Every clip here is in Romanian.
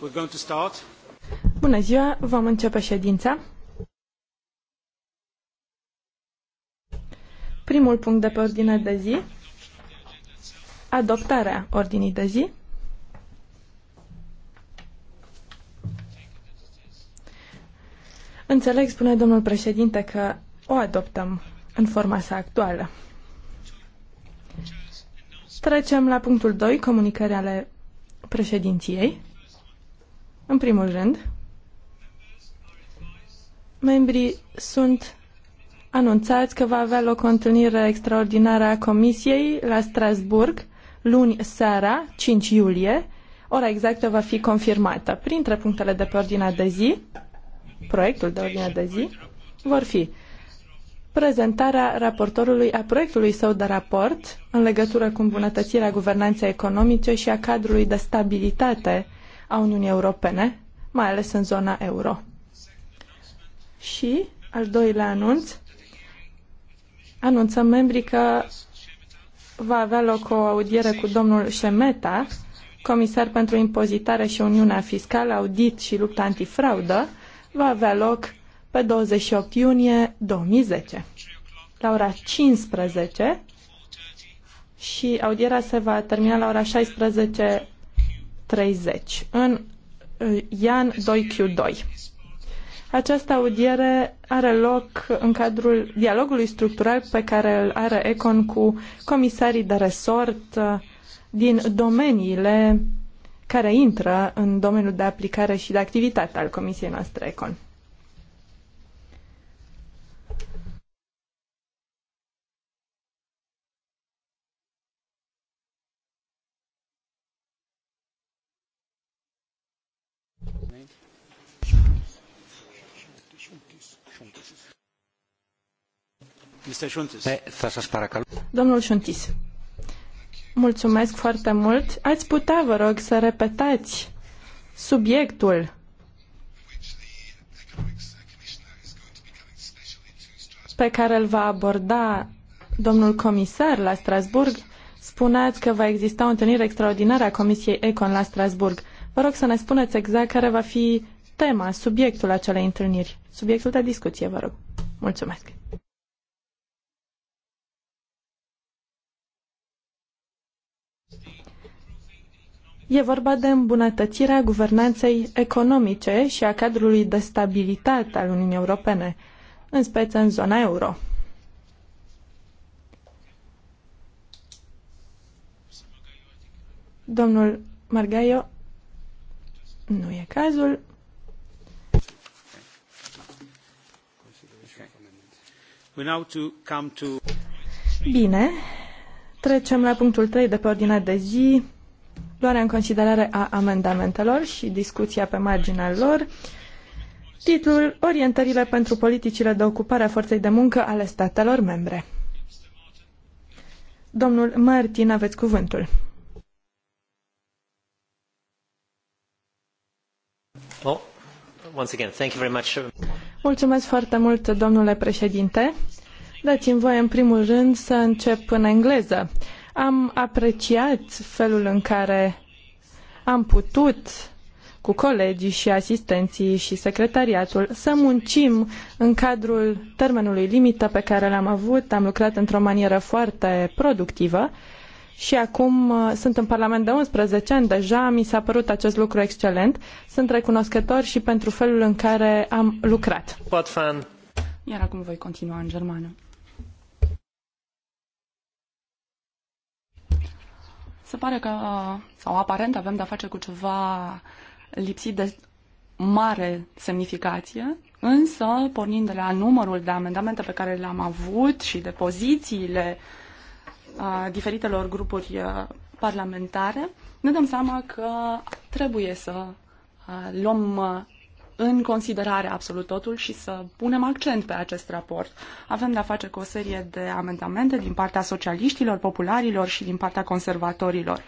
We're going to start. Bună ziua, vom începe ședința. Primul punct de pe ordine de zi, adoptarea ordinii de zi. Înțeleg, spune domnul președinte, că o adoptăm în forma sa actuală. Trecem la punctul 2, comunicări ale președinției. În primul rând, membrii sunt anunțați că va avea loc o întâlnire extraordinară a Comisiei la Strasburg, luni seara, 5 iulie. Ora exactă va fi confirmată. Printre punctele de pe ordinea de zi, proiectul de ordine de zi, vor fi prezentarea raportorului a proiectului său de raport în legătură cu îmbunătățirea guvernanței economice și a cadrului de stabilitate a Uniunii Europene, mai ales în zona euro. Și, al doilea anunț, anunțăm membrii că va avea loc o audiere cu domnul Șemeta, comisar pentru impozitare și Uniunea Fiscală, audit și lupta antifraudă, va avea loc pe 28 iunie 2010, la ora 15 și audierea se va termina la ora 16 30 în uh, Ian 2Q2. Această audiere are loc în cadrul dialogului structural pe care îl are Econ cu comisarii de resort uh, din domeniile care intră în domeniul de aplicare și de activitate al comisiei noastre Econ. Mr. Mulțumesc foarte mult. Ați putea, vă rog, să repetați subiectul pe care îl va aborda domnul comisar la Strasburg. Spuneați că va exista o întâlnire extraordinară a Comisiei Econ la Strasburg. Vă rog să ne spuneți exact care va fi tema, subiectul acelei întâlniri, subiectul de discuție, vă rog. Mulțumesc. E vorba de îmbunătățirea guvernanței economice și a cadrului de stabilitate al Uniunii Europene, în speță în zona euro. Domnul Margaio, nu e cazul. Bine, trecem la punctul 3 de pe ordinea de zi, luarea în considerare a amendamentelor și discuția pe marginea lor. Titlul Orientările pentru politicile de ocupare a forței de muncă ale statelor membre. Domnul Martin, aveți cuvântul. Oh, once again, thank you very much. Mulțumesc foarte mult, domnule președinte. Dați-mi voie, în primul rând, să încep în engleză am apreciat felul în care am putut cu colegii și asistenții și secretariatul să muncim în cadrul termenului limită pe care l-am avut. Am lucrat într-o manieră foarte productivă și acum uh, sunt în Parlament de 11 ani deja, mi s-a părut acest lucru excelent. Sunt recunoscător și pentru felul în care am lucrat. Iar acum voi continua în germană. Se pare că, sau aparent, avem de-a face cu ceva lipsit de mare semnificație, însă, pornind de la numărul de amendamente pe care le-am avut și de pozițiile a, diferitelor grupuri a, parlamentare, ne dăm seama că trebuie să a, luăm în considerare absolut totul și să punem accent pe acest raport. Avem de-a face cu o serie de amendamente din partea socialiștilor, popularilor și din partea conservatorilor.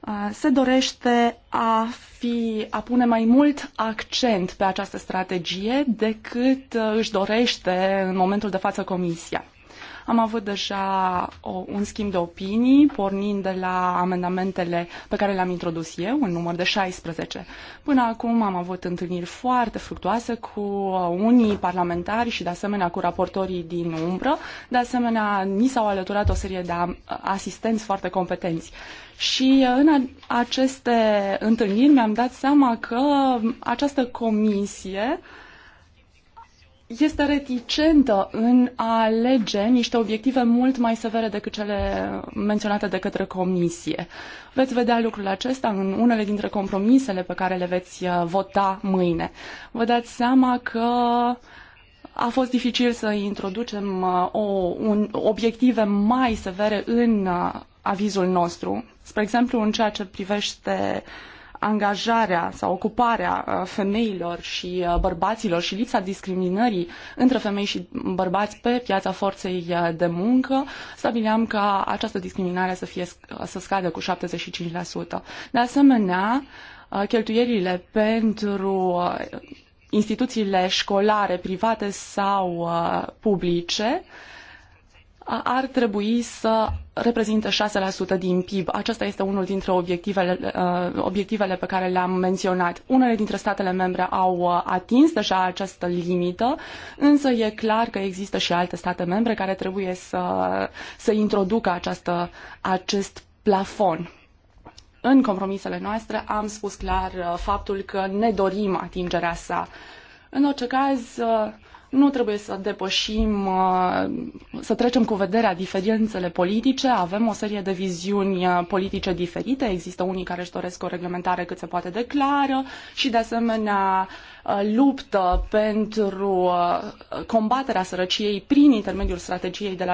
Uh, se dorește a, fi, a pune mai mult accent pe această strategie decât uh, își dorește în momentul de față Comisia. Am avut deja o, un schimb de opinii, pornind de la amendamentele pe care le-am introdus eu, un număr de 16. Până acum am avut întâlniri foarte fructuoase cu unii parlamentari și, de asemenea, cu raportorii din umbră. De asemenea, ni s-au alăturat o serie de asistenți foarte competenți. Și în aceste întâlniri mi-am dat seama că această comisie uh, este reticentă în a alege niște obiective mult mai severe decât cele menționate de către Comisie. Veți vedea lucrul acesta în unele dintre compromisele pe care le veți uh, vota mâine. Vă dați seama că a fost dificil să introducem uh, o, un, obiective mai severe în uh, avizul nostru. Spre exemplu, în ceea ce privește uh, angajarea sau ocuparea uh, femeilor și uh, bărbaților și lipsa discriminării între femei și bărbați pe piața forței uh, de muncă, stabileam ca această discriminare să, fie, să scadă cu 75%. De asemenea, cheltuielile pentru instituțiile școlare private sau publice ar trebui să reprezintă 6% din PIB. Acesta este unul dintre obiectivele, uh, obiectivele pe care le-am menționat. Unele dintre statele membre au uh, atins deja această limită, însă e clar că există și alte state membre care trebuie să, să introducă această, acest plafon în compromisele noastre am spus clar uh, faptul că ne dorim atingerea sa. În orice caz, nu trebuie să depășim, uh, să trecem cu vederea diferențele politice. Avem o serie de viziuni uh, politice diferite. Există unii care își doresc o reglementare cât se poate de clară și, de asemenea, Uh, luptă pentru uh, combaterea sărăciei prin intermediul strategiei de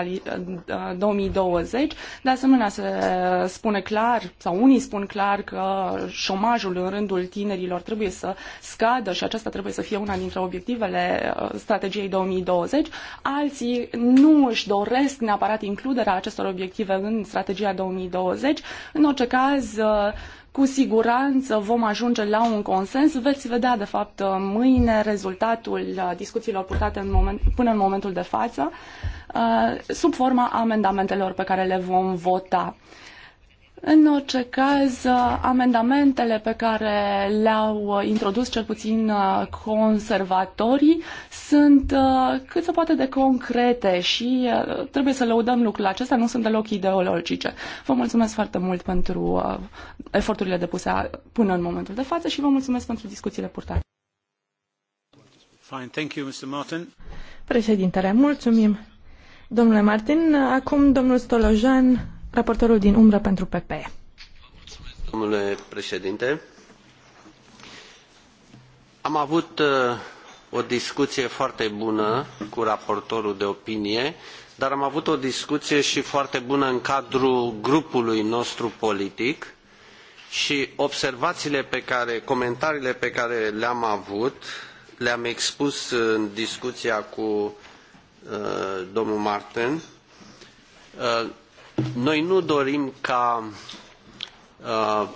la 2020. Uh, de asemenea, se spune clar, sau unii spun clar, că șomajul în rândul tinerilor trebuie să scadă și aceasta trebuie să fie una dintre obiectivele strategiei 2020. Alții nu își doresc neapărat includerea acestor obiective în strategia 2020. În orice caz, cu siguranță vom ajunge la un consens. Veți vedea, de fapt, mâine rezultatul uh, discuțiilor purtate în moment, până în momentul de față, uh, sub forma amendamentelor pe care le vom vota. În orice caz, amendamentele pe care le-au introdus cel puțin conservatorii sunt uh, cât se poate de concrete și uh, trebuie să lăudăm lucrul acesta, nu sunt deloc ideologice. Vă mulțumesc foarte mult pentru uh, eforturile depuse până în momentul de față și vă mulțumesc pentru discuțiile purtate. Fine, thank you, Mr. Martin. Președintele, mulțumim. Domnule Martin, acum domnul Stolojan raportorul din umbră pentru PPE. Domnule președinte, am avut uh, o discuție foarte bună cu raportorul de opinie, dar am avut o discuție și foarte bună în cadrul grupului nostru politic și observațiile pe care, comentariile pe care le-am avut, le-am expus în discuția cu uh, domnul Martin. Uh, noi nu dorim ca uh,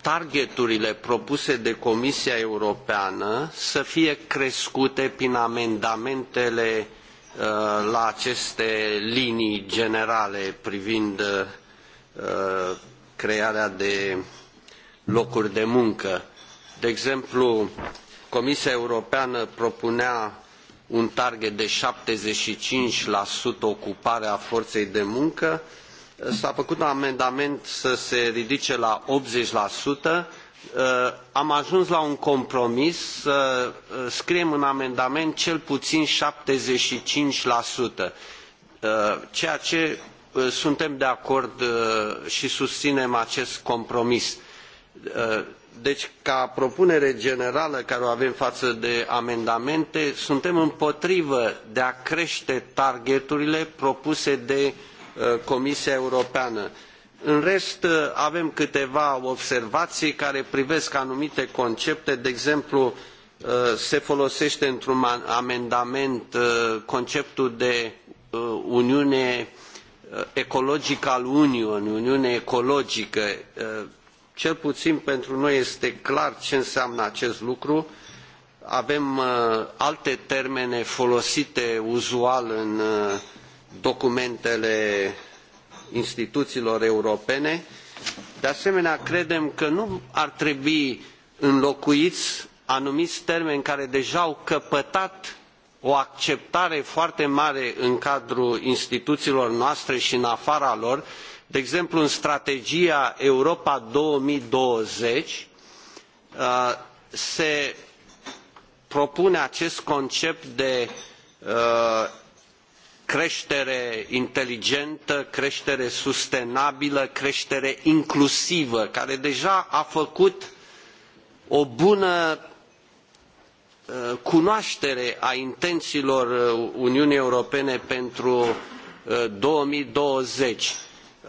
targeturile propuse de Comisia Europeană să fie crescute prin amendamentele uh, la aceste linii generale privind uh, crearea de locuri de muncă. De exemplu, Comisia Europeană propunea un target de 75% ocupare a forței de muncă, s-a făcut un amendament să se ridice la 80%. Uh, am ajuns la un compromis să uh, scriem în amendament cel puțin 75%, uh, ceea ce suntem de acord și susținem acest compromis deci, ca propunere generală care o avem față de amendamente, suntem împotrivă de a crește targeturile propuse de uh, Comisia Europeană. În rest, uh, avem câteva observații care privesc anumite concepte, de exemplu, uh, se folosește într-un amendament uh, conceptul de Uniune ecologică al Uniunii, Uniune ecologică. Cel puțin pentru noi este clar ce înseamnă acest lucru. Avem uh, alte termene folosite uzual în uh, documentele instituțiilor europene. De asemenea, credem că nu ar trebui înlocuiți anumiți termeni care deja au căpătat o acceptare foarte mare în cadrul instituțiilor noastre și în afara lor, de exemplu, în strategia Europa 2020 uh, se propune acest concept de uh, creștere inteligentă, creștere sustenabilă, creștere inclusivă, care deja a făcut o bună uh, cunoaștere a intențiilor Uniunii Europene pentru 2020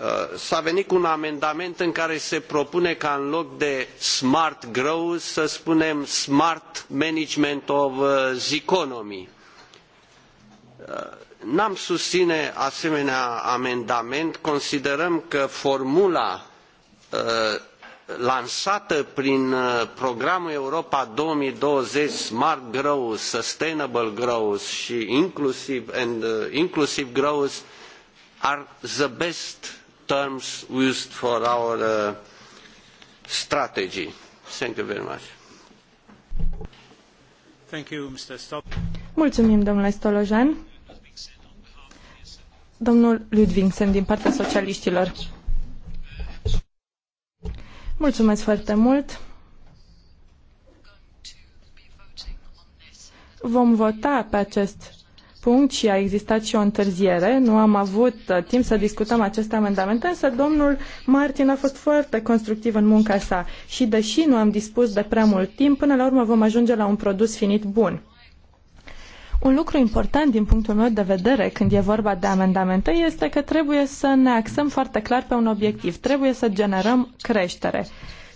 Uh, s a venit cu un amendament în care se propune ca în loc de smart growth să spunem smart management of uh, the economy. Uh, nu am susține asemenea amendament. Considerăm că formula lansată prin programul Europa 2020 Smart Growth, Sustainable Growth și inclusive, inclusive Growth are the best terms used for our uh, strategy. Thank you very much. Thank you, Mr. Stop. Mulțumim, domnule Stolojan. Domnul Ludvingsen, din partea socialiștilor. Mulțumesc foarte mult. Vom vota pe acest punct și a existat și o întârziere. Nu am avut uh, timp să discutăm aceste amendamente, însă domnul Martin a fost foarte constructiv în munca sa și deși nu am dispus de prea mult timp, până la urmă vom ajunge la un produs finit bun. Un lucru important din punctul meu de vedere când e vorba de amendamente este că trebuie să ne axăm foarte clar pe un obiectiv. Trebuie să generăm creștere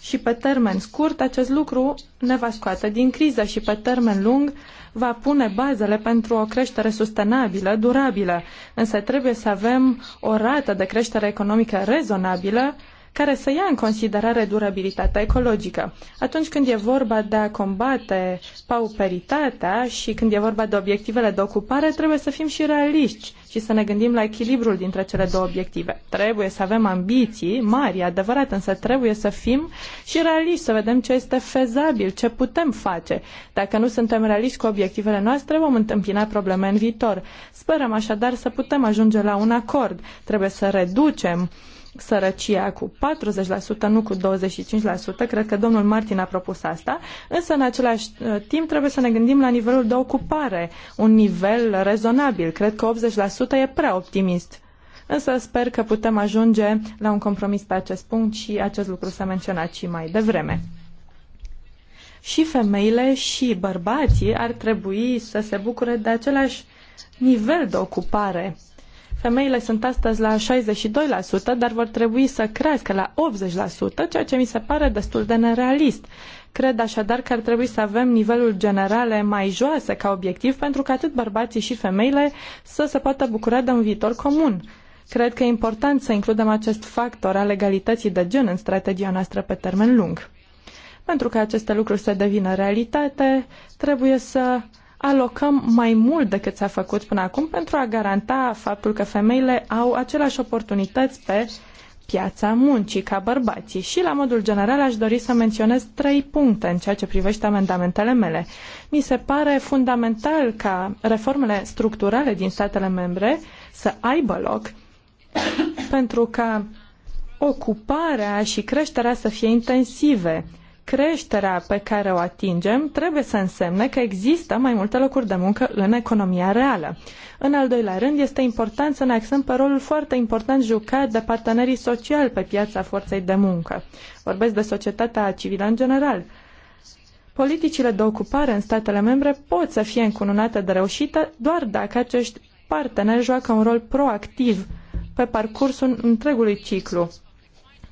și pe termen scurt acest lucru ne va scoate din criză și pe termen lung va pune bazele pentru o creștere sustenabilă, durabilă. Însă trebuie să avem o rată de creștere economică rezonabilă care să ia în considerare durabilitatea ecologică. Atunci când e vorba de a combate pauperitatea și când e vorba de obiectivele de ocupare, trebuie să fim și realiști și să ne gândim la echilibrul dintre cele două obiective. Trebuie să avem ambiții mari, adevărat, însă trebuie să fim și realiști, să vedem ce este fezabil, ce putem face. Dacă nu suntem realiști cu obiectivele noastre, vom întâmpina probleme în viitor. Sperăm așadar să putem ajunge la un acord. Trebuie să reducem sărăcia cu 40%, nu cu 25%. Cred că domnul Martin a propus asta. Însă, în același uh, timp, trebuie să ne gândim la nivelul de ocupare, un nivel rezonabil. Cred că 80% e prea optimist. Însă sper că putem ajunge la un compromis pe acest punct și acest lucru s-a menționat și mai devreme și femeile și bărbații ar trebui să se bucure de același nivel de ocupare Femeile sunt astăzi la 62%, dar vor trebui să crească la 80%, ceea ce mi se pare destul de nerealist. Cred așadar că ar trebui să avem nivelul generale mai joase ca obiectiv pentru că atât bărbații și femeile să se poată bucura de un viitor comun. Cred că e important să includem acest factor al egalității de gen în strategia noastră pe termen lung. Pentru că aceste lucruri să devină realitate, trebuie să alocăm mai mult decât s-a făcut până acum pentru a garanta faptul că femeile au aceleași oportunități pe piața muncii ca bărbații. Și la modul general aș dori să menționez trei puncte în ceea ce privește amendamentele mele. Mi se pare fundamental ca reformele structurale din statele membre să aibă loc pentru ca ocuparea și creșterea să fie intensive creșterea pe care o atingem trebuie să însemne că există mai multe locuri de muncă în economia reală. În al doilea rând, este important să ne axăm pe rolul foarte important jucat de partenerii sociali pe piața forței de muncă. Vorbesc de societatea civilă în general. Politicile de ocupare în statele membre pot să fie încununate de reușită doar dacă acești parteneri joacă un rol proactiv pe parcursul întregului ciclu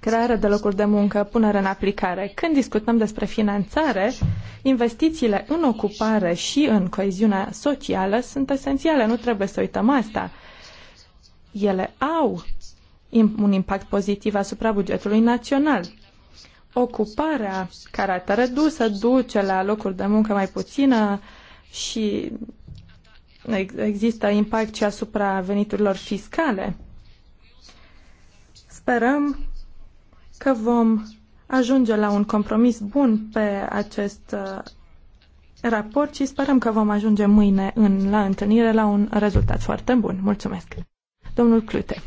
creare de locuri de muncă, punere în aplicare. Când discutăm despre finanțare, investițiile în ocupare și în coeziunea socială sunt esențiale, nu trebuie să uităm asta. Ele au un impact pozitiv asupra bugetului național. Ocuparea carată redusă duce la locuri de muncă mai puțină și există impact și asupra veniturilor fiscale. Sperăm că vom ajunge la un compromis bun pe acest uh, raport și sperăm că vom ajunge mâine în, la întâlnire la un rezultat foarte bun. Mulțumesc. Domnul Clute.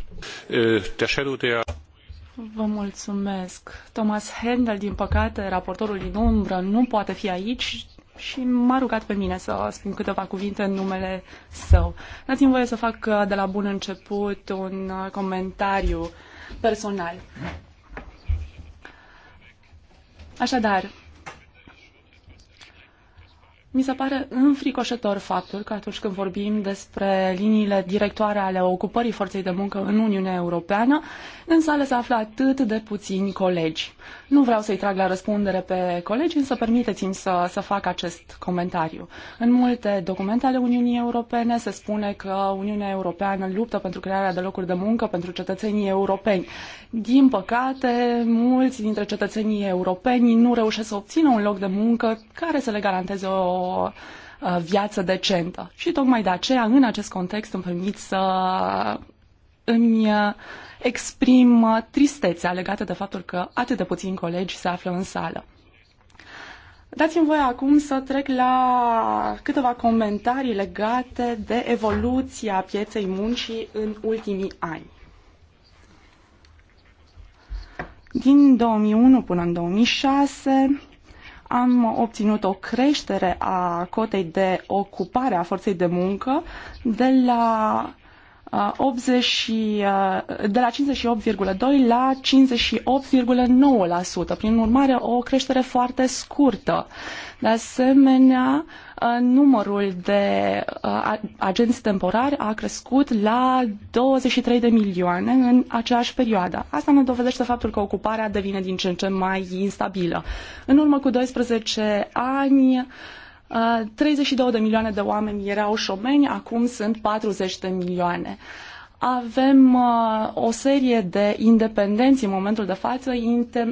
Eh, Vă mulțumesc. Thomas Hendel, din păcate, raportorul din umbră, nu poate fi aici și m-a rugat pe mine să spun câteva cuvinte în numele său. Dați-mi voie să fac uh, de la bun început un uh, comentariu personal. Așadar, mi se pare înfricoșător faptul că atunci când vorbim despre liniile directoare ale ocupării forței de muncă în Uniunea Europeană, în sală se află atât de puțini colegi. Nu vreau să-i trag la răspundere pe colegi, însă permiteți-mi să, să fac acest comentariu. În multe documente ale Uniunii Europene se spune că Uniunea Europeană luptă pentru crearea de locuri de muncă pentru cetățenii europeni. Din păcate, mulți dintre cetățenii europeni nu reușesc să obțină un loc de muncă care să le garanteze o o uh, viață decentă. Și tocmai de aceea, în acest context, îmi permit să îmi uh, exprim uh, tristețea legată de faptul că atât de puțini colegi se află în sală. Dați-mi voie acum să trec la câteva comentarii legate de evoluția pieței muncii în ultimii ani. Din 2001 până în 2006, am obținut o creștere a cotei de ocupare a forței de muncă de la 80, uh, uh, de la 58,2 la 58,9%, prin urmare o creștere foarte scurtă. De asemenea, Uh, numărul de uh, agenți temporari a crescut la 23 de milioane în aceeași perioadă. Asta ne dovedește faptul că ocuparea devine din ce în ce mai instabilă. În urmă cu 12 ani, 32 uh, de milioane de oameni erau șomeni, acum sunt 40 de milioane avem uh, o serie de independenți în momentul de față,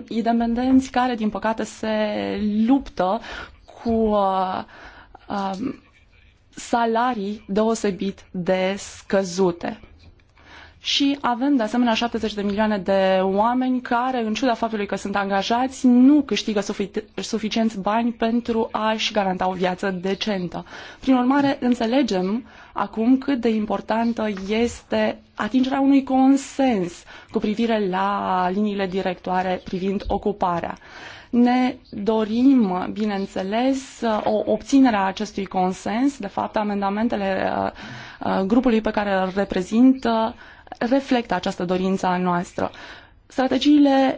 independenți care, din păcate, se luptă cu uh, Um, salarii deosebit de scăzute. Și avem de asemenea 70 de milioane de oameni care, în ciuda faptului că sunt angajați, nu câștigă sufic- suficienți bani pentru a-și garanta o viață decentă. Prin urmare, înțelegem acum cât de importantă este atingerea unui consens cu privire la liniile directoare privind ocuparea. Ne dorim, bineînțeles, o obținere a acestui consens. De fapt, amendamentele uh, uh, grupului pe care îl reprezint uh, reflectă această dorință a noastră. Strategiile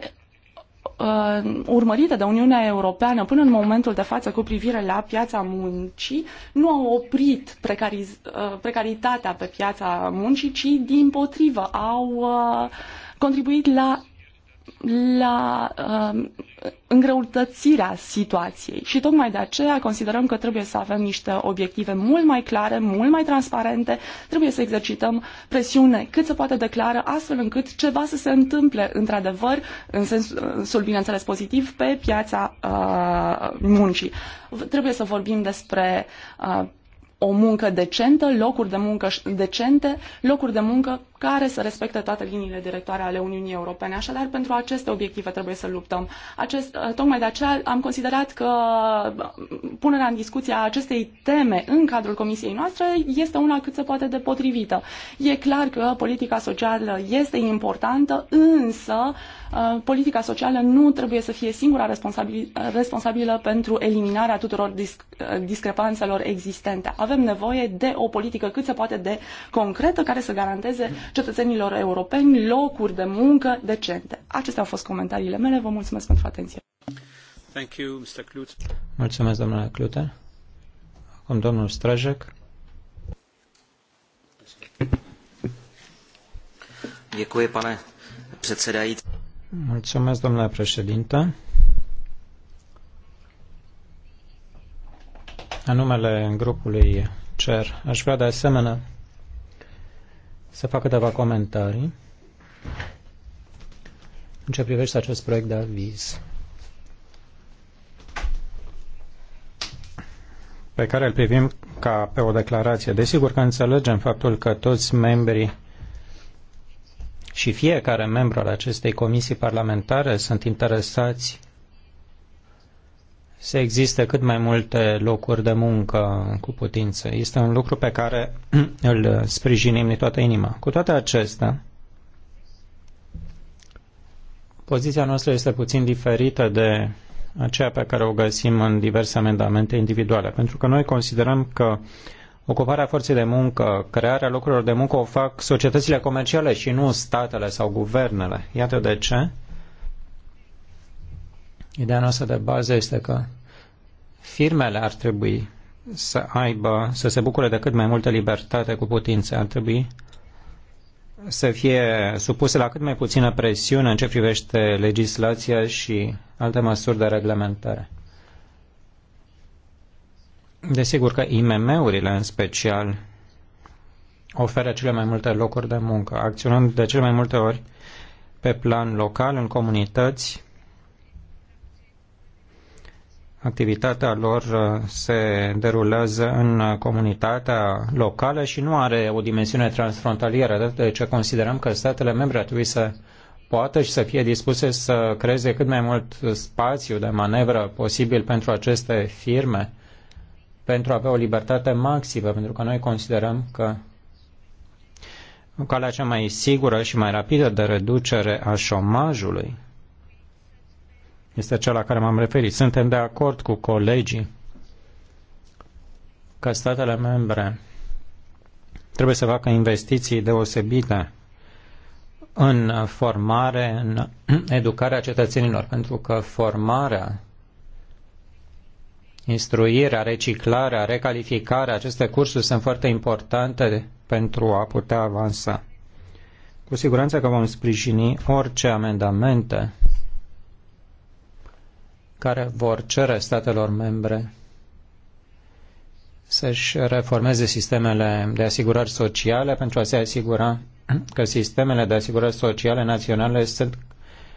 urmărite de Uniunea Europeană până în momentul de față cu privire la piața muncii nu au oprit precariz- precaritatea pe piața muncii, ci din potrivă au contribuit la la uh, um, îngreutățirea situației și tocmai de aceea considerăm că trebuie să avem niște obiective mult mai clare, mult mai transparente, trebuie să exercităm presiune cât se poate declară astfel încât ceva să se întâmple într-adevăr în sensul, bineînțeles, pozitiv pe piața uh, muncii. Trebuie să vorbim despre uh, o muncă decentă, locuri de muncă decente, locuri de muncă care să respecte toate liniile directoare ale Uniunii Europene. Așadar, pentru aceste obiective trebuie să luptăm. Acest, ă, tocmai de aceea am considerat că punerea în discuție a acestei teme în cadrul comisiei noastre este una cât se poate de potrivită. E clar că politica socială este importantă, însă ă, politica socială nu trebuie să fie singura responsabilă pentru eliminarea tuturor disc, ă, discrepanțelor existente. Avem nevoie de o politică cât se poate de concretă care să garanteze cetățenilor europeni locuri de muncă decente. Acestea au fost comentariile mele. Vă mulțumesc pentru atenție. Thank you, Mr. Klute. Mulțumesc, domnule Clute. Acum domnul Strajec. Děkuji, pane předsedající. Mulțumesc, domnule președinte. În numele grupului CER, aș vrea de asemenea să fac câteva comentarii în ce privește acest proiect de aviz pe care îl privim ca pe o declarație. Desigur că înțelegem faptul că toți membrii și fiecare membru al acestei comisii parlamentare sunt interesați să existe cât mai multe locuri de muncă cu putință. Este un lucru pe care îl sprijinim de toată inima. Cu toate acestea, poziția noastră este puțin diferită de aceea pe care o găsim în diverse amendamente individuale, pentru că noi considerăm că ocuparea forței de muncă, crearea locurilor de muncă o fac societățile comerciale și nu statele sau guvernele. Iată de ce Ideea noastră de bază este că firmele ar trebui să aibă, să se bucure de cât mai multă libertate cu putință. Ar trebui să fie supuse la cât mai puțină presiune în ce privește legislația și alte măsuri de reglementare. Desigur că IMM-urile în special oferă cele mai multe locuri de muncă, acționând de cele mai multe ori pe plan local, în comunități, activitatea lor uh, se derulează în comunitatea locală și nu are o dimensiune transfrontalieră, de ce considerăm că statele membre ar trebui să poată și să fie dispuse să creeze cât mai mult spațiu de manevră posibil pentru aceste firme, pentru a avea o libertate maximă, pentru că noi considerăm că calea cea mai sigură și mai rapidă de reducere a șomajului este cel la care m-am referit. Suntem de acord cu colegii că statele membre trebuie să facă investiții deosebite în formare, în educarea cetățenilor, pentru că formarea, instruirea, reciclarea, recalificarea, aceste cursuri sunt foarte importante pentru a putea avansa. Cu siguranță că vom sprijini orice amendamente care vor cere statelor membre să-și reformeze sistemele de asigurări sociale pentru a se asigura că sistemele de asigurări sociale naționale sunt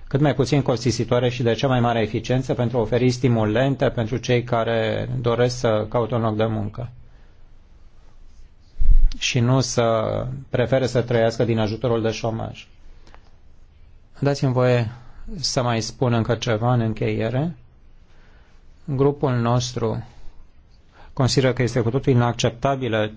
cât mai puțin costisitoare și de cea mai mare eficiență pentru a oferi stimulente pentru cei care doresc să caute un loc de muncă și nu să prefere să trăiască din ajutorul de șomaj. Dați-mi voie să mai spun încă ceva în încheiere. Grupul nostru consideră că este cu totul inacceptabilă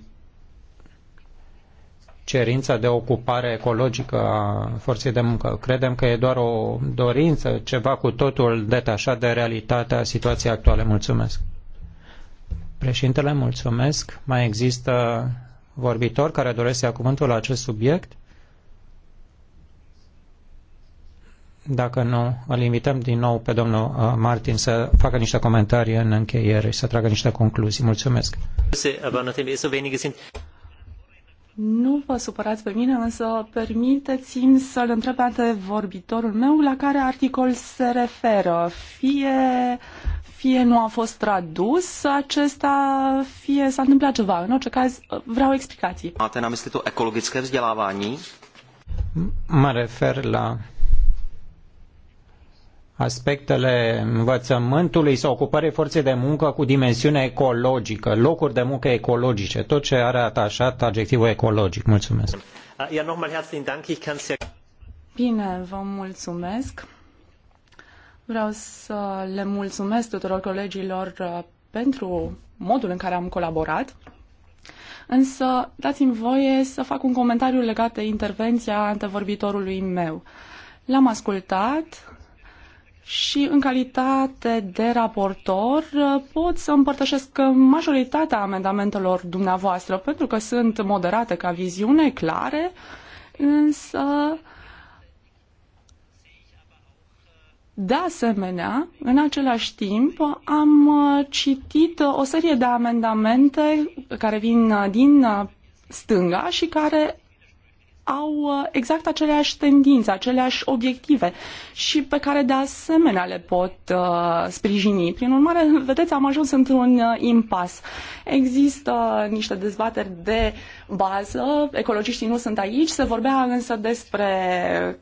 cerința de ocupare ecologică a forței de muncă. Credem că e doar o dorință, ceva cu totul detașat de realitatea situației actuale. Mulțumesc. Președintele, mulțumesc. Mai există vorbitori care doresc să ia cuvântul la acest subiect? Dacă nu, îl invităm din nou pe domnul uh, Martin să facă niște comentarii în încheiere și să tragă niște concluzii. Mulțumesc! Nu vă supărați pe mine, însă permiteți-mi să-l întreb pe vorbitorul meu la care articol se referă. Fie, fie nu a fost tradus acesta, fie s-a întâmplat ceva. În orice caz, vreau explicații. Máte na mysli vzdělávání? Mă refer la aspectele învățământului sau ocupării forței de muncă cu dimensiune ecologică, locuri de muncă ecologice, tot ce are atașat adjectivul ecologic. Mulțumesc. Uh, Bine, vă mulțumesc. Vreau să le mulțumesc tuturor colegilor uh, pentru modul în care am colaborat. Însă, dați-mi voie să fac un comentariu legat de intervenția antevorbitorului meu. L-am ascultat, și în calitate de raportor uh, pot să împărtășesc majoritatea amendamentelor dumneavoastră, pentru că sunt moderate ca viziune, clare, însă de asemenea, în același timp, am uh, citit o serie de amendamente care vin uh, din stânga și care au uh, exact aceleași tendințe, aceleași obiective și pe care de asemenea le pot uh, sprijini. Prin urmare, vedeți, am ajuns într-un uh, impas. Există uh, niște dezbateri de bază, ecologiștii nu sunt aici, se vorbea însă despre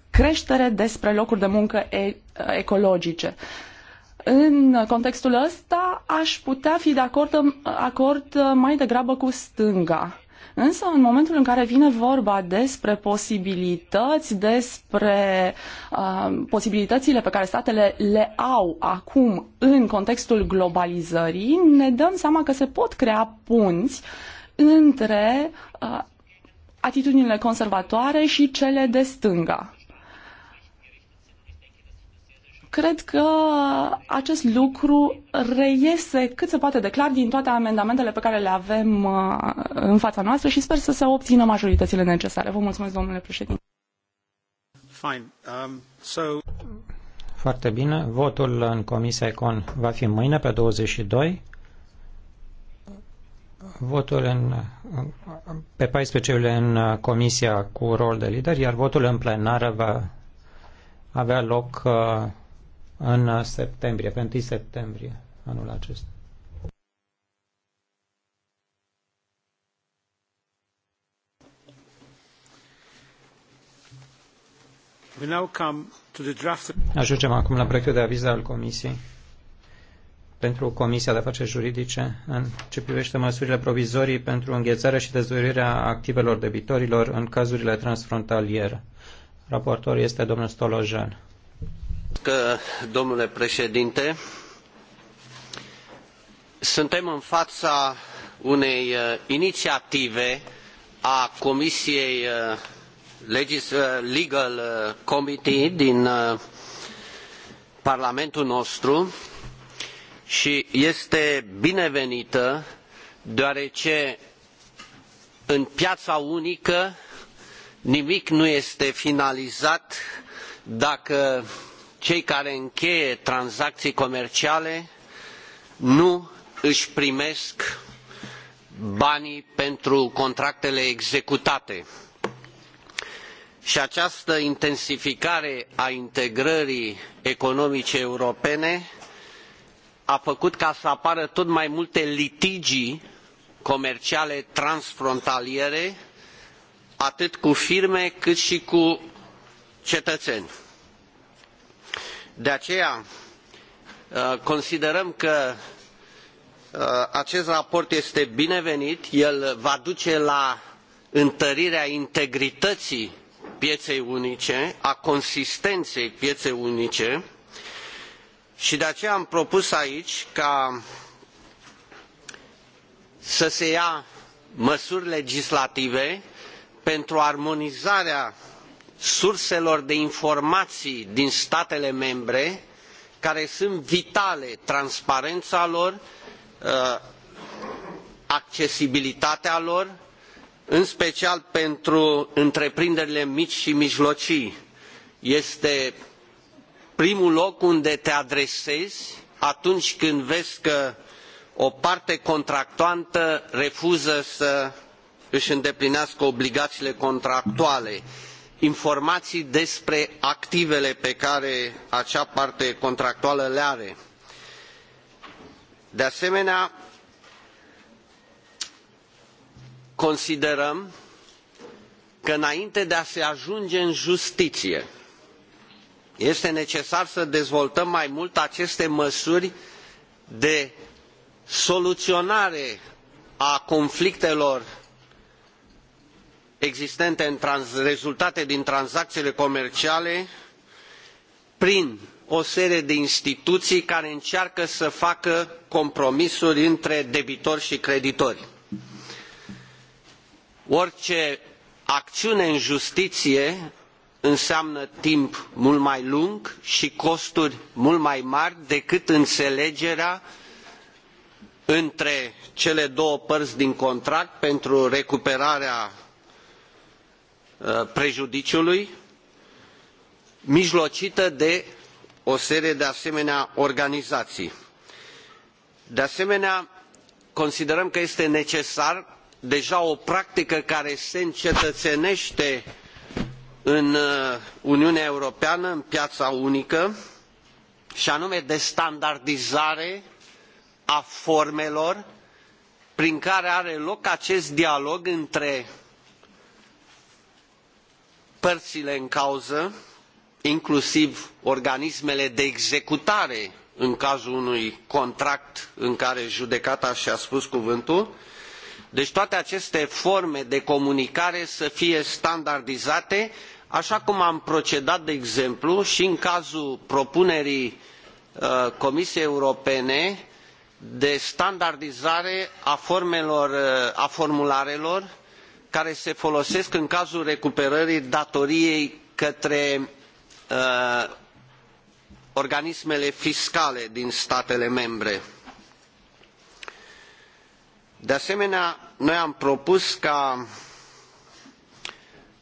creștere, despre locuri de muncă e- ecologice. În contextul ăsta aș putea fi de acord, acord mai degrabă cu stânga Însă, în momentul în care vine vorba despre posibilități, despre uh, posibilitățile pe care statele le au acum în contextul globalizării, ne dăm seama că se pot crea punți între uh, atitudinile conservatoare și cele de stânga. Cred că acest lucru reiese cât se poate de clar din toate amendamentele pe care le avem uh, în fața noastră și sper să se obțină majoritățile necesare. Vă mulțumesc, domnule președinte. Fine. Um, so... Foarte bine. Votul în Comisia Econ va fi mâine pe 22. Votul în, pe 14 iulie în Comisia cu rol de lider, iar votul în plenară va avea loc uh, în septembrie, pe 1 septembrie anul acesta. We now come to the draft... Ajungem acum la proiectul de aviz al Comisiei pentru Comisia de Afaceri Juridice în ce privește măsurile provizorii pentru înghețarea și dezvăluirea activelor debitorilor în cazurile transfrontaliere. Raportor este domnul Stolojan domnule președinte. Suntem în fața unei uh, inițiative a Comisiei uh, uh, Legal Committee din Parlamentul nostru și este binevenită deoarece în piața unică nimic nu este finalizat dacă cei care încheie tranzacii comerciale nu își primesc banii pentru contractele executate. Și această intensificare a integrării economice europene a făcut ca să apară tot mai multe litigii comerciale transfrontaliere, atât cu firme cât și cu cetățeni. De aceea uh, considerăm că uh, acest raport este binevenit, el va duce la întărirea integrității pieței unice, a consistenței pieței unice și de aceea am propus aici ca să se ia măsuri legislative pentru armonizarea surselor de informații din statele membre care sunt vitale, transparența lor, uh, accesibilitatea lor, în special pentru întreprinderile mici și mijlocii. Este primul loc unde te adresezi atunci când vezi că o parte contractantă refuză să își îndeplinească obligațiile contractuale informații despre activele pe care acea parte contractuală le are. De asemenea, considerăm că înainte de a se ajunge în justiție, este necesar să dezvoltăm mai mult aceste măsuri de soluționare a conflictelor existente rezultate din tranzaciile comerciale prin o serie de instituii care încearcă să facă compromisuri între debitori i creditori. orice aciune în justiie înseamnă timp mult mai lung i costuri mult mai mari decât înelegerea între cele două pări din contract pentru recuperarea Uh, prejudiciului mijlocită de o serie de asemenea organizaii. De asemenea, considerăm că este necesar deja o practică care se încetăenete în uh, Uniunea Europeană, în piaa unică, i anume de standardizare a formelor prin care are loc acest dialog între pările în cauză, inclusiv organismele de executare în cazul unui contract în care judecata i a spus cuvântul, deci toate aceste forme de comunicare să fie standardizate, așa cum am procedat, de exemplu, și în cazul propunerii uh, Comisiei Europene de standardizare a formelor, uh, a formularelor care se folosesc în cazul recuperării datoriei către uh, organismele fiscale din statele membre. De asemenea, noi am propus ca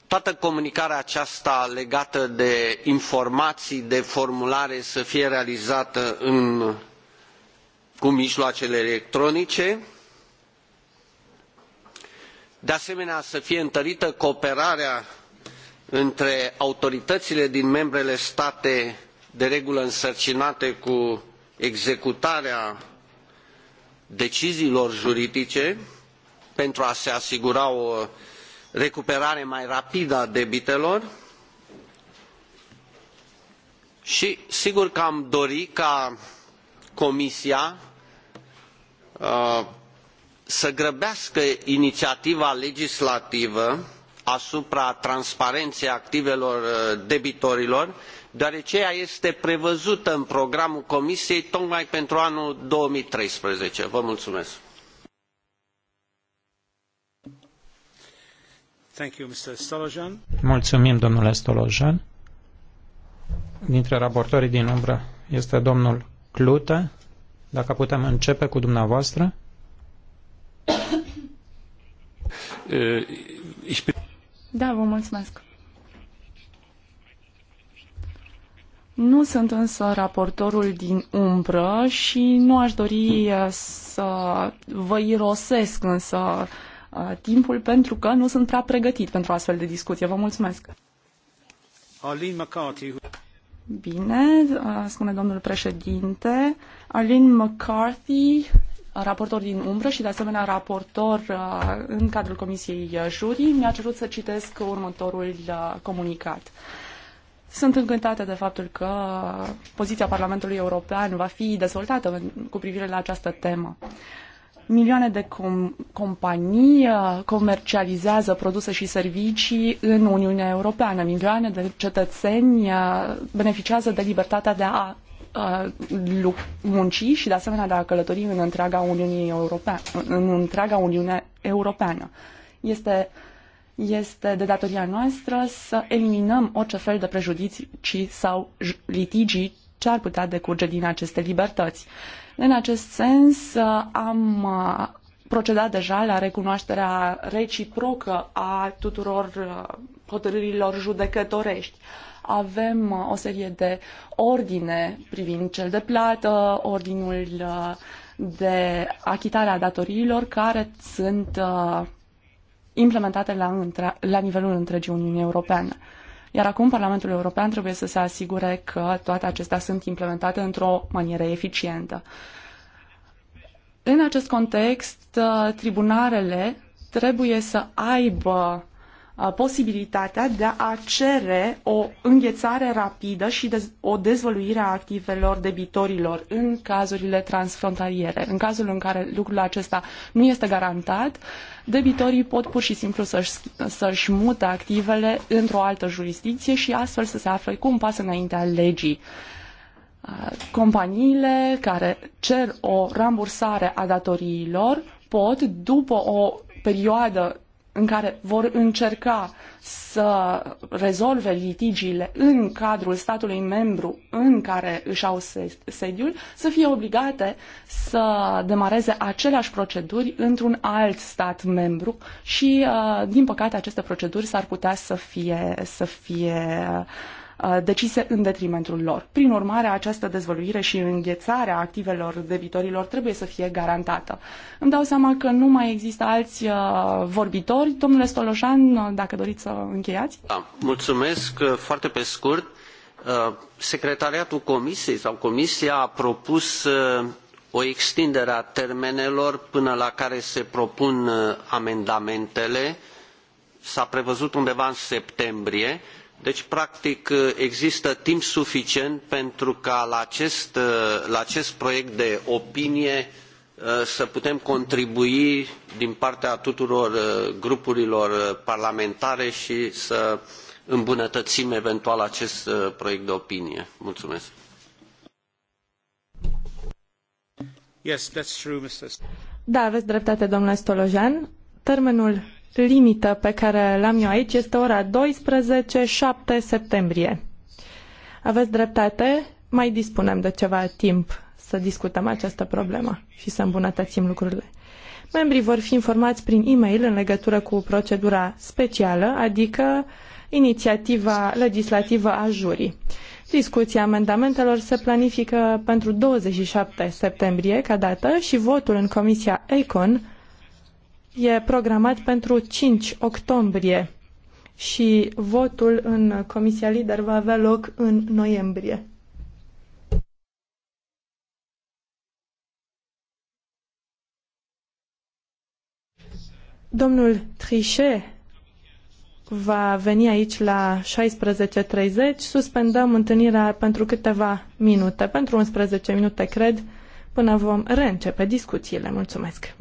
toată comunicarea aceasta legată de informații, de formulare să fie realizată în, cu mijloacele electronice de asemenea să fie întărită cooperarea între autoritățile din membrele state de regulă însărcinate cu executarea deciziilor juridice pentru a se asigura o recuperare mai rapidă a debitelor și sigur că am dori ca comisia uh, să grăbească inițiativa legislativă asupra transparenței activelor uh, debitorilor deoarece ea este prevăzută în programul comisiei tocmai pentru anul. două mii treisprezece vă mulțumesc. Mulțumim, domnule Stolojan. Dintre raportorii din umbră este domnul Clute. Dacă putem începe cu dumneavoastră. Eh, da, vă mulțumesc. Nu sunt însă raportorul din umbră și nu aș dori eh, să vă irosesc însă eh, timpul pentru că nu sunt prea pregătit pentru astfel de discuție. Vă mulțumesc. Arlene McCarthy. Bine, spune domnul președinte. Arlene McCarthy raportor din umbră și de asemenea raportor uh, în cadrul Comisiei uh, Jurii, mi-a cerut să citesc următorul uh, comunicat. Sunt încântată de faptul că poziția Parlamentului European va fi dezvoltată cu privire la această temă. Milioane de com- companii comercializează produse și servicii în Uniunea Europeană. Milioane de cetățeni beneficiază de libertatea de a munci și de asemenea de a călători în întreaga Uniune, Europeană, în întreaga Uniune Europeană. Este, este de datoria noastră să eliminăm orice fel de prejudicii sau litigii ce ar putea decurge din aceste libertăți. În acest sens am procedat deja la recunoașterea reciprocă a tuturor hotărârilor judecătorești. Uh, avem uh, o serie de ordine privind cel de plată, ordinul uh, de achitare a datoriilor care sunt uh, implementate la, între, la nivelul întregii uniuni Europene. Iar acum Parlamentul European trebuie să se asigure că toate acestea sunt implementate într-o manieră eficientă. În acest context, tribunalele trebuie să aibă Uh, posibilitatea de a cere o înghețare rapidă și o dezvăluire a activelor debitorilor în cazurile transfrontaliere. În cazul în care lucrul acesta nu este garantat, debitorii pot pur și simplu să-și, să-și mute activele într-o altă jurisdicție și astfel să se afle cu un pas înaintea legii. Uh, companiile care cer o rambursare a datoriilor pot, după o perioadă în care vor încerca să rezolve litigiile în cadrul statului membru în care își au sediul, să fie obligate să demareze aceleași proceduri într-un alt stat membru și, uh, din păcate, aceste proceduri s-ar putea să fie, să fie uh, Uh, decise în detrimentul lor. Prin urmare, această dezvăluire și înghețarea activelor debitorilor trebuie să fie garantată. Îmi dau seama că nu mai există alți uh, vorbitori. Domnule Stoloșan, dacă doriți să încheiați. Da, mulțumesc uh, foarte pe scurt. Secretariatul Comisiei sau Comisia a propus o extindere a termenelor până la care se propun amendamentele s a prevăzut undeva în septembrie deci, practic, există timp suficient pentru ca la acest, la acest proiect de opinie uh, să putem contribui din partea tuturor uh, grupurilor uh, parlamentare și să îmbunătățim eventual acest proiect de opinie. Mulțumesc. Yes, that's true, Mr. Da, aveți dreptate, domnule Stolojan. Termenul limită pe care l-am eu aici este ora 12, 7 septembrie. Aveți dreptate, mai dispunem de ceva timp să discutăm această problemă și să îmbunătățim lucrurile. Membrii vor fi informați prin e-mail în legătură cu procedura specială, adică inițiativa legislativă a jurii. Discuția amendamentelor se planifică pentru 27 septembrie ca dată și votul în Comisia ECON e programat pentru 5 octombrie și votul în Comisia Lider va avea loc în noiembrie. Domnul Trichet va veni aici la 16.30. Suspendăm întâlnirea pentru câteva minute, pentru 11 minute, cred, până vom reîncepe discuțiile. Mulțumesc!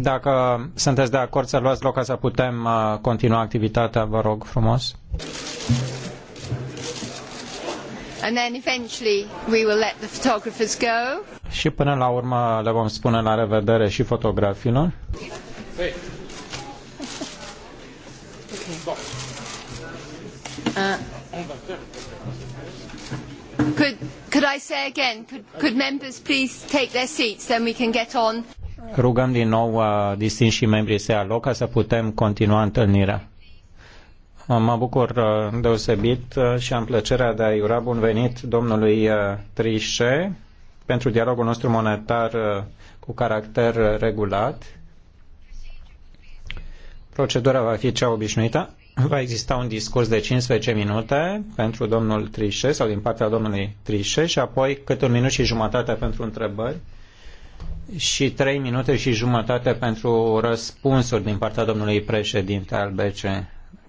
Dacă sunteți de acord să luați loc ca să putem uh, continua activitatea, vă rog frumos. And then eventually we will let the photographers go. Și până la urmă le vom spune la revedere și fotografilor. Hey. okay. Uh. Could, could I say again, could, could members please take their seats, then we can get on. Rugăm din nou uh, distinși membrii să ia loc ca să putem continua întâlnirea. Uh, mă bucur uh, deosebit uh, și am plăcerea de a-i ura bun venit domnului Trișe pentru dialogul nostru monetar cu caracter regulat. Procedura va fi cea obișnuită. Va exista un discurs de 15 minute pentru domnul Trișe sau din partea domnului Trișe și apoi câte un minut și jumătate pentru întrebări și trei minute și jumătate pentru răspunsuri din partea domnului președinte al BC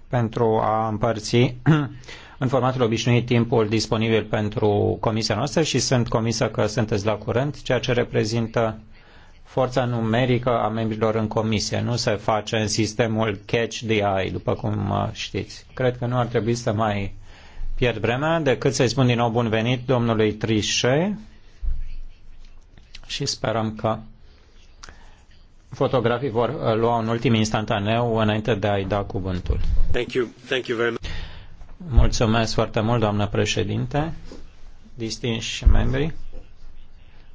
pentru a împărți în formatul obișnuit timpul disponibil pentru comisia noastră și sunt comisă că sunteți la curent, ceea ce reprezintă forța numerică a membrilor în comisie. Nu se face în sistemul catch the eye, după cum uh, știți. Cred că nu ar trebui să mai pierd vremea decât să-i spun din nou bun venit domnului Trișe și sperăm că fotografii vor uh, lua un ultim instantaneu înainte de a-i da cuvântul. Thank you. Thank you very much. Mulțumesc foarte mult, doamnă președinte, distinși membri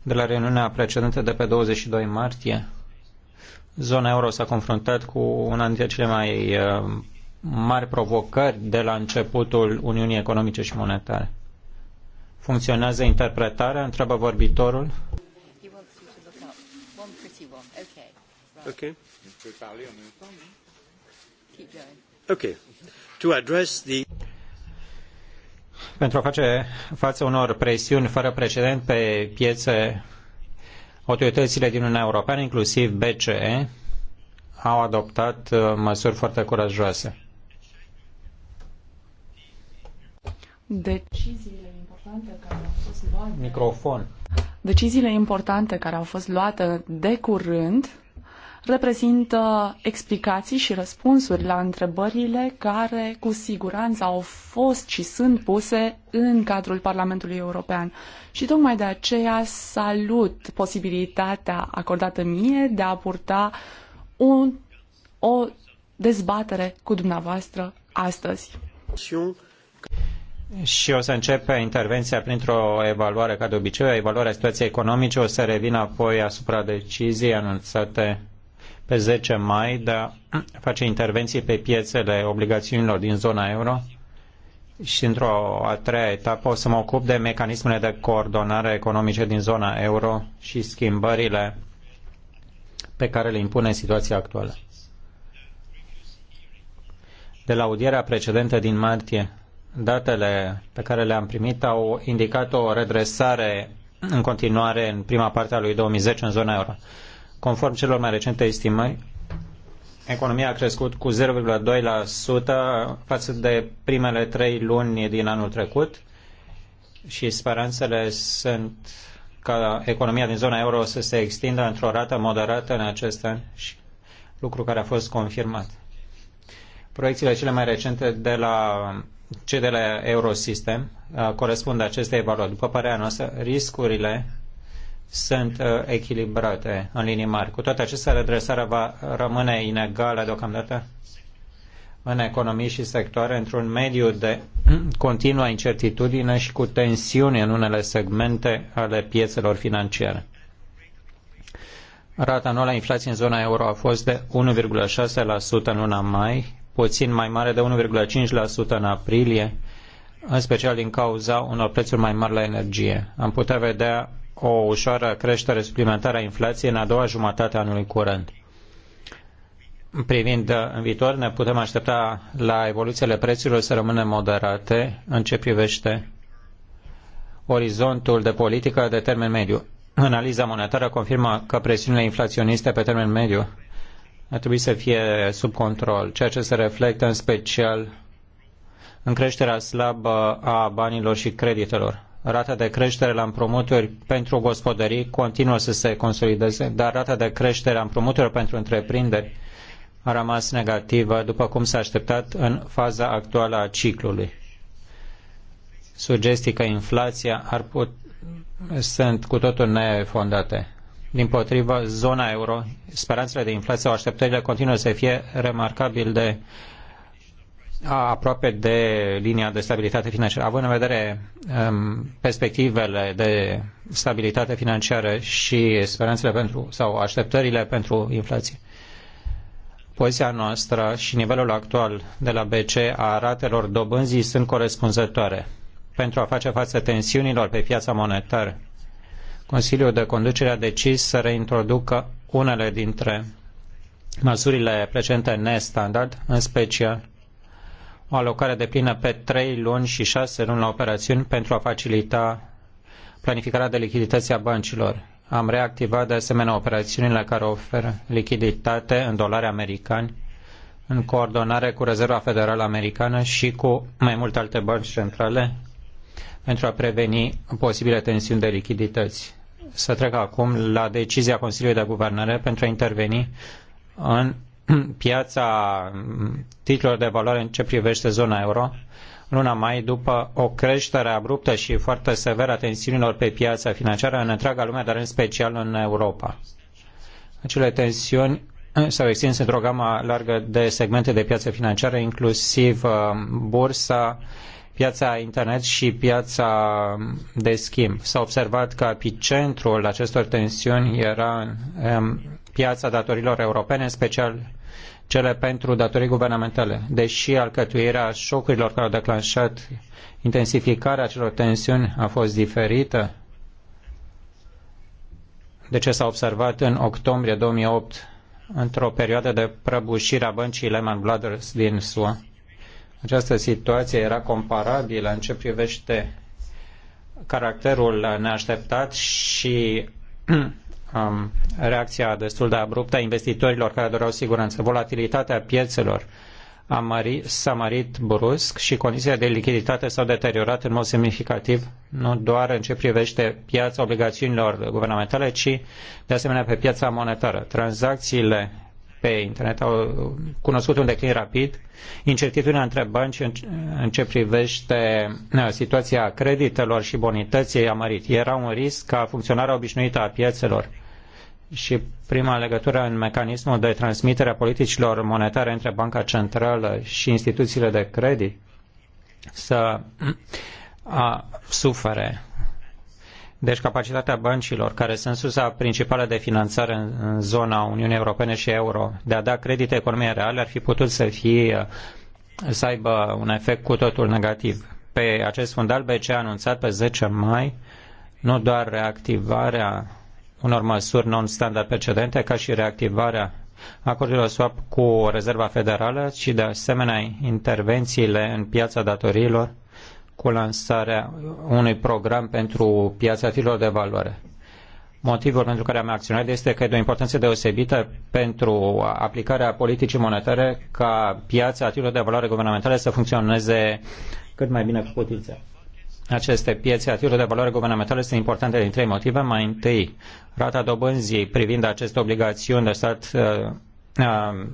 de la reuniunea precedentă de pe 22 martie, zona euro s-a confruntat cu una dintre cele mai uh, mari provocări de la începutul Uniunii Economice și Monetare. Funcționează interpretarea? Întreabă vorbitorul. Okay. Okay. To address the pentru a face față unor presiuni fără precedent pe piețe, autoritățile din Uniunea Europeană, inclusiv BCE, au adoptat uh, măsuri foarte curajoase. Deci- Deciziile importante care au fost luate... Microfon. Deciziile importante care au fost luate de curând reprezintă explicații și răspunsuri la întrebările care cu siguranță au fost și sunt puse în cadrul Parlamentului European. Și tocmai de aceea salut posibilitatea acordată mie de a purta un, o dezbatere cu dumneavoastră astăzi. Și o să începe intervenția printr-o evaluare, ca de obicei, o evaluare a situației economice, o să revin apoi asupra deciziei anunțate pe 10 mai de a face intervenții pe piețele obligațiunilor din zona euro și într-o a treia etapă o să mă ocup de mecanismele de coordonare economice din zona euro și schimbările pe care le impune situația actuală. De la audierea precedentă din martie, datele pe care le-am primit au indicat o redresare în continuare în prima parte a lui 2010 în zona euro. Conform celor mai recente estimări, economia a crescut cu 0,2% față de primele trei luni din anul trecut și speranțele sunt ca economia din zona euro să se extindă într-o rată moderată în acest an, și lucru care a fost confirmat. Proiecțiile cele mai recente de la cei de la Eurosystem uh, corespund acestei evaluări. După părerea noastră, riscurile sunt uh, echilibrate în linii mari. Cu toate acestea, redresarea va rămâne inegală deocamdată în economii și sectoare într-un mediu de continuă incertitudine și cu tensiuni în unele segmente ale piețelor financiare. Rata anuală a inflației în zona euro a fost de 1,6% în luna mai, puțin mai mare de 1,5% în aprilie, în special din cauza unor prețuri mai mari la energie. Am putea vedea o ușoară creștere suplimentară a inflației în a doua jumătate a anului curent. Privind uh, în viitor, ne putem aștepta la evoluțiile prețurilor să rămână moderate în ce privește orizontul de politică de termen mediu. Analiza monetară confirmă că presiunile inflaționiste pe termen mediu ar trebui să fie sub control, ceea ce se reflectă în special în creșterea slabă a banilor și creditelor rata de creștere la împrumuturi pentru gospodării continuă să se consolideze, dar rata de creștere a împrumuturilor pentru întreprinderi a rămas negativă, după cum s-a așteptat în faza actuală a ciclului. Sugestii că inflația ar put... sunt cu totul nefondate. Din potrivă, zona euro, speranțele de inflație sau așteptările continuă să fie remarcabil de aproape de linia de stabilitate financiară. Având în vedere um, perspectivele de stabilitate financiară și speranțele pentru sau așteptările pentru inflație, poziția noastră și nivelul actual de la BCE a ratelor dobânzii sunt corespunzătoare pentru a face față tensiunilor pe piața monetară. Consiliul de conducere a decis să reintroducă unele dintre măsurile precedente nestandard, în special o alocare de plină pe 3 luni și 6 luni la operațiuni pentru a facilita planificarea de lichidități a băncilor. Am reactivat de asemenea operațiunile care oferă lichiditate în dolari americani în coordonare cu Rezerva Federală Americană și cu mai multe alte bănci centrale pentru a preveni posibile tensiuni de lichidități. Să trec acum la decizia Consiliului de Guvernare pentru a interveni în piața mm, titlurilor de valoare în ce privește zona euro luna mai după o creștere abruptă și foarte severă a tensiunilor pe piața financiară în întreaga lume, dar în special în Europa. Acele tensiuni eh, s-au extins într-o gamă largă de segmente de piață financiară, inclusiv eh, bursa, piața internet și piața de schimb. S-a observat că epicentrul acestor tensiuni era în piața datorilor europene, în special cele pentru datorii guvernamentale. Deși alcătuirea șocurilor care au declanșat intensificarea acelor tensiuni a fost diferită de ce s-a observat în octombrie 2008 într-o perioadă de prăbușire a băncii Lehman Brothers din SUA. Această situație era comparabilă în ce privește caracterul neașteptat și um, reacția destul de abruptă a investitorilor care doreau siguranță. Volatilitatea piețelor a mari, s-a mărit brusc și condițiile de lichiditate s-au deteriorat în mod semnificativ, nu doar în ce privește piața obligațiunilor guvernamentale, ci de asemenea pe piața monetară. Tranzacțiile pe internet au cunoscut un declin rapid, incertitudinea între bănci în, în ce privește situația creditelor și bonității a mărit. Era un risc ca funcționarea obișnuită a piețelor și prima legătură în mecanismul de transmitere a politicilor monetare între Banca Centrală și instituțiile de credit să a, sufere. Deci capacitatea băncilor, care sunt sursa principală de finanțare în, în zona Uniunii Europene și euro, de a da credite economiei reale ar fi putut să fie să aibă un efect cu totul negativ. Pe acest fundal BCE a anunțat pe 10 mai nu doar reactivarea unor măsuri non-standard precedente, ca și reactivarea acordurilor swap cu Rezerva Federală și, de asemenea, intervențiile în piața datoriilor cu lansarea unui program pentru piața tirilor de valoare. Motivul pentru care am acționat este că e de o importanță deosebită pentru aplicarea politicii monetare ca piața tirilor de valoare guvernamentale să funcționeze cât mai bine cu putință aceste piețe a titlurilor de valoare guvernamentale sunt importante din trei motive. Mai întâi, rata dobânzii privind aceste obligațiuni de stat uh, uh,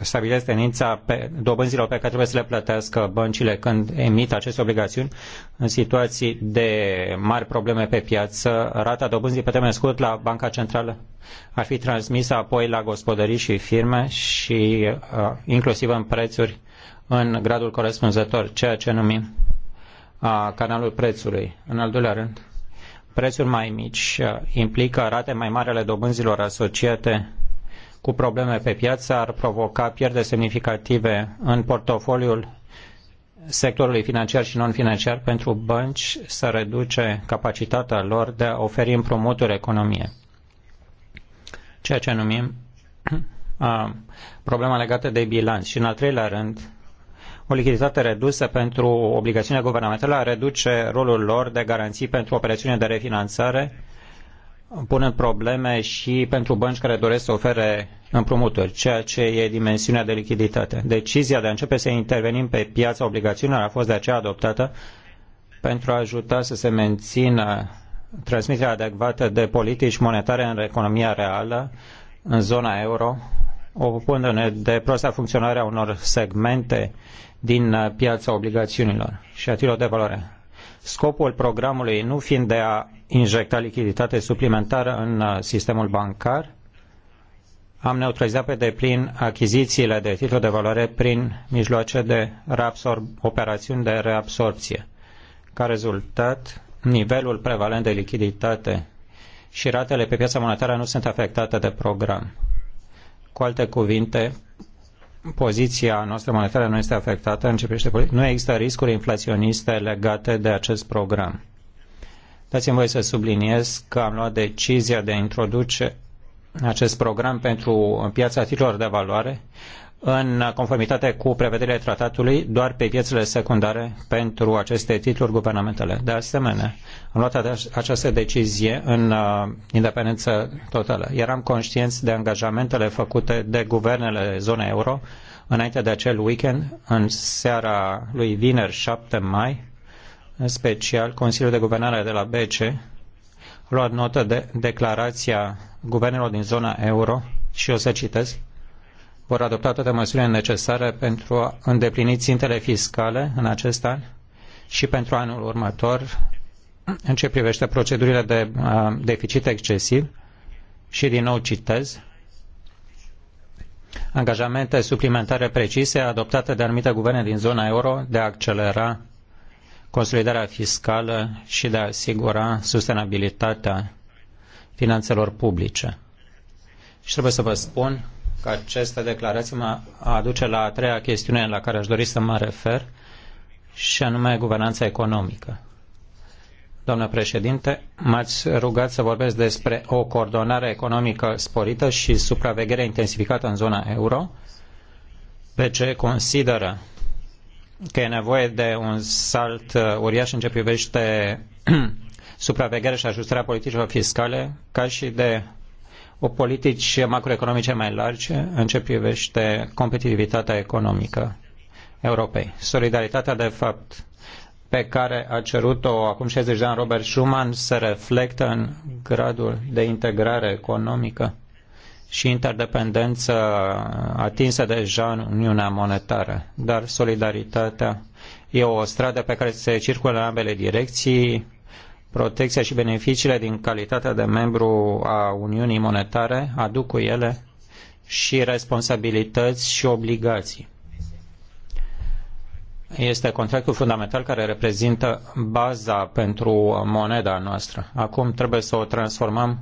stabilesc tenința pe dobânzilor pe care trebuie să le plătească băncile când emit aceste obligațiuni în situații de mari probleme pe piață. Rata dobânzii pe termen scurt la Banca Centrală ar fi transmisă apoi la gospodării și firme și uh, inclusiv în prețuri în gradul corespunzător, ceea ce numim a canalului prețului. În al doilea rând, prețuri mai mici uh, implică rate mai mari ale dobânzilor asociate cu probleme pe piață, ar provoca pierde semnificative în portofoliul sectorului financiar și non-financiar pentru bănci să reduce capacitatea lor de a oferi împrumuturi economie. Ceea ce numim a, uh, problema legată de bilanț. Și în al treilea rând, o lichiditate redusă pentru obligațiunea guvernamentală reduce rolul lor de garanții pentru operațiune de refinanțare, punând probleme și pentru bănci care doresc să ofere împrumuturi, ceea ce e dimensiunea de lichiditate. Decizia de a începe să intervenim pe piața obligațiunilor a fost de aceea adoptată pentru a ajuta să se mențină transmiterea adecvată de politici monetare în economia reală, în zona euro, opunându-ne de prosta funcționare a unor segmente din uh, piața obligațiunilor și a de valoare. Scopul programului nu fiind de a injecta lichiditate suplimentară în uh, sistemul bancar, am neutralizat pe deplin achizițiile de titluri de valoare prin mijloace de reabsorb, operațiuni de reabsorpție. Ca rezultat, nivelul prevalent de lichiditate și ratele pe piața monetară nu sunt afectate de program. Cu alte cuvinte, poziția noastră monetară nu este afectată, începește nu există riscuri inflaționiste legate de acest program. Dați-mi voie să subliniez că am luat decizia de a introduce acest program pentru piața titlurilor de valoare în conformitate cu prevederile tratatului doar pe piețele secundare pentru aceste titluri guvernamentale. De asemenea, am luat această decizie în uh, independență totală. Eram conștienți de angajamentele făcute de guvernele zonei euro înainte de acel weekend, în seara lui vineri 7 mai, în special Consiliul de Guvernare de la BC luat notă de declarația guvernelor din zona euro și o să citesc vor adopta toate măsurile necesare pentru a îndeplini țintele fiscale în acest an și pentru anul următor în ce privește procedurile de uh, deficit excesiv și din nou citez angajamente suplimentare precise adoptate de anumite guverne din zona euro de a accelera consolidarea fiscală și de a asigura sustenabilitatea finanțelor publice. Și trebuie să vă spun că această declarație mă aduce la a treia chestiune la care aș dori să mă refer, și anume guvernanța economică. Doamnă președinte, m-ați rugat să vorbesc despre o coordonare economică sporită și supraveghere intensificată în zona euro. ce consideră că e nevoie de un salt uh, uriaș în ce privește supravegherea și ajustarea politicilor fiscale, ca și de o politici macroeconomice mai largi în ce privește competitivitatea economică Europei. Solidaritatea, de fapt, pe care a cerut-o acum 60 de ani Robert Schuman se reflectă în gradul de integrare economică și interdependență atinsă deja în Uniunea Monetară. Dar solidaritatea e o stradă pe care se circulă în ambele direcții, protecția și beneficiile din calitatea de membru a Uniunii Monetare aduc cu ele și responsabilități și obligații. Este contractul fundamental care reprezintă baza pentru moneda noastră. Acum trebuie să o transformăm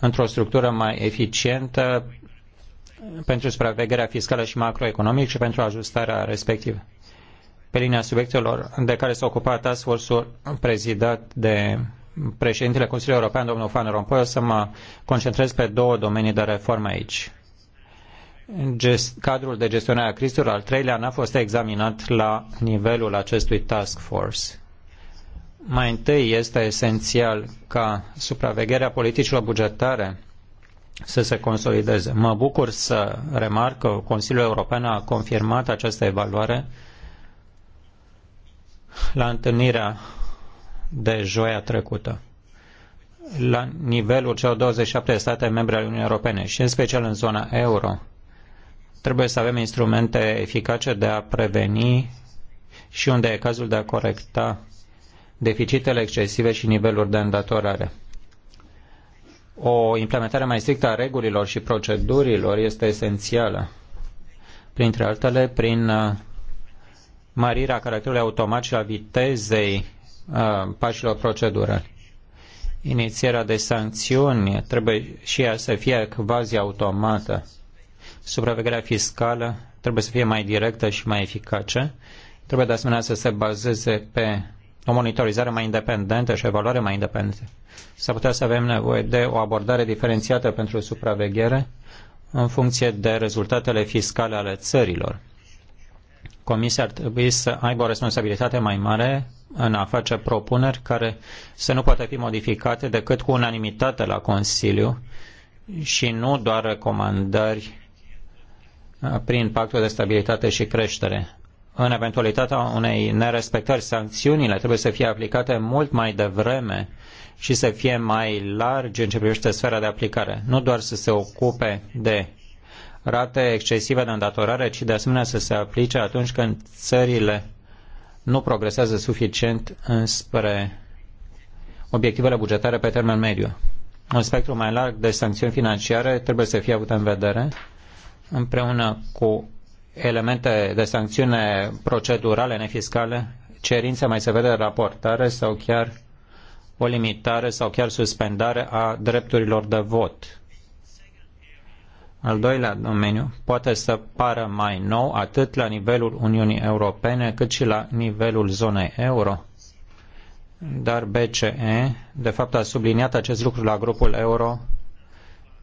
într-o structură mai eficientă pentru supravegherea fiscală și macroeconomică și pentru ajustarea respectivă pe linia subiectelor de care s-a ocupat task force-ul prezidat de președintele Consiliului European, domnul Van Rompuy, o să mă concentrez pe două domenii de reformă aici. Gest, cadrul de gestionare a crizelor al treilea n-a fost examinat la nivelul acestui task force. Mai întâi este esențial ca supravegherea politicilor bugetare să se consolideze. Mă bucur să remarc că Consiliul European a confirmat această evaluare la întâlnirea de joia trecută la nivelul celor 27 de state membre ale Uniunii Europene și în special în zona euro. Trebuie să avem instrumente eficace de a preveni și unde e cazul de a corecta deficitele excesive și niveluri de îndatorare. O implementare mai strictă a regulilor și procedurilor este esențială, printre altele prin uh, mărirea caracterului automat și a vitezei a, uh, pașilor procedurali. Inițierea de sancțiuni trebuie și ea să fie quasi automată. Supravegherea fiscală trebuie să fie mai directă și mai eficace. Trebuie de asemenea să se bazeze pe o monitorizare mai independentă și o evaluare mai independentă. S-ar putea să avem nevoie de o abordare diferențiată pentru supraveghere în funcție de rezultatele fiscale ale țărilor. Comisia ar trebui să aibă o responsabilitate mai mare în a face propuneri care să nu poată fi modificate decât cu unanimitate la Consiliu și nu doar recomandări uh, prin pactul de stabilitate și creștere. În eventualitatea unei nerespectări, sancțiunile trebuie să fie aplicate mult mai devreme și să fie mai largi în ce privește sfera de aplicare. Nu doar să se ocupe de rate excesive de îndatorare, ci de asemenea să se aplice atunci când țările nu progresează suficient înspre obiectivele bugetare pe termen mediu. Un spectru mai larg de sancțiuni financiare trebuie să fie avut în vedere împreună cu elemente de sancțiune procedurale, nefiscale, cerințe mai se de raportare sau chiar o limitare sau chiar suspendare a drepturilor de vot al doilea domeniu poate să pară mai nou atât la nivelul Uniunii Europene cât și la nivelul zonei euro, dar BCE de fapt a subliniat acest lucru la grupul euro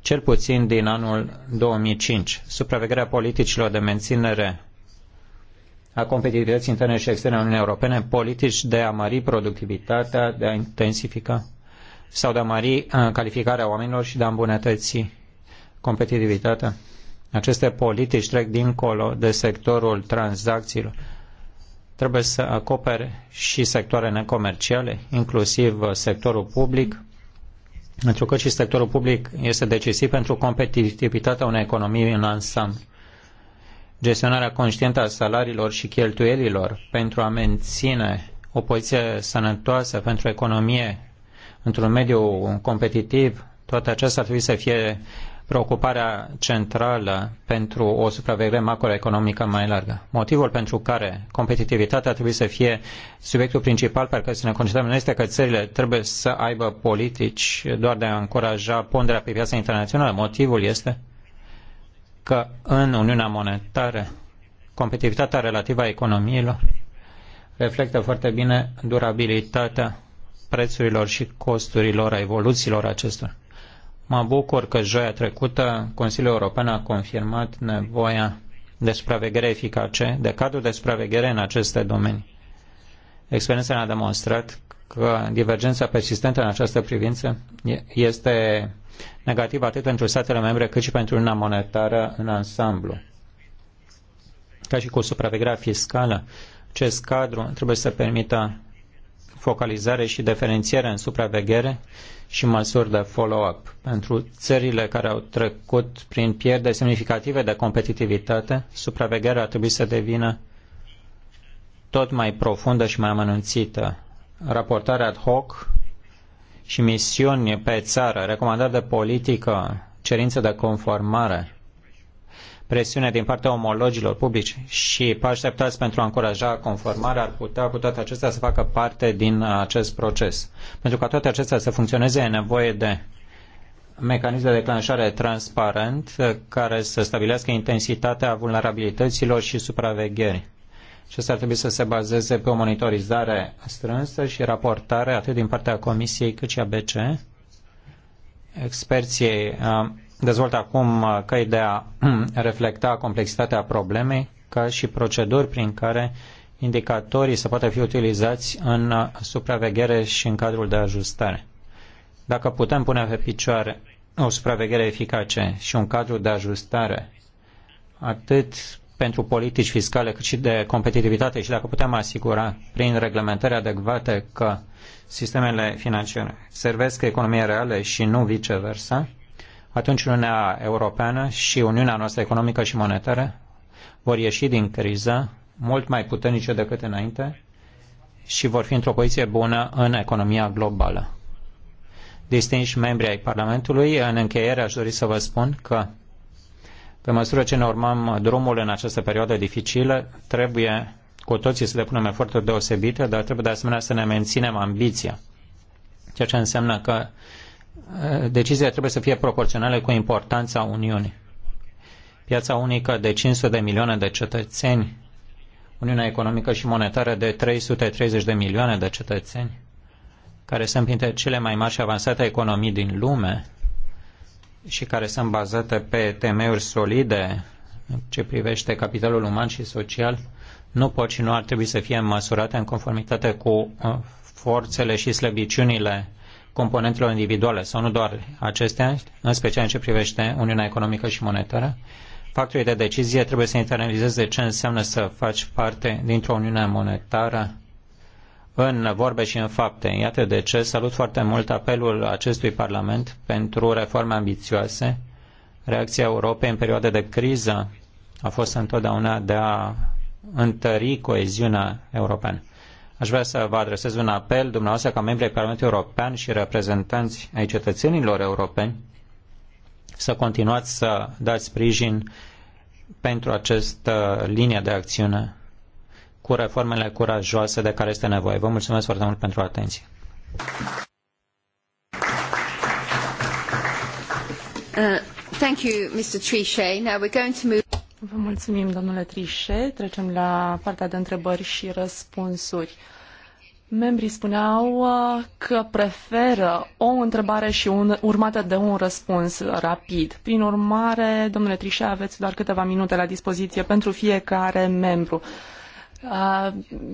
cel puțin din anul 2005. Supravegherea politicilor de menținere a competitivității interne și externe a Uniunii Europene, politici de a mări productivitatea, de a intensifica sau de a mări uh, calificarea oamenilor și de a îmbunătăți competitivitatea. Aceste politici trec dincolo de sectorul tranzacțiilor. Trebuie să acopere și sectoare necomerciale, inclusiv sectorul public, pentru că și sectorul public este decisiv pentru competitivitatea unei economii în ansamblu. Gestionarea conștientă a salariilor și cheltuielilor pentru a menține o poziție sănătoasă pentru economie într-un mediu competitiv, toate acestea ar trebui să fie preocuparea centrală pentru o supraveghere macroeconomică mai largă. Motivul pentru care competitivitatea trebuie să fie subiectul principal pe care să ne concentrăm nu este că țările trebuie să aibă politici doar de a încuraja ponderea pe piața internațională. Motivul este că în Uniunea Monetară competitivitatea relativă a economiilor reflectă foarte bine durabilitatea prețurilor și costurilor a evoluțiilor acestora Mă bucur că joia trecută Consiliul European a confirmat nevoia de supraveghere eficace, de cadru de supraveghere în aceste domenii. Experiența ne-a demonstrat că divergența persistentă în această privință este negativă atât pentru statele membre cât și pentru una monetară în ansamblu. Ca și cu supravegherea fiscală, acest cadru trebuie să permită focalizare și diferențiere în supraveghere și măsuri de follow-up. Pentru țările care au trecut prin pierderi semnificative de competitivitate, supravegherea ar trebui să devină tot mai profundă și mai amănunțită. Raportarea ad hoc și misiuni pe țară, recomandări de politică, cerințe de conformare, presiune din partea omologilor publici și pași așteptați pentru a încuraja conformarea ar putea cu toate acestea să facă parte din acest proces. Pentru ca toate acestea să funcționeze e nevoie de mecanism de declanșare transparent care să stabilească intensitatea vulnerabilităților și supravegherii. asta ar trebui să se bazeze pe o monitorizare strânsă și raportare atât din partea Comisiei cât și a BCE experții dezvoltă acum căi de a reflecta complexitatea problemei, ca și proceduri prin care indicatorii să poată fi utilizați în uh, supraveghere și în cadrul de ajustare. Dacă putem pune pe picioare o supraveghere eficace și un cadru de ajustare, atât pentru politici fiscale cât și de competitivitate și dacă putem asigura prin reglementări adecvate că sistemele financiare servesc economia reală și nu viceversa, atunci Uniunea Europeană și Uniunea noastră economică și monetară vor ieși din criză mult mai puternice decât înainte și vor fi într-o poziție bună în economia globală. Distinși membri ai Parlamentului, în încheiere aș dori să vă spun că pe măsură ce ne urmăm drumul în această perioadă dificilă, trebuie cu toții să depunem eforturi deosebite, dar trebuie de asemenea să ne menținem ambiția, ceea ce înseamnă că Eh, deciziile trebuie să fie proporționale cu importanța Uniunii. Piața unică de 500 de milioane de cetățeni, Uniunea economică și monetară de 330 de milioane de cetățeni, care sunt printre cele mai mari și avansate economii din lume și care sunt bazate pe temeiuri solide în ce privește capitalul uman și social, nu pot și nu ar trebui să fie măsurate în conformitate cu uh, forțele și slăbiciunile componentelor individuale sau nu doar acestea, în special în ce privește Uniunea Economică și Monetară. Factorii de decizie trebuie să internalizeze ce înseamnă să faci parte dintr-o Uniune Monetară în vorbe și în fapte. Iată de ce salut foarte mult apelul acestui Parlament pentru reforme ambițioase. Reacția Europei în perioada de criză a fost întotdeauna de a întări coeziunea europeană. Aș vrea să vă adresez un apel dumneavoastră ca membri ai Parlamentului European și reprezentanți ai cetățenilor europeni să continuați să dați sprijin pentru această linie de acțiune cu reformele curajoase de care este nevoie. Vă mulțumesc foarte mult pentru atenție. Uh, thank you, Mr. Trichet. Now we're going to move... Vă mulțumim, domnule Trișe. Trecem la partea de întrebări și răspunsuri. Membrii spuneau uh, că preferă o întrebare și un, urmată de un răspuns rapid. Prin urmare, domnule Trișe, aveți doar câteva minute la dispoziție pentru fiecare membru. Uh,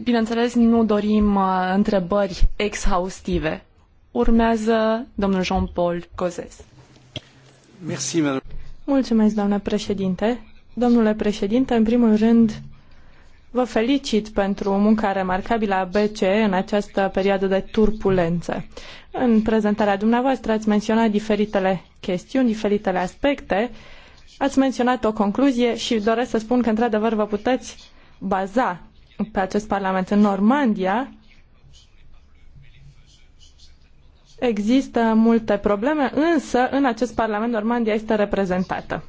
bineînțeles, nu dorim uh, întrebări exhaustive. Urmează domnul Jean-Paul Gozes. Mulțumesc, doamnă președinte. Domnule președinte, în primul rând vă felicit pentru munca remarcabilă a BCE în această perioadă de turpulență. În prezentarea dumneavoastră ați menționat diferitele chestiuni, diferitele aspecte, ați menționat o concluzie și doresc să spun că într-adevăr vă puteți baza pe acest Parlament. În Normandia există multe probleme, însă în acest Parlament Normandia este reprezentată.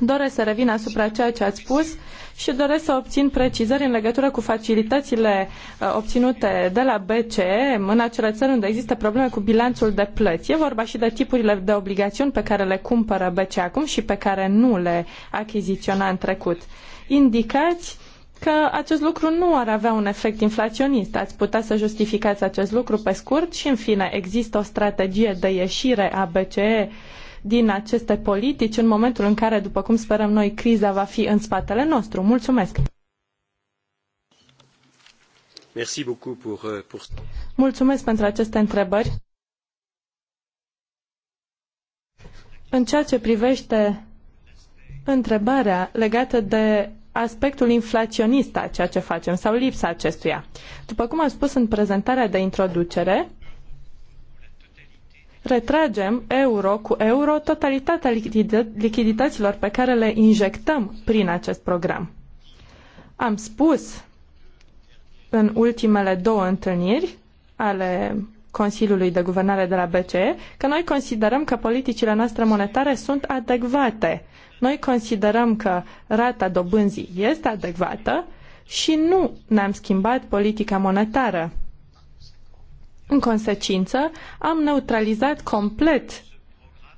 Doresc să revin asupra ceea ce ați spus și doresc să obțin precizări în legătură cu facilitățile uh, obținute de la BCE în acele țări unde există probleme cu bilanțul de plăți. E vorba și de tipurile de obligațiuni pe care le cumpără BCE acum și pe care nu le achiziționa în trecut. Indicați că acest lucru nu ar avea un efect inflaționist. Ați putea să justificați acest lucru pe scurt și, în fine, există o strategie de ieșire a BCE din aceste politici în momentul în care, după cum sperăm noi, criza va fi în spatele nostru. Mulțumesc! Euh, Mulțumesc pentru aceste întrebări. În ceea ce privește întrebarea legată de aspectul inflaționist a ceea ce facem sau lipsa acestuia. După cum am spus în prezentarea de introducere, retragem euro cu euro totalitatea lichidităților pe care le injectăm prin acest program. Am spus în ultimele două întâlniri ale Consiliului de Guvernare de la BCE că noi considerăm că politicile noastre monetare sunt adecvate. Noi considerăm că rata dobânzii este adecvată și nu ne-am schimbat politica monetară. În consecință, am neutralizat complet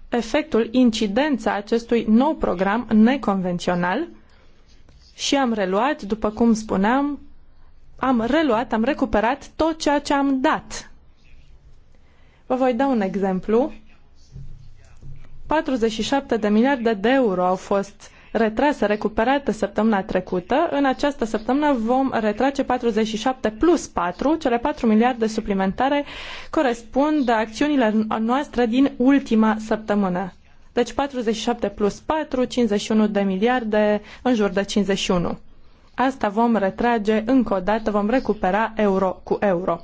efectul, incidența acestui nou program neconvențional și am reluat, după cum spuneam, am reluat, am recuperat tot ceea ce am dat. Vă voi da un exemplu. 47 de miliarde de euro au fost retrase, recuperate săptămâna trecută, în această săptămână vom retrage 47 plus 4, cele 4 miliarde suplimentare corespund acțiunile noastre din ultima săptămână. Deci 47 plus 4, 51 de miliarde, în jur de 51. Asta vom retrage încă o dată, vom recupera euro cu euro.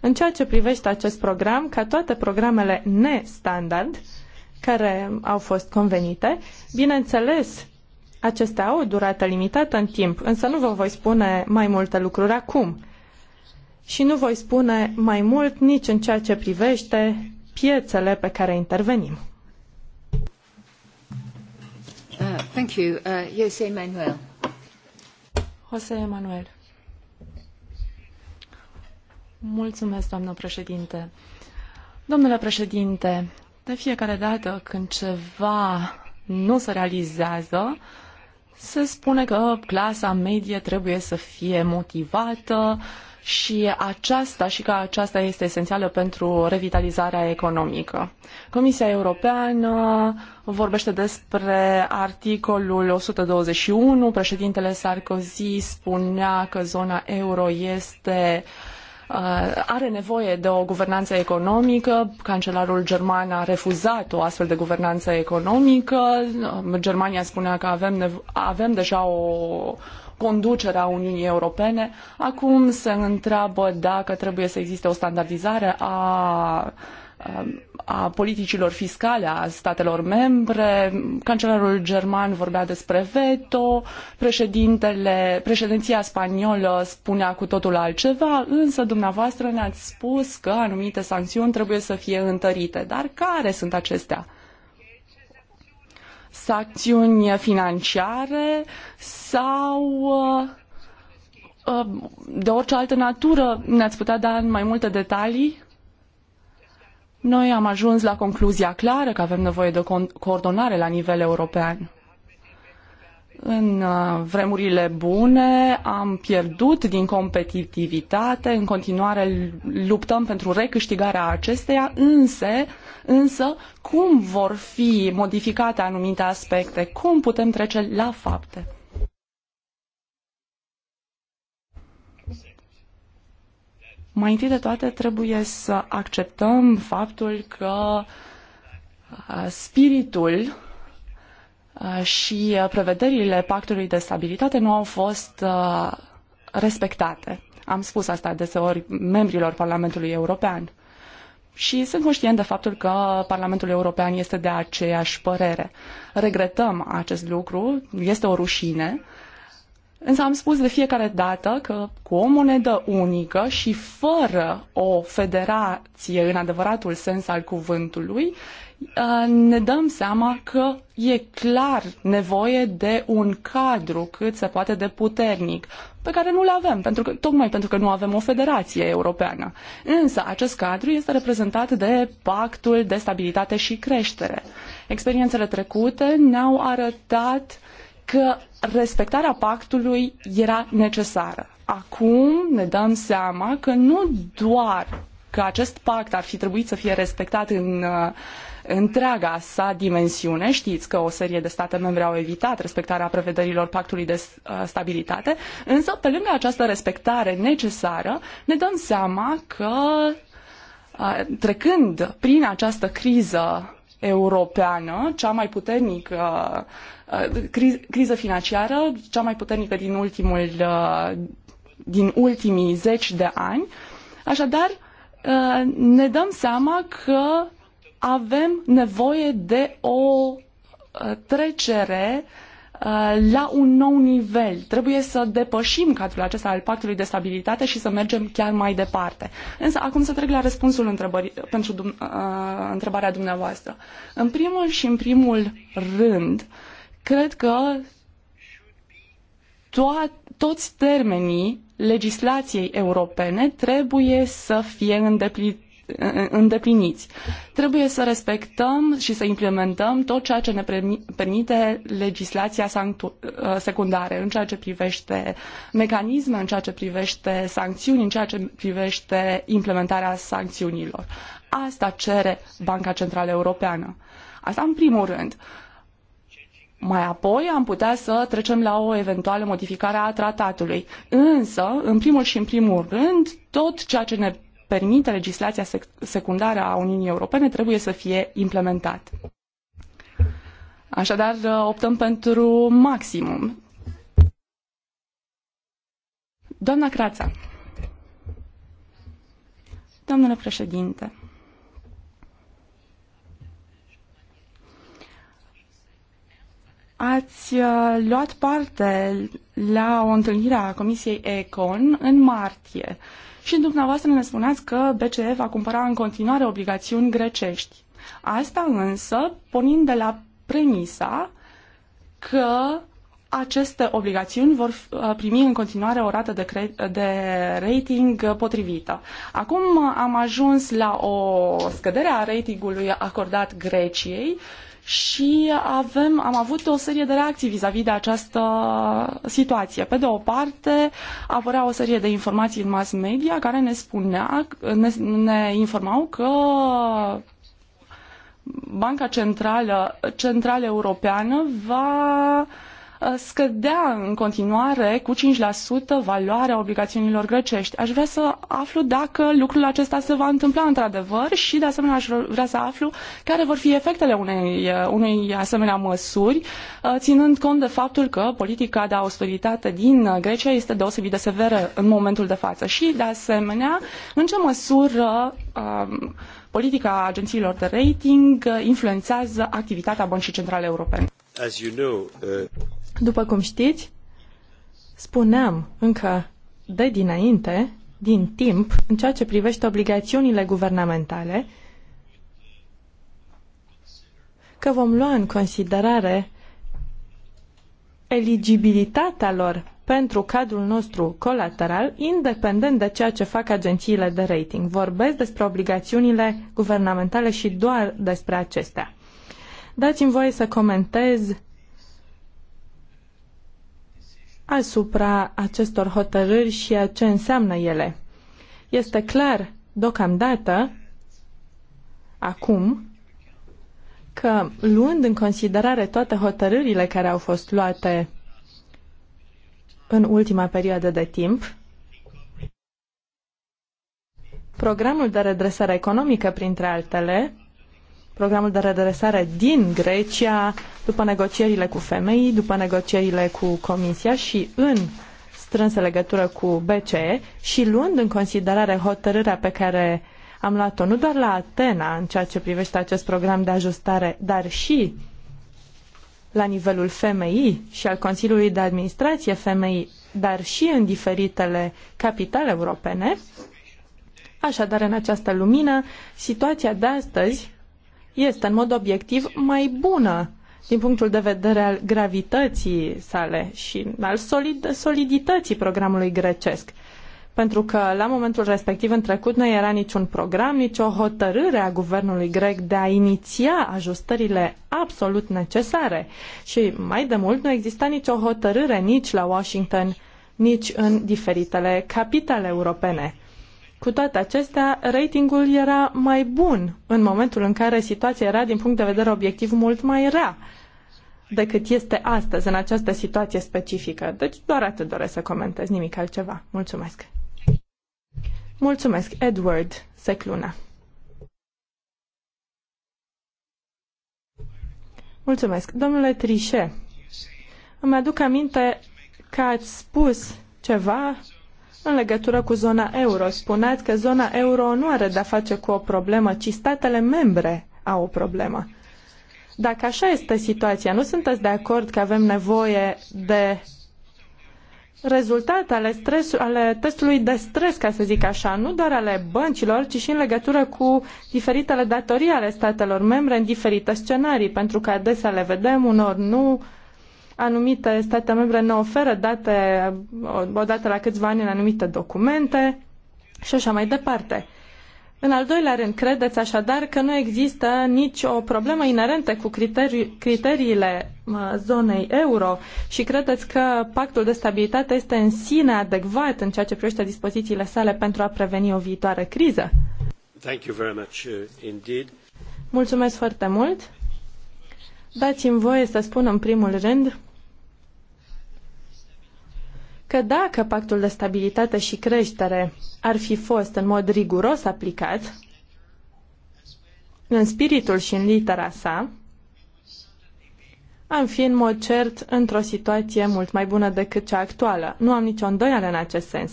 În ceea ce privește acest program, ca toate programele nestandard care au fost convenite, bineînțeles Acestea au o durată limitată în timp, însă nu vă voi spune mai multe lucruri acum. Și nu voi spune mai mult nici în ceea ce privește piețele pe care intervenim. Uh, thank you. Uh, Jose Manuel. Jose Manuel. Mulțumesc, doamnă președinte. Domnule președinte, de fiecare dată când ceva nu se realizează, se spune că clasa medie trebuie să fie motivată și aceasta și că aceasta este esențială pentru revitalizarea economică. Comisia Europeană vorbește despre articolul 121. Președintele Sarkozy spunea că zona euro este uh, Uh, are nevoie de o guvernanță economică. Cancelarul german a refuzat o astfel de guvernanță economică. Uh, Germania spunea că avem, avem deja o conducerea Uniunii Europene. Acum se întreabă dacă trebuie să existe o standardizare a a politicilor fiscale a statelor membre. Cancelarul german vorbea despre veto, președintele, președinția spaniolă spunea cu totul altceva, însă dumneavoastră ne-ați spus că anumite sancțiuni trebuie să fie întărite. Dar care sunt acestea? Sancțiuni financiare sau uh, uh, de orice altă natură? Ne-ați putea da mai multe detalii? Noi am ajuns la concluzia clară că avem nevoie de o coordonare la nivel european. În uh, vremurile bune am pierdut din competitivitate, în continuare luptăm pentru recâștigarea acesteia, însă, însă cum vor fi modificate anumite aspecte, cum putem trece la fapte. Mai întâi de toate trebuie să acceptăm faptul că uh, spiritul uh, și prevederile pactului de stabilitate nu au fost uh, respectate. Am spus asta deseori membrilor Parlamentului European. Și sunt conștient de faptul că Parlamentul European este de aceeași părere. Regretăm acest lucru, este o rușine, Însă am spus de fiecare dată că cu o monedă unică și fără o federație în adevăratul sens al cuvântului, uh, ne dăm seama că e clar nevoie de un cadru cât se poate de puternic, pe care nu-l avem, pentru că, tocmai pentru că nu avem o federație europeană. Însă acest cadru este reprezentat de Pactul de Stabilitate și Creștere. Experiențele trecute ne-au arătat că respectarea pactului era necesară. Acum ne dăm seama că nu doar că acest pact ar fi trebuit să fie respectat în uh, întreaga sa dimensiune. Știți că o serie de state membre au evitat respectarea prevederilor pactului de uh, stabilitate, însă pe lângă această respectare necesară ne dăm seama că uh, trecând prin această criză europeană, cea mai puternică uh, uh, criză financiară, cea mai puternică din, ultimul, uh, din ultimii zeci de ani. Așadar, ne dăm seama că avem nevoie de o trecere uh, Uh, la un nou nivel. Trebuie să depășim cadrul acesta al pactului de stabilitate și să mergem chiar mai departe. Însă acum să trec la răspunsul întrebării, pentru dum, uh, întrebarea dumneavoastră. În primul și în primul rând, cred că to- toți termenii legislației europene trebuie să fie îndepliniți îndepliniți. Trebuie să respectăm și să implementăm tot ceea ce ne permite legislația uh, secundară în ceea ce privește mecanisme, în ceea ce privește sancțiuni, în ceea ce privește implementarea sancțiunilor. Asta cere Banca Centrală Europeană. Asta în primul rând. Mai apoi am putea să trecem la o eventuală modificare a tratatului. Însă, în primul și în primul rând, tot ceea ce ne permite legislația secundară a Uniunii Europene trebuie să fie implementat. Așadar, optăm pentru maximum. Doamna Crața. Domnule președinte. Ați uh, luat parte la o întâlnire a Comisiei Econ în martie. Uh, și dumneavoastră ne spuneați că BCE va cumpăra în continuare obligațiuni grecești. Asta însă pornind de la premisa că aceste obligațiuni vor uh, primi în continuare o rată de, cre- de rating potrivită. Acum am ajuns la o scădere a ratingului acordat Greciei și avem, am avut o serie de reacții vis-a-vis -vis de această situație. Pe de o parte, apărea o serie de informații în mass media care ne spunea, ne, ne informau că Banca Centrală, Centrală Europeană va Uh, scădea în continuare cu 5% valoarea obligațiunilor grecești. Aș vrea să aflu dacă lucrul acesta se va întâmpla într-adevăr și de asemenea aș vrea să aflu care vor fi efectele unei, uh, unei asemenea măsuri, uh, ținând cont de faptul că politica de austeritate din Grecia este deosebit de severă în momentul de față și de asemenea în ce măsură um, politica agențiilor de rating influențează activitatea Băncii Centrale Europene. As you know, uh... După cum știți, spuneam încă de dinainte, din timp, în ceea ce privește obligațiunile guvernamentale, că vom lua în considerare eligibilitatea lor pentru cadrul nostru colateral, independent de ceea ce fac agențiile de rating. Vorbesc despre obligațiunile guvernamentale și doar despre acestea. Dați-mi voie să comentez asupra acestor hotărâri și a ce înseamnă ele. Este clar, deocamdată, acum, că luând în considerare toate hotărârile care au fost luate în ultima perioadă de timp, programul de redresare economică, printre altele, programul de redresare din Grecia, după negocierile cu femei, după negocierile cu Comisia și în strânsă legătură cu BCE și luând în considerare hotărârea pe care am luat-o nu doar la Atena în ceea ce privește acest program de ajustare, dar și la nivelul FMI și al Consiliului de Administrație FMI, dar și în diferitele capitale europene. Așadar, în această lumină, situația de astăzi este în mod obiectiv mai bună din punctul de vedere al gravității sale și al solid, solidității programului grecesc. Pentru că la momentul respectiv în trecut nu era niciun program, nicio hotărâre a guvernului grec de a iniția ajustările absolut necesare. Și mai de mult nu exista nicio hotărâre nici la Washington, nici în diferitele capitale europene. Cu toate acestea, ratingul era mai bun în momentul în care situația era, din punct de vedere obiectiv, mult mai rea decât este astăzi, în această situație specifică. Deci doar atât doresc să comentez, nimic altceva. Mulțumesc! Mulțumesc, Edward Secluna. Mulțumesc. Domnule Trișe, îmi aduc aminte că ați spus ceva în legătură cu zona euro. Spuneați că zona euro nu are de-a face cu o problemă, ci statele membre au o problemă. Dacă așa este situația, nu sunteți de acord că avem nevoie de rezultate ale, stres, ale testului de stres, ca să zic așa, nu doar ale băncilor, ci și în legătură cu diferitele datorii ale statelor membre în diferite scenarii, pentru că adesea le vedem, unor nu, Anumite state membre ne oferă date odată la câțiva ani în anumite documente și așa mai departe. În al doilea rând, credeți așadar că nu există nicio problemă inerentă cu criterii, criteriile zonei euro și credeți că pactul de stabilitate este în sine adecvat în ceea ce privește dispozițiile sale pentru a preveni o viitoare criză? Thank you very much uh, indeed. Mulțumesc foarte mult. Dați-mi voie să spun în primul rând că dacă pactul de stabilitate și creștere ar fi fost în mod riguros aplicat, în spiritul și în litera sa, am fi în mod cert într-o situație mult mai bună decât cea actuală. Nu am nicio îndoială în acest sens.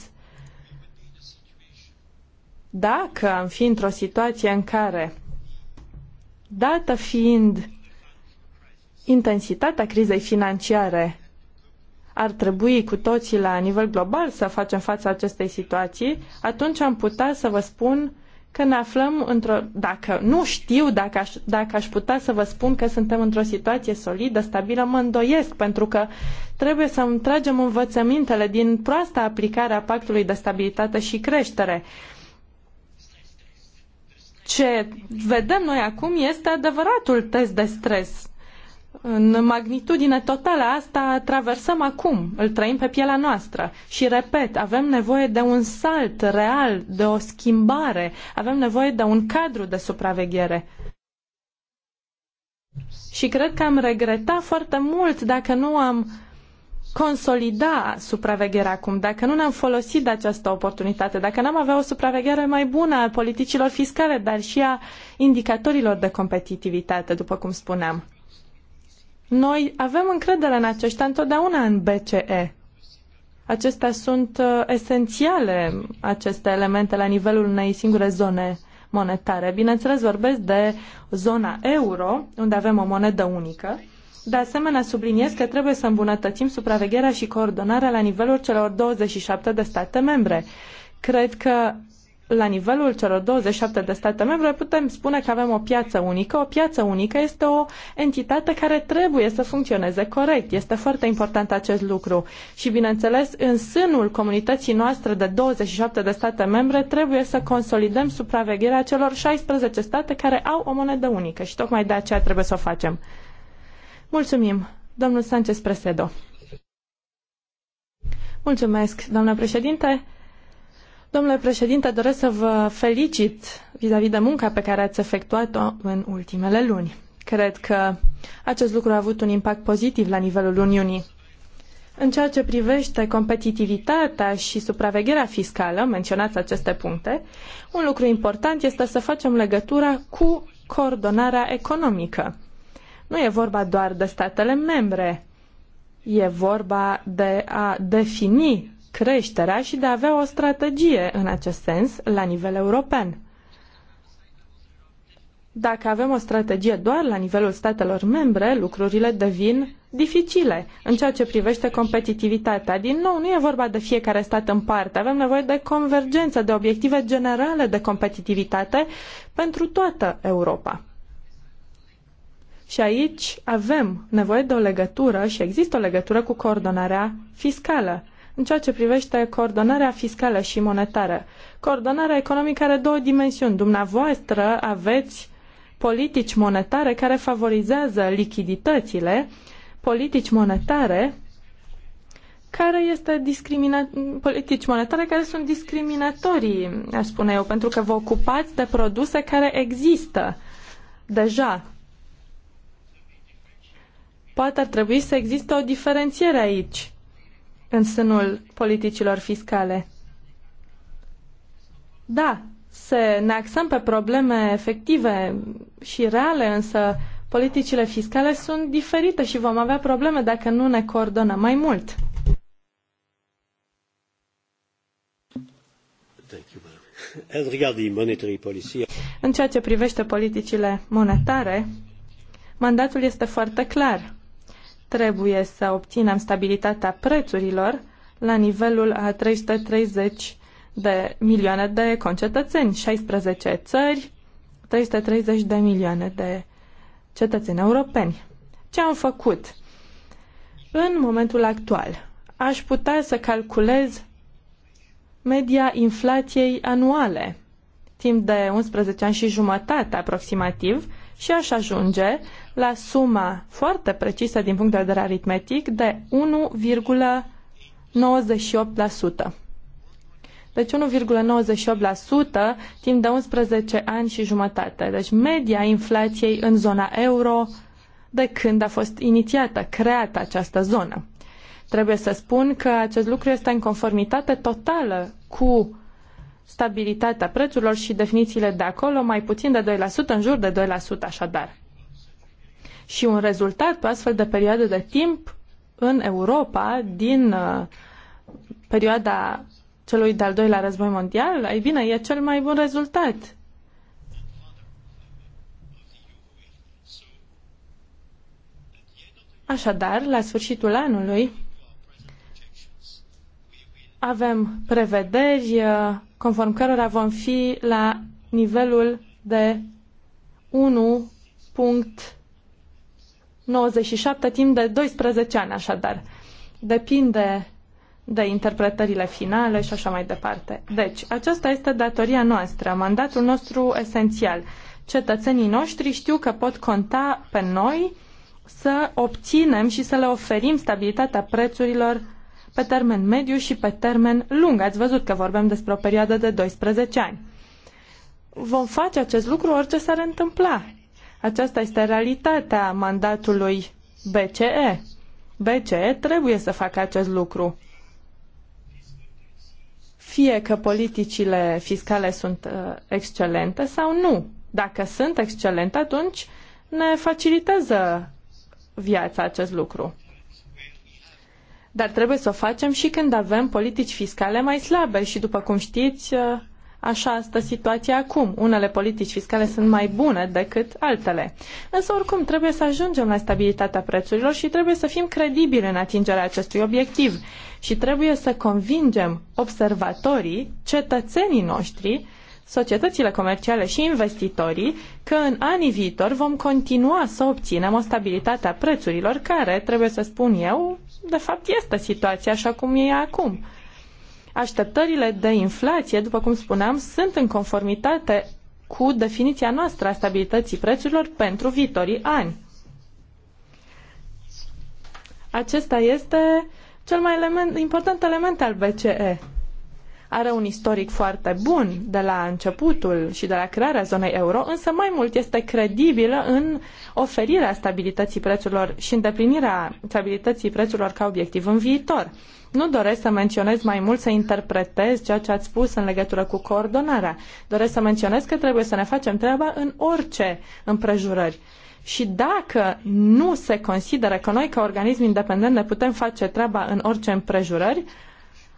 Dacă am fi într-o situație în care, dată fiind intensitatea crizei financiare ar trebui cu toții la nivel global să facem față acestei situații, atunci am putea să vă spun că ne aflăm într-o... Dacă nu știu dacă aș, dacă aș putea să vă spun că suntem într-o situație solidă, stabilă, mă îndoiesc, pentru că trebuie să îmi tragem învățămintele din proasta aplicare a Pactului de Stabilitate și Creștere. Ce vedem noi acum este adevăratul test de stres în magnitudine totală asta traversăm acum, îl trăim pe pielea noastră. Și repet, avem nevoie de un salt real, de o schimbare, avem nevoie de un cadru de supraveghere. Și cred că am regretat foarte mult dacă nu am consolida supravegherea acum, dacă nu ne-am folosit de această oportunitate, dacă n-am avea o supraveghere mai bună a politicilor fiscale, dar și a indicatorilor de competitivitate, după cum spuneam. Noi avem încredere în aceștia întotdeauna în BCE. Acestea sunt uh, esențiale, aceste elemente, la nivelul unei singure zone monetare. Bineînțeles, vorbesc de zona euro, unde avem o monedă unică. De asemenea, subliniez că trebuie să îmbunătățim supravegherea și coordonarea la nivelul celor 27 de state membre. Cred că la nivelul celor 27 de state membre putem spune că avem o piață unică. O piață unică este o entitate care trebuie să funcționeze corect. Este foarte important acest lucru. Și, bineînțeles, în sânul comunității noastre de 27 de state membre trebuie să consolidăm supravegherea celor 16 state care au o monedă unică și tocmai de aceea trebuie să o facem. Mulțumim, domnul Sanchez Presedo. Mulțumesc, doamnă președinte. Domnule președinte, doresc să vă felicit vis-a-vis de munca pe care ați efectuat-o în ultimele luni. Cred că acest lucru a avut un impact pozitiv la nivelul Uniunii. În ceea ce privește competitivitatea și supravegherea fiscală, menționați aceste puncte, un lucru important este să facem legătura cu coordonarea economică. Nu e vorba doar de statele membre, e vorba de a defini creșterea și de a avea o strategie în acest sens la nivel european. Dacă avem o strategie doar la nivelul statelor membre, lucrurile devin dificile în ceea ce privește competitivitatea. Din nou, nu e vorba de fiecare stat în parte. Avem nevoie de convergență, de obiective generale de competitivitate pentru toată Europa. Și aici avem nevoie de o legătură și există o legătură cu coordonarea fiscală în ceea ce privește coordonarea fiscală și monetară. Coordonarea economică are două dimensiuni. Dumneavoastră aveți politici monetare care favorizează lichiditățile, politici monetare care este discrimina... politici monetare care sunt discriminatorii, aș spune eu, pentru că vă ocupați de produse care există deja. Poate ar trebui să existe o diferențiere aici în sânul politicilor fiscale. Da, să ne axăm pe probleme efective și reale, însă politicile fiscale sunt diferite și vom avea probleme dacă nu ne coordonăm mai mult. În ceea ce privește politicile monetare, mandatul este foarte clar. Trebuie să obținem stabilitatea prețurilor la nivelul a 330 de milioane de concetățeni, 16 țări, 330 de milioane de cetățeni europeni. Ce am făcut? În momentul actual, aș putea să calculez media inflației anuale, timp de 11 ani și jumătate aproximativ, și aș ajunge la suma foarte precisă din punct de vedere aritmetic de 1,98%. Deci 1,98% timp de 11 ani și jumătate. Deci media inflației în zona euro de când a fost inițiată, creată această zonă. Trebuie să spun că acest lucru este în conformitate totală cu stabilitatea prețurilor și definițiile de acolo, mai puțin de 2%, în jur de 2% așadar. Și un rezultat pe astfel de perioadă de timp în Europa din uh, perioada celui de-al doilea război mondial, ai bine, e cel mai bun rezultat. Așadar, la sfârșitul anului, avem prevederi uh, conform cărora vom fi la nivelul de 1.97 timp de 12 ani, așadar. Depinde de interpretările finale și așa mai departe. Deci, aceasta este datoria noastră, mandatul nostru esențial. Cetățenii noștri știu că pot conta pe noi să obținem și să le oferim stabilitatea prețurilor pe termen mediu și pe termen lung. Ați văzut că vorbim despre o perioadă de 12 ani. Vom face acest lucru orice s-ar întâmpla. Aceasta este realitatea mandatului BCE. BCE trebuie să facă acest lucru. Fie că politicile fiscale sunt uh, excelente sau nu. Dacă sunt excelente, atunci ne facilitează viața acest lucru dar trebuie să o facem și când avem politici fiscale mai slabe și, după cum știți, uh, așa stă situația acum. Unele politici fiscale sunt mai bune decât altele. Însă, oricum, trebuie să ajungem la stabilitatea prețurilor și trebuie să fim credibili în atingerea acestui obiectiv. Și trebuie să convingem observatorii, cetățenii noștri, societățile comerciale și investitorii că în anii viitor vom continua să obținem o stabilitate a prețurilor care, trebuie să spun eu, de fapt, este situația așa cum e acum. Așteptările de inflație, după cum spuneam, sunt în conformitate cu definiția noastră a stabilității prețurilor pentru viitorii ani. Acesta este cel mai element, important element al BCE are un istoric foarte bun de la începutul și de la crearea zonei euro, însă mai mult este credibilă în oferirea stabilității prețurilor și îndeplinirea stabilității prețurilor ca obiectiv în viitor. Nu doresc să menționez mai mult, să interpretez ceea ce ați spus în legătură cu coordonarea. Doresc să menționez că trebuie să ne facem treaba în orice împrejurări. Și dacă nu se consideră că noi, ca organism independent, ne putem face treaba în orice împrejurări,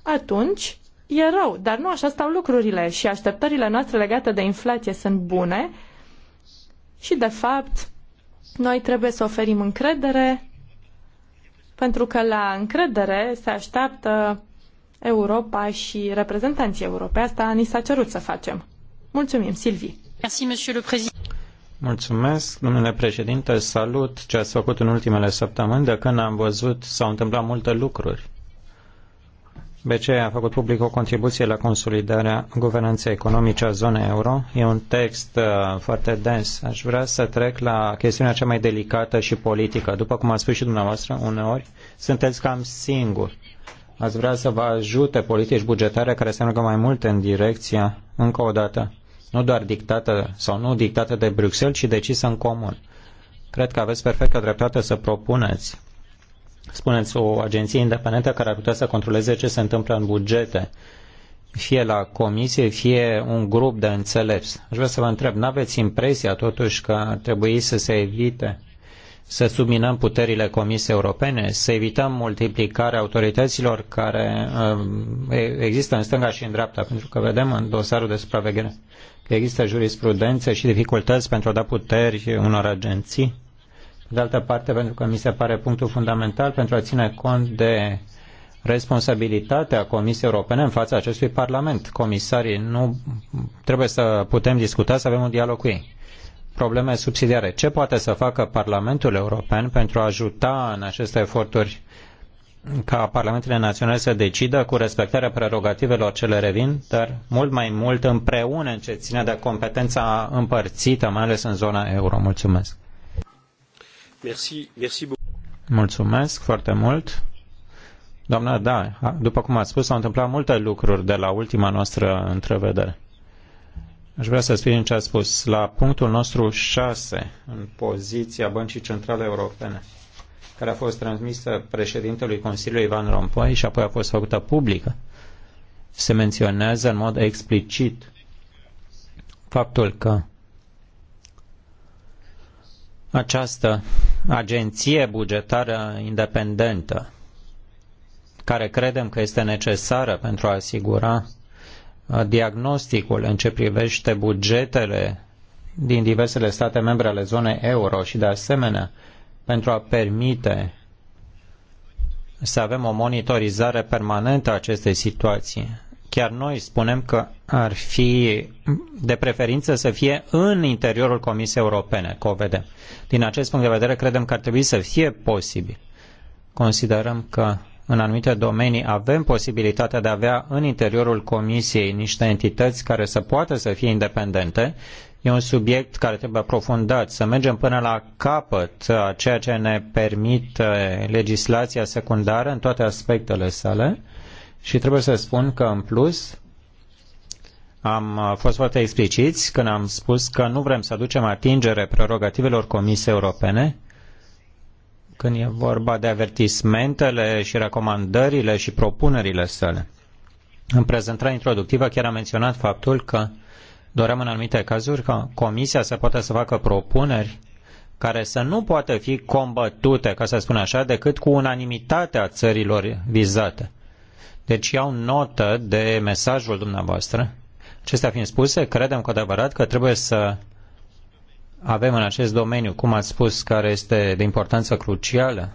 atunci e rău, dar nu așa stau lucrurile și așteptările noastre legate de inflație sunt bune și, de fapt, noi trebuie să oferim încredere pentru că la încredere se așteaptă Europa și reprezentanții europei. Asta ni s-a cerut să facem. Mulțumim, Silvi. Mulțumesc, domnule președinte. Salut ce ați făcut în ultimele săptămâni de când am văzut s-au întâmplat multe lucruri BCE a făcut public o contribuție la consolidarea guvernanței economice a zonei euro. E un text uh, foarte dens. Aș vrea să trec la chestiunea cea mai delicată și politică. După cum a spus și dumneavoastră, uneori sunteți cam singuri. Ați vrea să vă ajute politici bugetare care se mergă mai mult în direcția, încă o dată, nu doar dictată sau nu dictată de Bruxelles, ci decisă în comun. Cred că aveți perfectă dreptate să propuneți spuneți, o agenție independentă care ar putea să controleze ce se întâmplă în bugete, fie la comisie, fie un grup de înțelepți. Aș vrea să vă întreb, n-aveți impresia totuși că ar trebui să se evite să subminăm puterile Comisiei Europene, să evităm multiplicarea autorităților care um, există în stânga și în dreapta, pentru că vedem în dosarul de supraveghere că există jurisprudențe și dificultăți pentru a da puteri unor agenții de altă parte pentru că mi se pare punctul fundamental pentru a ține cont de responsabilitatea Comisiei Europene în fața acestui Parlament. Comisarii nu trebuie să putem discuta, să avem un dialog cu ei. Probleme subsidiare. Ce poate să facă Parlamentul European pentru a ajuta în aceste eforturi ca parlamentele naționale să decidă cu respectarea prerogativelor ce le revin, dar mult mai mult împreună în ce ține de competența împărțită, mai ales în zona euro. Mulțumesc. Merci, merci beaucoup. Mulțumesc foarte mult. Doamna, da, după cum ați spus, s-au întâmplat multe lucruri de la ultima noastră întrevedere. Aș vrea să spun ce a spus. La punctul nostru 6, în poziția Băncii Centrale Europene, care a fost transmisă președintelui Consiliului Ivan Rompoi și apoi a fost făcută publică, se menționează în mod explicit faptul că această agenție bugetară independentă, care credem că este necesară pentru a asigura uh, diagnosticul în ce privește bugetele din diversele state membre ale zonei euro și de asemenea pentru a permite să avem o monitorizare permanentă a acestei situații. Chiar noi spunem că ar fi de preferință să fie în interiorul Comisiei Europene, că o vedem. Din acest punct de vedere, credem că ar trebui să fie posibil. Considerăm că în anumite domenii avem posibilitatea de a avea în interiorul Comisiei niște entități care să poată să fie independente. E un subiect care trebuie aprofundat, să mergem până la capăt a ceea ce ne permite legislația secundară în toate aspectele sale și trebuie să spun că, în plus, am uh, fost foarte expliciți când am spus că nu vrem să aducem atingere prerogativelor Comisiei Europene când e vorba de avertismentele și recomandările și propunerile sale. În prezentarea introductivă chiar am menționat faptul că doream în anumite cazuri ca Comisia să poată să facă propuneri care să nu poată fi combătute, ca să spun așa, decât cu unanimitatea țărilor vizate. Deci iau notă de mesajul dumneavoastră. Acestea fiind spuse, credem cu adevărat că trebuie să avem în acest domeniu, cum ați spus, care este de importanță crucială,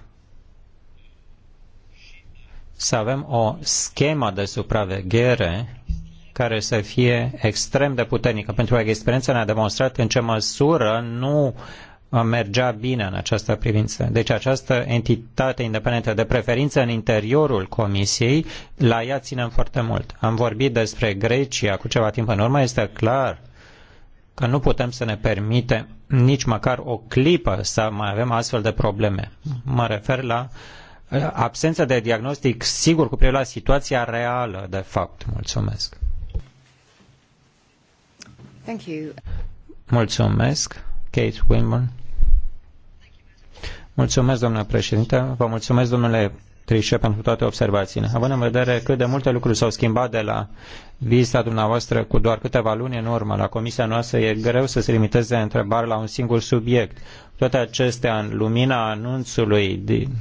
să avem o schemă de supraveghere care să fie extrem de puternică, pentru că experiența ne-a demonstrat în ce măsură nu mergea bine în această privință. Deci această entitate independentă de preferință în interiorul Comisiei, la ea ținem foarte mult. Am vorbit despre Grecia cu ceva timp în urmă, este clar că nu putem să ne permite nici măcar o clipă să mai avem astfel de probleme. Mă refer la eh, absența de diagnostic sigur cu privire la situația reală, de fapt. Mulțumesc. Thank you. Mulțumesc. Kate Wimbledon. Mulțumesc, domnule președinte. Vă mulțumesc, domnule Trișe, pentru toate observațiile. Având în vedere cât de multe lucruri s-au schimbat de la vizita dumneavoastră cu doar câteva luni în urmă la comisia noastră, e greu să se limiteze întrebarea la un singur subiect. Toate acestea în lumina anunțului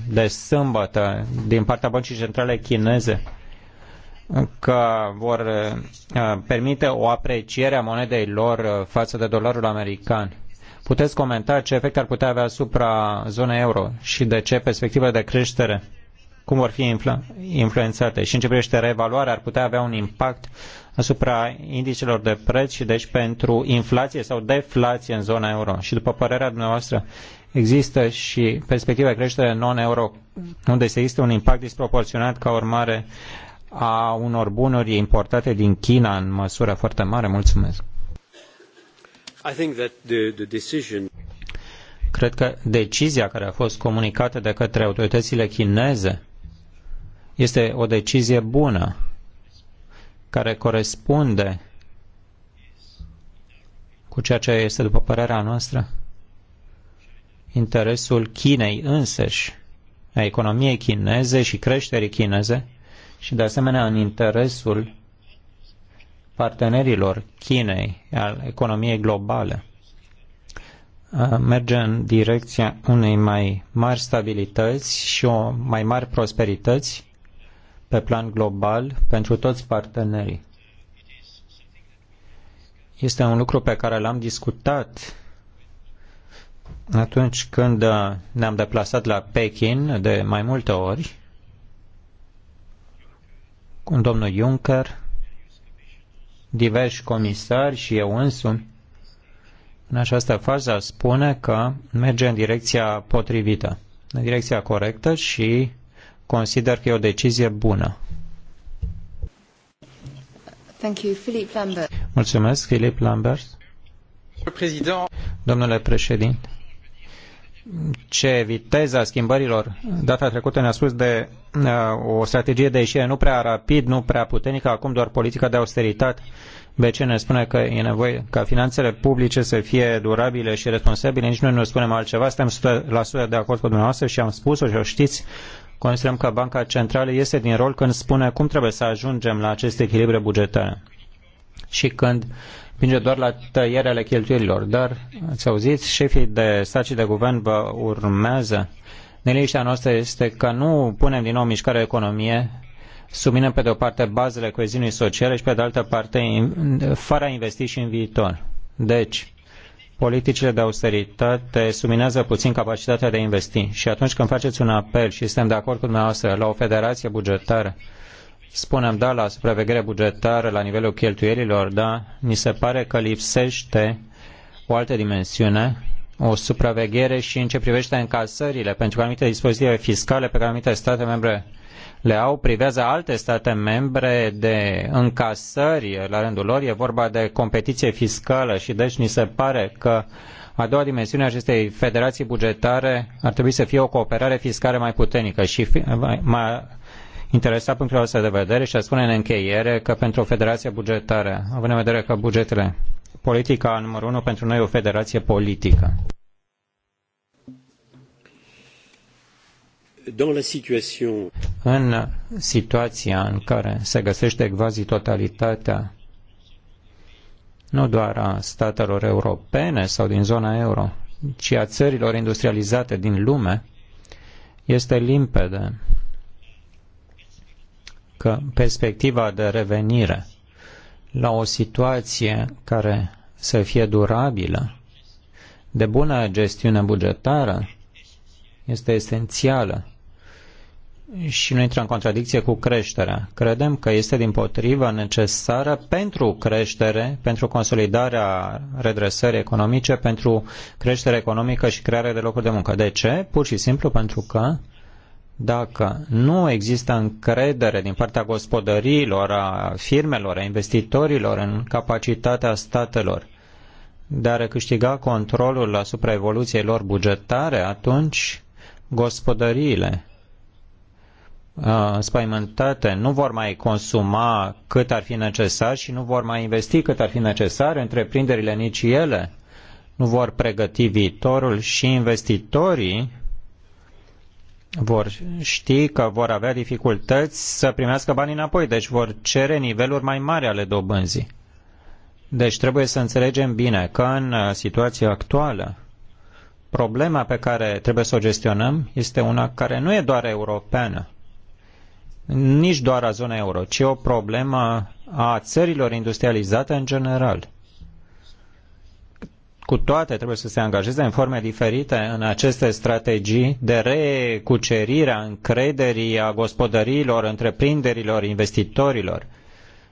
de sâmbătă din partea Băncii Centrale Chineze că vor eh, permite o apreciere a monedei lor eh, față de dolarul american Puteți comenta ce efect ar putea avea asupra zonei euro și de ce perspectiva de creștere, cum vor fi influ- influențate și în ce privește reevaluarea, ar putea avea un impact asupra indicelor de preț și deci pentru inflație sau deflație în zona euro. Și după părerea dumneavoastră, există și perspectiva creștere non-euro, unde se există un impact disproporționat ca urmare a unor bunuri importate din China în măsură foarte mare. Mulțumesc. Cred că decizia care a fost comunicată de către autoritățile chineze este o decizie bună care corespunde cu ceea ce este, după părerea noastră, interesul Chinei însăși, a economiei chineze și creșterii chineze și, de asemenea, în interesul partenerilor Chinei, al economiei globale, merge în direcția unei mai mari stabilități și o mai mari prosperități pe plan global pentru toți partenerii. Este un lucru pe care l-am discutat atunci când ne-am deplasat la Pekin de mai multe ori cu domnul Juncker, diversi comisari și eu însumi, în această fază spune că merge în direcția potrivită, în direcția corectă și consider că e o decizie bună. Thank you. Philip Lambert. Mulțumesc, Philip Lambert. Domnule președinte, ce viteza schimbărilor. Data trecută ne-a spus de uh, o strategie de ieșire nu prea rapid, nu prea puternică, acum doar politica de austeritate. BC ne spune că e nevoie ca finanțele publice să fie durabile și responsabile. Nici noi nu spunem altceva. Suntem 100% de acord cu dumneavoastră și am spus-o și o știți. Considerăm că Banca Centrală este din rol când spune cum trebuie să ajungem la aceste echilibre bugetare. Și când uh, împinge doar la tăierea ale cheltuielilor, dar ați auzit, șefii de stat și de guvern vă urmează. Neliniștea noastră este că nu punem din nou mișcare economie, subminăm pe de o parte bazele coeziunii sociale și pe de altă parte fără a investi și în viitor. Deci, politicile de austeritate subminează puțin capacitatea de a investi. Și atunci când faceți un apel și suntem de acord cu dumneavoastră la o federație bugetară, spunem da la supraveghere bugetară la nivelul cheltuielilor, da, mi se pare că lipsește o altă dimensiune, o supraveghere și în ce privește încasările, pentru că anumite dispozitive fiscale pe care anumite state membre le au, privează alte state membre de încasări la rândul lor. E vorba de competiție fiscală și deci mi se pare că a doua dimensiune a acestei federații bugetare ar trebui să fie o cooperare fiscală mai puternică și mai interesat punctul ăsta de vedere și a spune în încheiere că pentru o federație bugetară, având în vedere că bugetele, politica numărul unu pentru noi e o federație politică. Situation... În situația în care se găsește quasi totalitatea nu doar a statelor europene sau din zona euro, ci a țărilor industrializate din lume, este limpede că perspectiva de revenire la o situație care să fie durabilă, de bună gestiune bugetară, este esențială și nu intră în contradicție cu creșterea. Credem că este din potrivă necesară pentru creștere, pentru consolidarea redresării economice, pentru creștere economică și crearea de locuri de muncă. De ce? Pur și simplu pentru că dacă nu există încredere din partea gospodăriilor, a firmelor, a investitorilor în capacitatea statelor de a recâștiga controlul asupra evoluției lor bugetare, atunci gospodăriile spăimântate nu vor mai consuma cât ar fi necesar și nu vor mai investi cât ar fi necesar, întreprinderile nici ele nu vor pregăti viitorul și investitorii vor ști că vor avea dificultăți să primească banii înapoi, deci vor cere niveluri mai mari ale dobânzii. Deci trebuie să înțelegem bine că în uh, situația actuală problema pe care trebuie să o gestionăm este una care nu e doar europeană, nici doar a zonei euro, ci o problemă a țărilor industrializate în general cu toate trebuie să se angajeze în forme diferite în aceste strategii de recucerire a încrederii a gospodăriilor, întreprinderilor, investitorilor.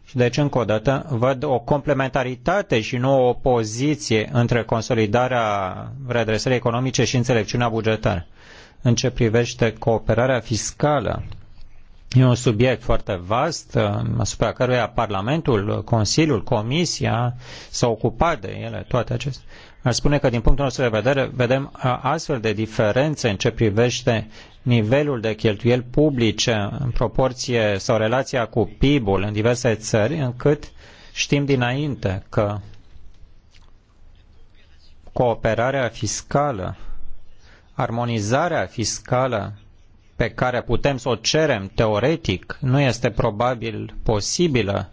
Și deci, încă o dată, văd o complementaritate și nu o opoziție între consolidarea redresării economice și înțelepciunea bugetară. În ce privește cooperarea fiscală, e un subiect foarte vast asupra căruia Parlamentul, Consiliul, Comisia s-au ocupat de ele, toate acestea. Aș spune că, din punctul nostru de vedere, vedem astfel de diferențe în ce privește nivelul de cheltuieli publice în proporție sau relația cu PIB-ul în diverse țări, încât știm dinainte că cooperarea fiscală, armonizarea fiscală pe care putem să o cerem teoretic, nu este probabil posibilă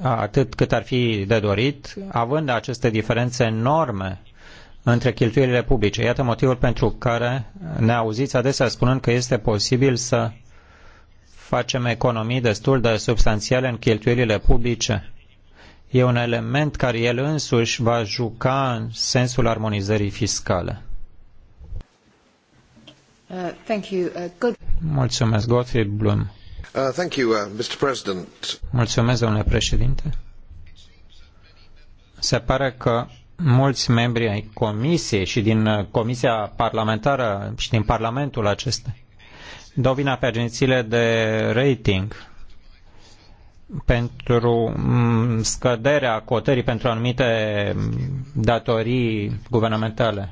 atât cât ar fi de dorit, având aceste diferențe enorme între cheltuielile publice. Iată motivul pentru care ne auziți adesea spunând că este posibil să facem economii destul de substanțiale în cheltuielile publice. E un element care el însuși va juca în sensul armonizării fiscale. Uh, thank you. Uh, good. Mulțumesc, Gottfried Blum. Uh, uh, Mulțumesc, domnule președinte. Se pare că mulți membri ai comisiei și din uh, Comisia Parlamentară și din Parlamentul acesta dau vina pe agențiile de rating pentru mm, scăderea cotării pentru anumite datorii guvernamentale.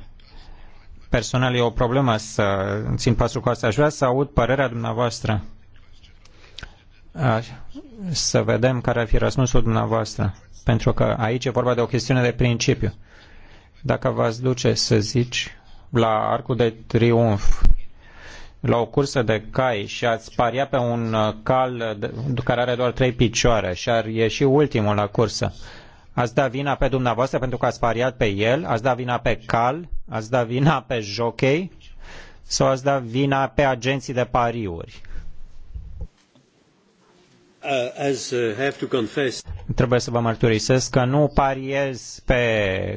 Personal e o problemă să țin pasul cu asta. Aș vrea să aud părerea dumneavoastră să vedem care ar fi răspunsul dumneavoastră, pentru că aici e vorba de o chestiune de principiu. Dacă v-ați duce, să zici, la Arcul de Triunf, la o cursă de cai și ați paria pe un cal care are doar trei picioare și ar ieși ultimul la cursă, ați da vina pe dumneavoastră pentru că ați pariat pe el, ați da vina pe cal, ați da vina pe jockey sau ați da vina pe agenții de pariuri? Uh, uh, Trebuie să vă mărturisesc că nu pariez pe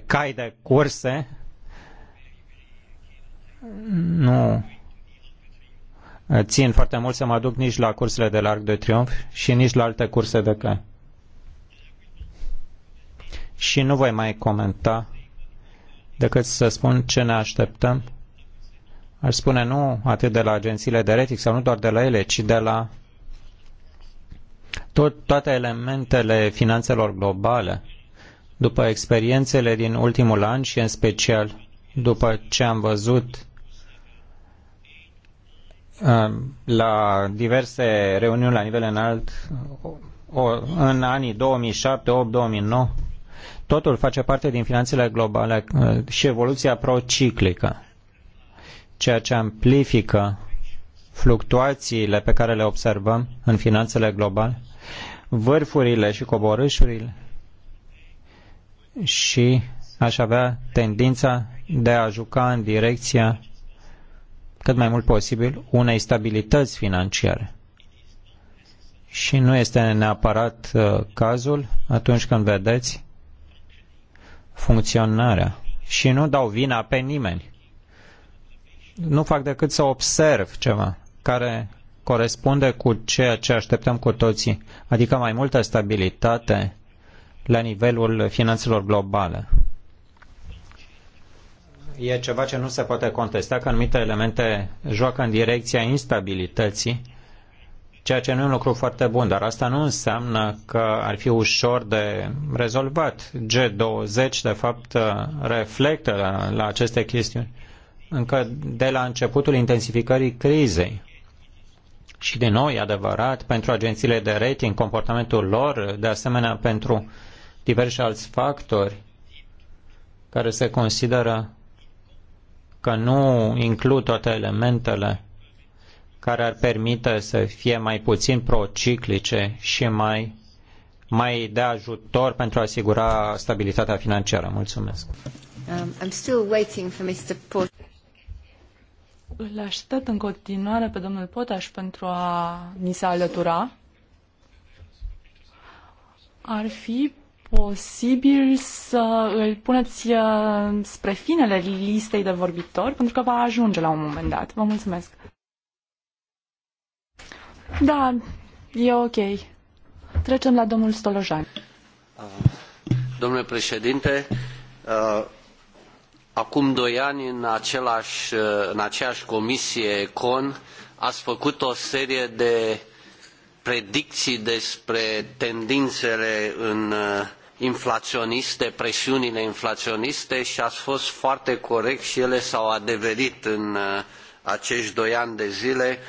cai de curse. Nu. Țin foarte mult să mă duc nici la cursele de larg de triumf și nici la alte curse de cai. Și nu voi mai comenta decât să spun ce ne așteptăm. Aș spune nu atât de la agențiile de rating sau nu doar de la ele, ci de la tot, toate elementele finanțelor globale, după experiențele din ultimul an și în special după ce am văzut uh, la diverse reuniuni la nivel înalt o, în anii 2007, 8, 2009, totul face parte din finanțele globale uh, și evoluția prociclică, ceea ce amplifică fluctuațiile pe care le observăm în finanțele globale, vârfurile și coborâșurile și aș avea tendința de a juca în direcția cât mai mult posibil unei stabilități financiare. Și nu este neapărat uh, cazul atunci când vedeți funcționarea. Și nu dau vina pe nimeni. Nu fac decât să observ ceva care corespunde cu ceea ce așteptăm cu toții, adică mai multă stabilitate la nivelul finanțelor globale. E ceva ce nu se poate contesta, că anumite elemente joacă în direcția instabilității, ceea ce nu e un lucru foarte bun, dar asta nu înseamnă că ar fi ușor de rezolvat. G20, de fapt, reflectă la, la aceste chestiuni încă de la începutul intensificării crizei și din nou e adevărat pentru agențiile de rating, comportamentul lor, de asemenea pentru diversi alți factori care se consideră că nu includ toate elementele care ar permite să fie mai puțin prociclice și mai, mai de ajutor pentru a asigura stabilitatea financiară. Mulțumesc. Um, I'm still waiting for Mr. Port. Îl aștept în continuare pe domnul Potaș pentru a ni se alătura. Ar fi posibil să îl puneți uh, spre finele listei de vorbitori, pentru că va ajunge la un moment dat. Vă mulțumesc. Da, e ok. Trecem la domnul Stolojan. Uh, domnule președinte, uh, acum doi ani în, același, în aceeași comisie Econ ați făcut o serie de predicții despre tendințele în uh, inflaționiste, presiunile inflaționiste și ați fost foarte corect și ele s-au adeverit în uh, acești doi ani de zile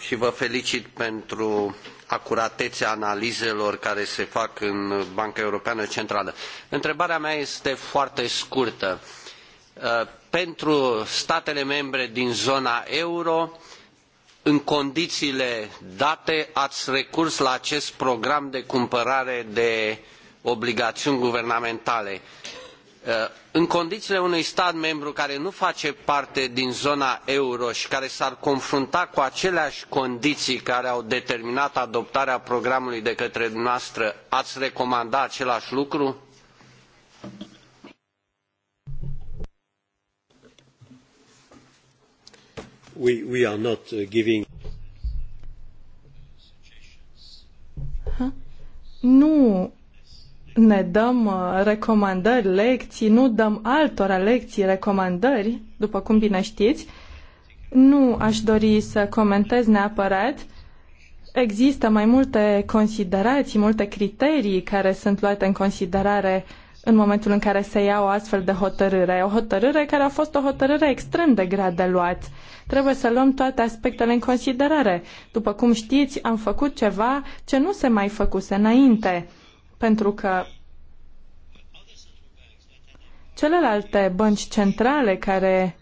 și vă felicit pentru acuratețea analizelor care se fac în Banca Europeană Centrală. Întrebarea mea este foarte scurtă. Uh, pentru statele membre din zona euro în condițiile date ați recurs la acest program de cumpărare de obligaiuni guvernamentale. Uh, în condițiile unui stat membru care nu face parte din zona euro și care s-ar confrunta cu aceleași condiții care au determinat adoptarea programului de către dumneavoastră, ați recomanda același lucru? we, we are not uh, giving nu ne dăm uh, recomandări, lecții, nu dăm altora lecții, recomandări, după cum bine știți. Nu aș dori să comentez neapărat. Există mai multe considerații, multe criterii care sunt luate în considerare uh, în momentul în care se ia o astfel de hotărâre. O hotărâre care a fost o hotărâre extrem de grea de luat. Trebuie să luăm toate aspectele în considerare. După cum știți, am făcut ceva ce nu se mai făcuse înainte, pentru că celelalte bănci centrale care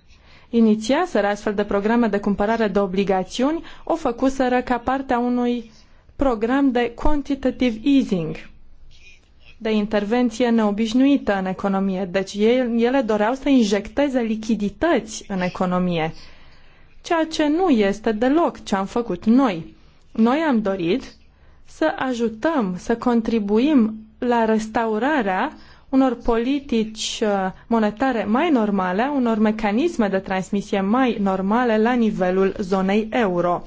inițiaseră astfel de programe de cumpărare de obligațiuni o făcuseră ca partea unui program de quantitative easing – de intervenție neobișnuită în economie. Deci ele doreau să injecteze lichidități în economie, ceea ce nu este deloc ce am făcut noi. Noi am dorit să ajutăm, să contribuim la restaurarea unor politici uh, monetare mai normale, unor mecanisme de transmisie mai normale la nivelul zonei euro.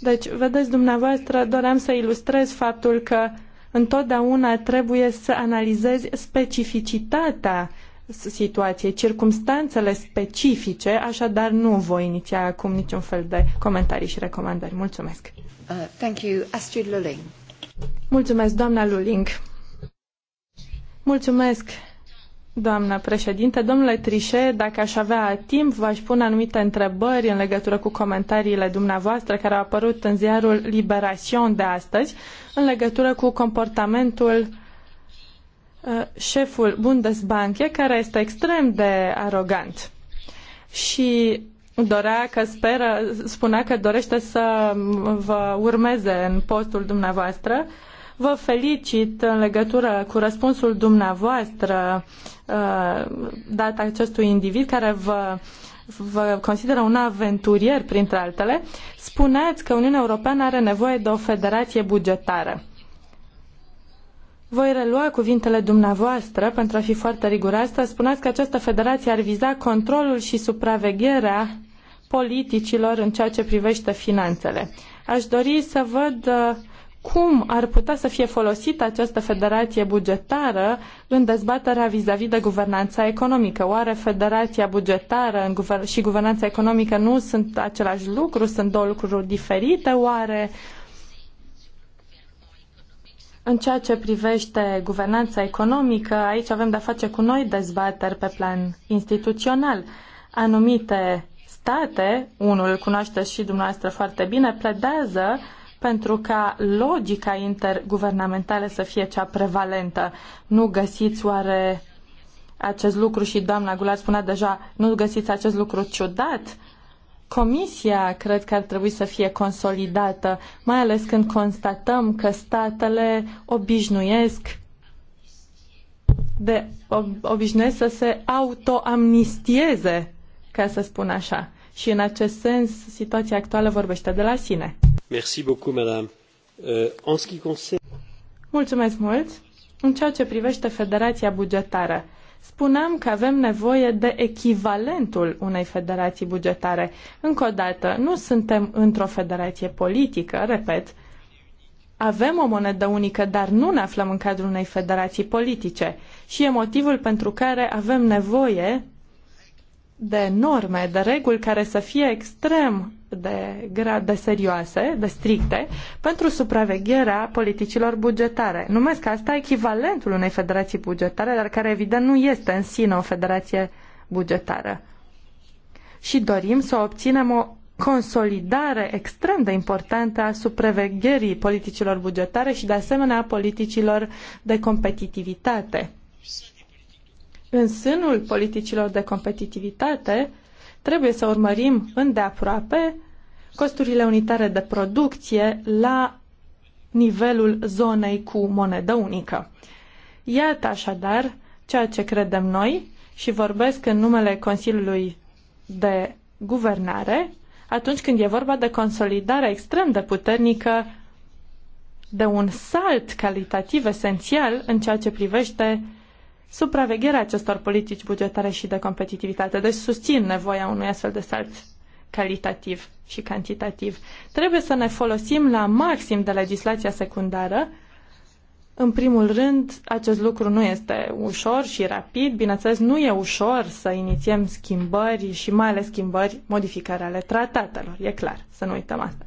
Deci, vedeți dumneavoastră, doream să ilustrez faptul că întotdeauna trebuie să analizezi specificitatea situației, circumstanțele specifice, așadar nu voi iniția acum niciun fel de comentarii și recomandări. Mulțumesc. Uh, thank you, Astrid Lulling. Mulțumesc, doamna Luling. Mulțumesc, Doamna președinte, domnule Trișe, dacă aș avea timp, v-aș pune anumite întrebări în legătură cu comentariile dumneavoastră care au apărut în ziarul Liberation de astăzi, în legătură cu comportamentul uh, șeful care este extrem de arogant. Și dorea că speră, spunea că dorește să vă urmeze în postul dumneavoastră. Uh, Vă felicit în legătură cu răspunsul dumneavoastră uh, dat acestui individ care vă vă consideră un aventurier, printre altele, spuneați că Uniunea Europeană are nevoie de o federație bugetară. Voi relua cuvintele dumneavoastră pentru a fi foarte riguroasă. Spuneați că această federație ar viza controlul și supravegherea politicilor în ceea ce privește finanțele. Aș dori să văd uh, cum ar putea să fie folosită această federație bugetară în dezbaterea vis-a-vis -vis de guvernanța economică. Oare federația bugetară și guvernanța economică nu sunt același lucru, sunt două lucruri diferite? Oare în ceea ce privește guvernanța economică, aici avem de-a face cu noi dezbateri pe plan instituțional. Anumite state, unul îl cunoaște și dumneavoastră foarte bine, pledează uh, pentru ca logica interguvernamentală să fie cea prevalentă. Nu găsiți oare acest lucru și doamna Gular spunea deja, nu găsiți acest lucru ciudat? Comisia cred că ar trebui să fie consolidată, mai ales când constatăm că statele obișnuiesc de obișnuiesc să se autoamnistieze, ca să spun așa. Și în acest sens, situația actuală vorbește de la sine. Euh, Mulțumesc mult. În ceea ce privește federația bugetară, spuneam că avem nevoie de echivalentul unei federații bugetare. Încă o dată, nu suntem într-o federație politică, repet, avem o monedă unică, dar nu ne aflăm în cadrul unei federații politice și e motivul pentru care avem nevoie de norme, de reguli care să fie extrem de grad de serioase, de stricte, pentru supravegherea politicilor bugetare. Numesc asta echivalentul unei federații bugetare, dar care evident nu este în sine o federație bugetară. Și dorim să obținem o consolidare extrem de importantă a supravegherii politicilor bugetare și de asemenea a politicilor de competitivitate. În sânul politicilor de competitivitate, Trebuie să urmărim îndeaproape costurile unitare de producție la nivelul zonei cu monedă unică. Iată așadar ceea ce credem noi și vorbesc în numele Consiliului de Guvernare atunci când e vorba de consolidarea extrem de puternică de un salt calitativ esențial în ceea ce privește supravegherea acestor politici bugetare și de competitivitate. Deci susțin nevoia unui astfel de salt calitativ și cantitativ. Trebuie să ne folosim la maxim de legislația secundară. În primul rând, acest lucru nu este ușor și rapid. Bineînțeles, nu e ușor să inițiem schimbări și mai ales schimbări, modificări ale tratatelor. E clar, să nu uităm asta.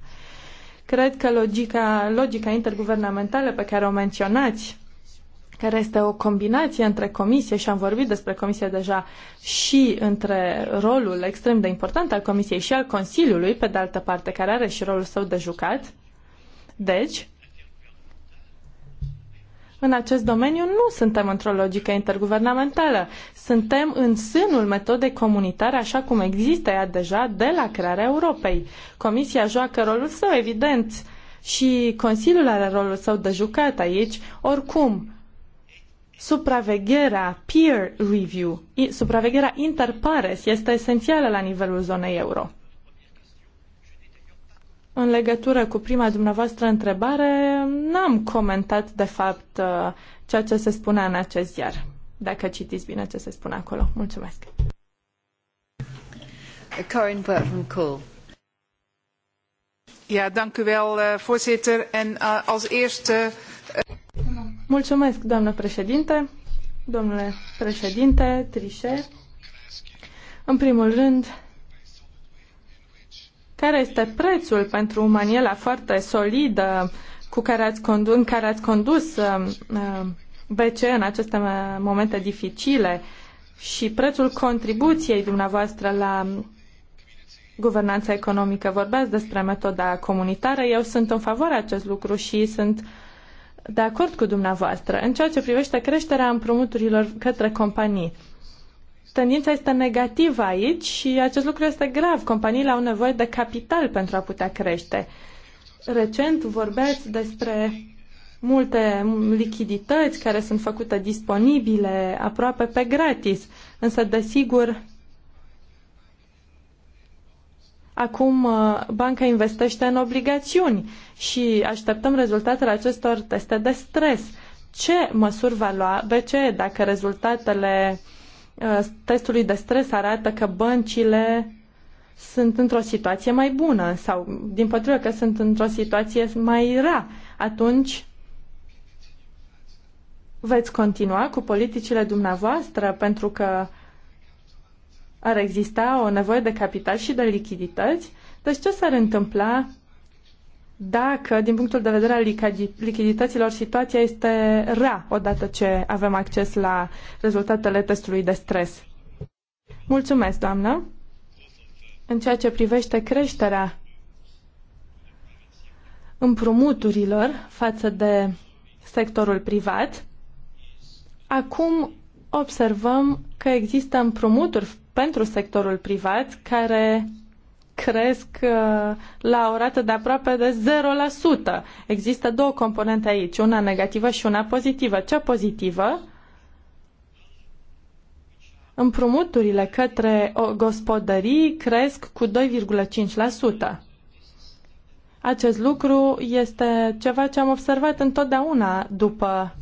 Cred că logica, logica interguvernamentală pe care o menționați care este o combinație între comisie, și am vorbit despre comisie deja, și între rolul extrem de important al comisiei și al Consiliului, pe de altă parte, care are și rolul său de jucat. Deci, în acest domeniu nu suntem într-o logică interguvernamentală. Suntem în sânul metodei comunitare, așa cum există ea deja de la crearea Europei. Comisia joacă rolul său, evident, și Consiliul are rolul său de jucat aici. Oricum, supravegherea peer review, supravegherea interpares este esențială la nivelul zonei euro. În legătură cu prima dumneavoastră întrebare, n-am comentat de fapt uh, ceea ce se spune în acest ziar, dacă citiți bine ce se spune acolo. Mulțumesc. Corin Ja, dank u wel, eh, voorzitter. En uh, als eerste. Uh... Mulțumesc, doamnă președinte, domnule președinte Trișe. În primul rând, care este prețul pentru maniera foarte solidă cu care ați condus, în care ați condus uh, um, um, BCE în aceste momente dificile și prețul contribuției dumneavoastră la guvernanța economică. Vorbeați despre metoda comunitară. Eu sunt în favoarea acest lucru și sunt de acord cu dumneavoastră în ceea ce privește creșterea împrumuturilor către companii. Tendința este negativă aici și acest lucru este grav. Companiile au nevoie de capital pentru a putea crește. Recent vorbeați despre multe lichidități care sunt făcute disponibile aproape pe gratis, însă, desigur, Acum uh, banca investește în obligațiuni și așteptăm rezultatele acestor teste de stres. Ce măsuri va lua BCE dacă rezultatele uh, testului de stres arată că băncile sunt într-o situație mai bună sau, din potrivă, că sunt într-o situație mai rea, atunci veți continua cu politicile dumneavoastră pentru că ar exista o nevoie de capital și de lichidități. Deci ce s-ar întâmpla dacă, din punctul de vedere al lichidităților, situația este rea odată ce avem acces la rezultatele testului de stres? Mulțumesc, doamnă! În ceea ce privește creșterea împrumuturilor față de sectorul privat, acum observăm că există împrumuturi pentru sectorul privat care cresc uh, la o rată de aproape de 0%. Există două componente aici, una negativă și una pozitivă. Cea pozitivă, împrumuturile către o gospodării cresc cu 2,5%. Acest lucru este ceva ce am observat întotdeauna după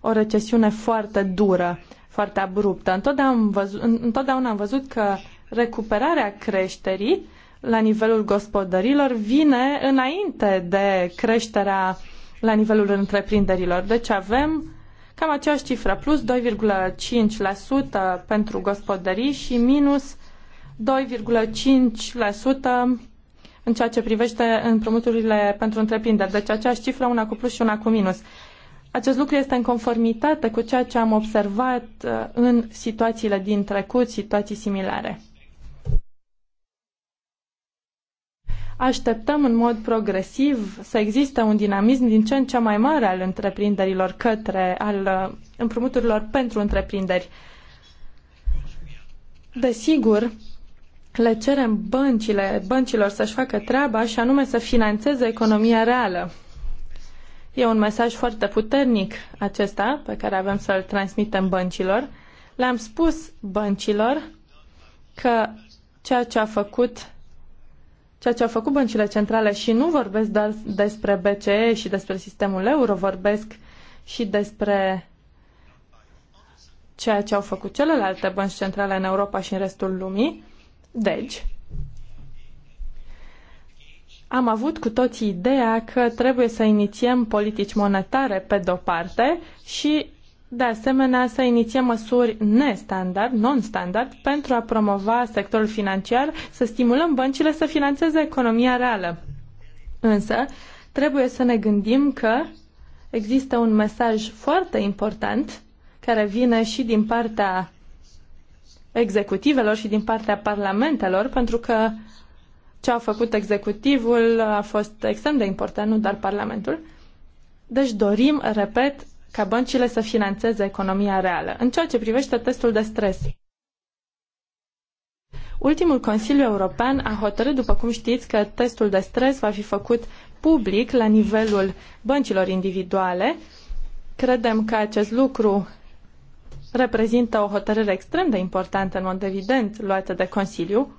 o recesiune foarte dură foarte abruptă. Întotdeauna am văzut, întotdeauna am văzut că recuperarea creșterii la nivelul gospodărilor vine înainte de creșterea la nivelul întreprinderilor. Deci avem cam aceeași cifră, plus 2,5% pentru gospodării și minus 2,5% în ceea ce privește împrumuturile pentru întreprinderi. Deci aceeași cifră, una cu plus și una cu minus. Acest lucru este în conformitate cu ceea ce am observat uh, în situațiile din trecut, situații similare. Așteptăm în mod progresiv să existe un dinamism din ce în ce mai mare al întreprinderilor către, al uh, împrumuturilor pentru întreprinderi. Desigur, le cerem băncile, băncilor să-și facă treaba și anume să financeze economia reală. E un mesaj foarte puternic acesta pe care avem să-l transmitem băncilor. Le-am spus băncilor că ceea ce a făcut ceea ce au făcut băncile centrale și nu vorbesc doar despre BCE și despre sistemul euro, vorbesc și despre ceea ce au făcut celelalte bănci centrale în Europa și în restul lumii. Deci, am avut cu toții ideea că trebuie să inițiem politici monetare pe de-o parte și de asemenea, să inițiem măsuri nestandard, non-standard, pentru a promova sectorul financiar, să stimulăm băncile să financeze economia reală. Însă, trebuie să ne gândim că există un mesaj foarte important care vine și din partea executivelor și din partea parlamentelor, pentru că ce a făcut executivul a fost extrem de important, nu doar Parlamentul. Deci dorim, repet, ca băncile să financeze economia reală. În ceea ce privește testul de stres, ultimul Consiliu European a hotărât, după cum știți, că testul de stres va fi făcut public la nivelul băncilor individuale. Credem că acest lucru reprezintă o hotărâre extrem de importantă, în mod evident, luată de Consiliu,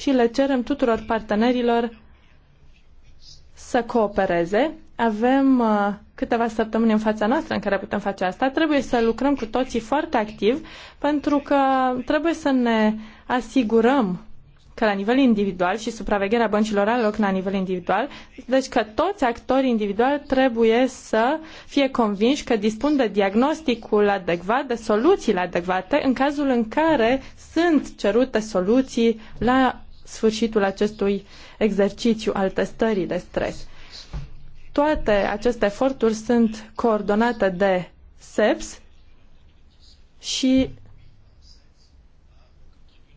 și le cerem tuturor partenerilor să coopereze. Avem uh, câteva săptămâni în fața noastră în care putem face asta. Trebuie să lucrăm cu toții foarte activ pentru că trebuie să ne asigurăm că la nivel individual și supravegherea băncilor are loc la nivel individual, deci că toți actorii individuali trebuie să fie convinși că dispun de diagnosticul adecvat, de soluțiile adecvate în cazul în care sunt cerute soluții la sfârșitul acestui exercițiu al testării de stres. Toate aceste eforturi sunt coordonate de SEPS și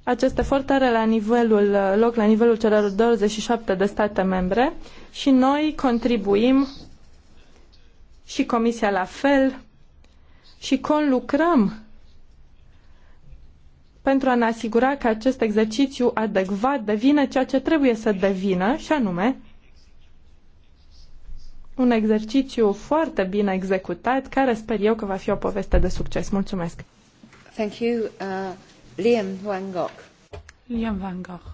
acest efort are la nivelul, loc la nivelul celor 27 de state membre și noi contribuim și Comisia la fel și conlucrăm pentru a ne asigura că acest exercițiu adecvat devine ceea ce trebuie să devină, și anume un exercițiu foarte bine executat, care sper eu că va fi o poveste de succes. Mulțumesc! Thank you, uh, Liam Van Gogh. Liam Van Gogh.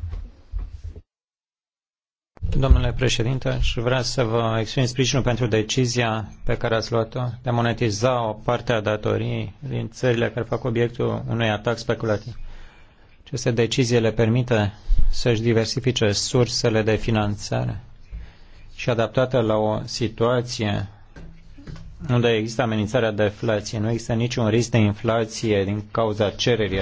Domnule președinte, aș vrea să vă exprim sprijinul pentru decizia pe care ați luat-o de a monetiza o parte a datoriei din țările care fac obiectul unui atac speculativ. Aceste decizie le permite să-și diversifice sursele de finanțare și adaptată la o situație unde există amenințarea deflației, nu există niciun risc de inflație din cauza cererii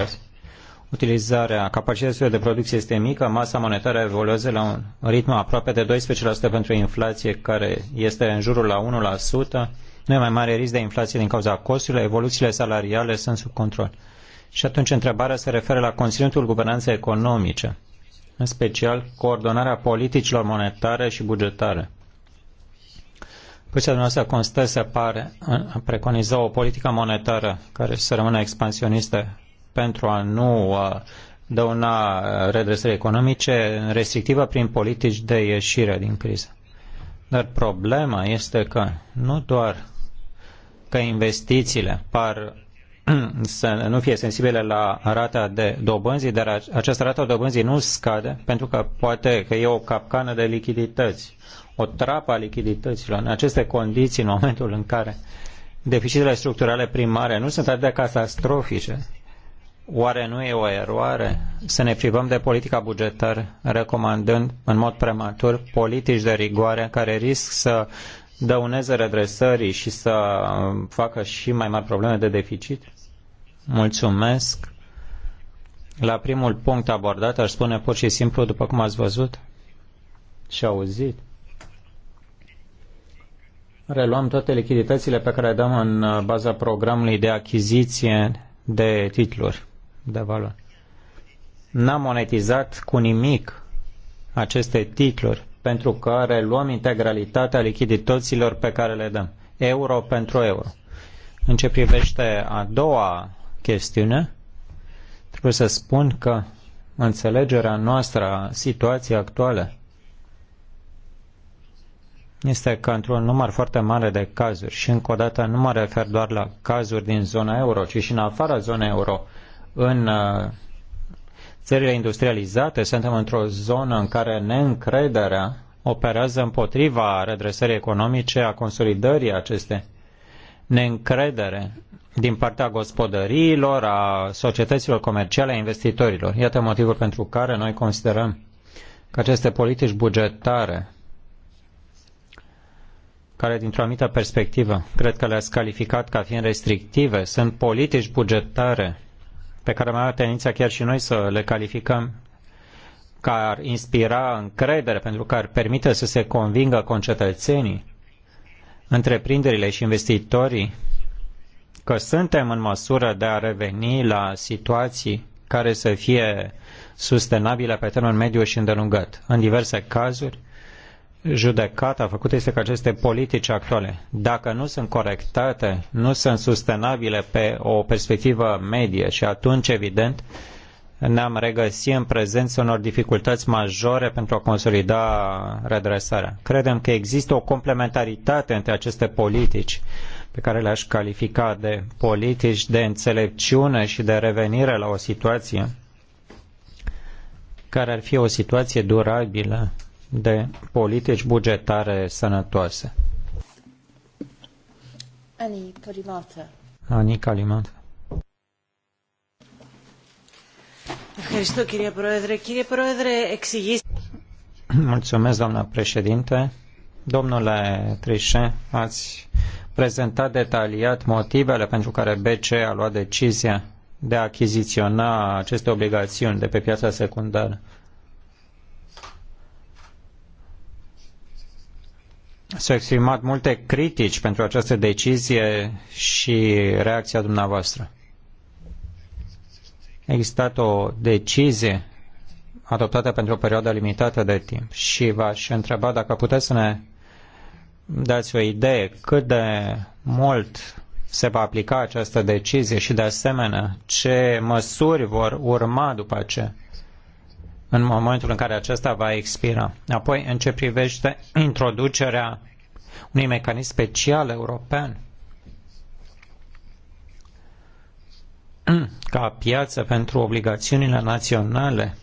utilizarea capacităților de producție este mică, masa monetară evoluează la un ritm aproape de 12% pentru inflație, care este în jurul la 1%, nu e mai mare risc de inflație din cauza costurilor, evoluțiile salariale sunt sub control. Și atunci întrebarea se referă la conținutul guvernanței economice, în special coordonarea politicilor monetare și bugetare. Poziția dumneavoastră constă, se pare, în a preconiza o politică monetară care să rămână expansionistă pentru a nu uh, dăuna uh, redresări economice restrictivă prin politici de ieșire din criză. Dar problema este că nu doar că investițiile par să nu fie sensibile la rata de dobânzii, dar această rată de dobânzii nu scade pentru că poate că e o capcană de lichidități, o trapă a lichidităților. În aceste condiții, în momentul în care deficitele structurale primare nu sunt atât de catastrofice, Oare nu e o eroare să ne privăm de politica bugetară, recomandând în mod prematur politici de rigoare care risc să dăuneze redresării și să facă și mai mari probleme de deficit? Mulțumesc. La primul punct abordat, aș spune pur și simplu, după cum ați văzut și auzit, reluăm toate lichiditățile pe care le dăm în baza programului de achiziție de titluri de valoare. N-am monetizat cu nimic aceste titluri pentru că reluăm integralitatea lichidităților pe care le dăm. Euro pentru euro. În ce privește a doua chestiune, trebuie să spun că înțelegerea noastră a situației actuale este că într-un număr foarte mare de cazuri, și încă o dată nu mă refer doar la cazuri din zona euro, ci și în afara zonei euro, în uh, țările industrializate suntem într-o zonă în care neîncrederea operează împotriva redresării economice, a consolidării acestei neîncredere din partea gospodăriilor, a societăților comerciale, a investitorilor. Iată motivul pentru care noi considerăm că aceste politici bugetare, care dintr-o anumită perspectivă, cred că le-ați calificat ca fiind restrictive, sunt politici bugetare pe care mai avem tendința chiar și noi să le calificăm ca ar inspira încredere, pentru că ar permite să se convingă concetățenii, întreprinderile și investitorii că suntem în măsură de a reveni la situații care să fie sustenabile pe termen mediu și îndelungat. În diverse cazuri, judecata făcută este că aceste politici actuale, dacă nu sunt corectate, nu sunt sustenabile pe o perspectivă medie și atunci, evident, ne-am regăsit în prezență unor dificultăți majore pentru a consolida redresarea. Credem că există o complementaritate între aceste politici pe care le-aș califica de politici de înțelepciune și de revenire la o situație care ar fi o situație durabilă de politici bugetare sănătoase. Ani Calimata. Ani Calimata. Ευχαριστώ κύριε Πρόεδρε. Κύριε Πρόεδρε, εξηγήστε. Mulțumesc, doamna președinte. Domnule Trișe, ați prezentat detaliat motivele pentru care BCE a luat decizia de a achiziționa aceste obligațiuni de pe piața secundară. s-au exprimat multe critici pentru această decizie și reacția dumneavoastră. A existat o decizie adoptată pentru o perioadă limitată de timp și v-aș întreba dacă puteți să ne dați o idee cât de mult se va aplica această decizie și, de asemenea, ce măsuri vor urma după aceea în momentul în care acesta va expira. Apoi, în ce privește introducerea unui mecanism special european ca piață pentru obligațiunile naționale,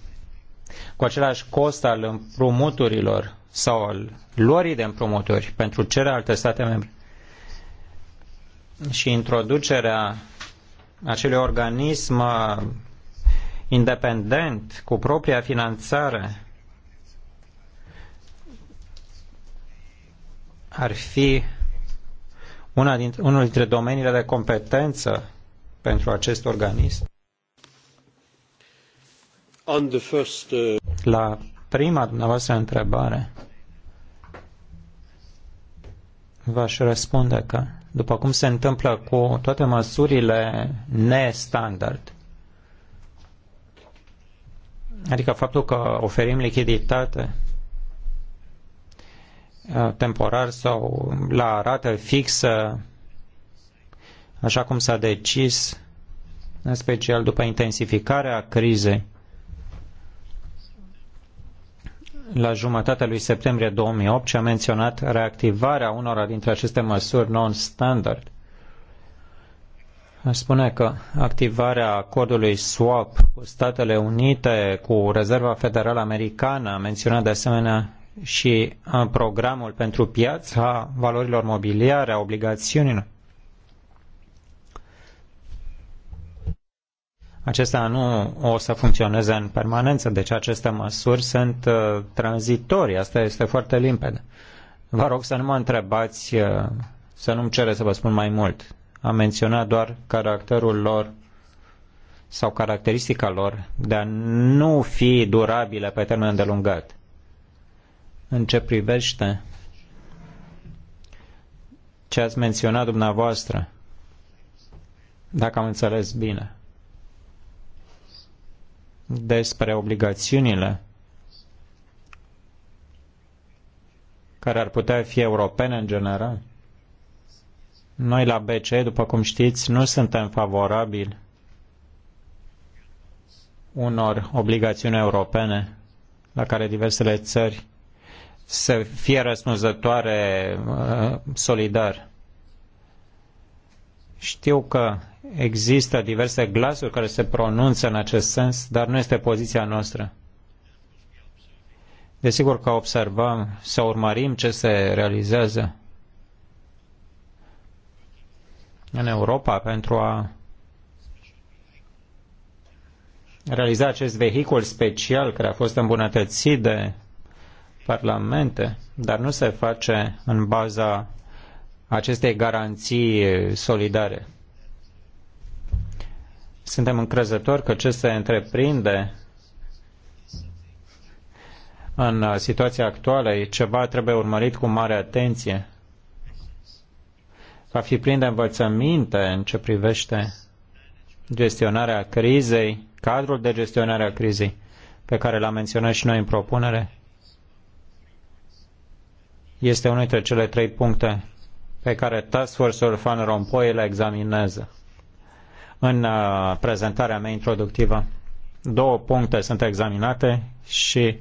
cu același cost al împrumuturilor sau al luării de împrumuturi pentru celelalte state membre și introducerea acelui organism independent, cu propria finanțare, ar fi una dintre, unul dintre domeniile de competență pentru acest organism? On the first, uh... La prima dumneavoastră întrebare, v-aș răspunde că, după cum se întâmplă cu toate măsurile nestandard, Adică faptul că oferim lichiditate uh, temporar sau la rată fixă, așa cum s-a decis, în special după intensificarea crizei la jumătatea lui septembrie 2008 ce a menționat reactivarea unora dintre aceste măsuri non-standard Aș spune că activarea acordului SWAP cu Statele Unite, cu Rezerva Federală Americană, menționat de asemenea și uh, programul pentru piața valorilor mobiliare, a obligațiunilor. Acestea nu o să funcționeze în permanență, deci aceste măsuri sunt uh, tranzitorii, asta este foarte limpede. Vă rog să nu mă întrebați, uh, să nu-mi cere să vă spun mai mult. Am menționat doar caracterul lor sau caracteristica lor de a nu fi durabile pe termen îndelungat. În ce privește ce ați menționat dumneavoastră, dacă am înțeles bine, despre obligațiunile care ar putea fi europene în general, noi la BCE, după cum știți, nu suntem favorabili unor obligațiuni europene la care diversele țări să fie răspunzătoare uh, solidar. Știu că există diverse glasuri care se pronunță în acest sens, dar nu este poziția noastră. Desigur că observăm, să urmărim ce se realizează în Europa pentru a realiza acest vehicul special care a fost îmbunătățit de parlamente, dar nu se face în baza acestei garanții solidare. Suntem încrezători că ce se întreprinde în situația actuală e ceva trebuie urmărit cu mare atenție va fi plin de învățăminte în ce privește gestionarea crizei, cadrul de gestionare a crizei pe care l-am menționat și noi în propunere, este unul dintre cele trei puncte pe care Task Force-ul Fan Rompuy le examinează. În uh, prezentarea mea introductivă, două puncte sunt examinate și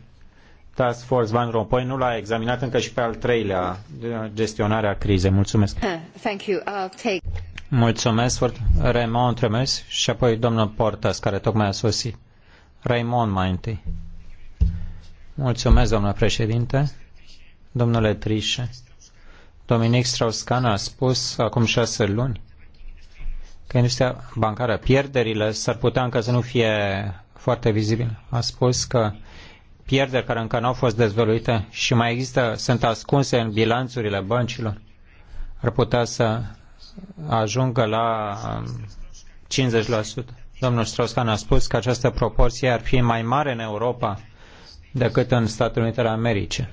Task Force Van Rompuy nu l-a examinat încă și pe al treilea gestionarea crizei. Mulțumesc. Thank you. I'll take... Mulțumesc foarte Raymond Tremes și apoi domnul Portas care tocmai a sosit. Raymond mai întâi. Mulțumesc, domnule președinte. Domnule Trișe. Dominic Strauss-Kahn a spus acum șase luni că industria bancară, pierderile s-ar putea încă să nu fie foarte vizibile. A spus că pierderi care încă nu au fost dezvăluite și mai există, sunt ascunse în bilanțurile băncilor, ar putea să ajungă la 50%. Um, Domnul Strauss-Kahn a spus că această proporție ar fi mai mare în Europa decât în Statele Unite ale Americii.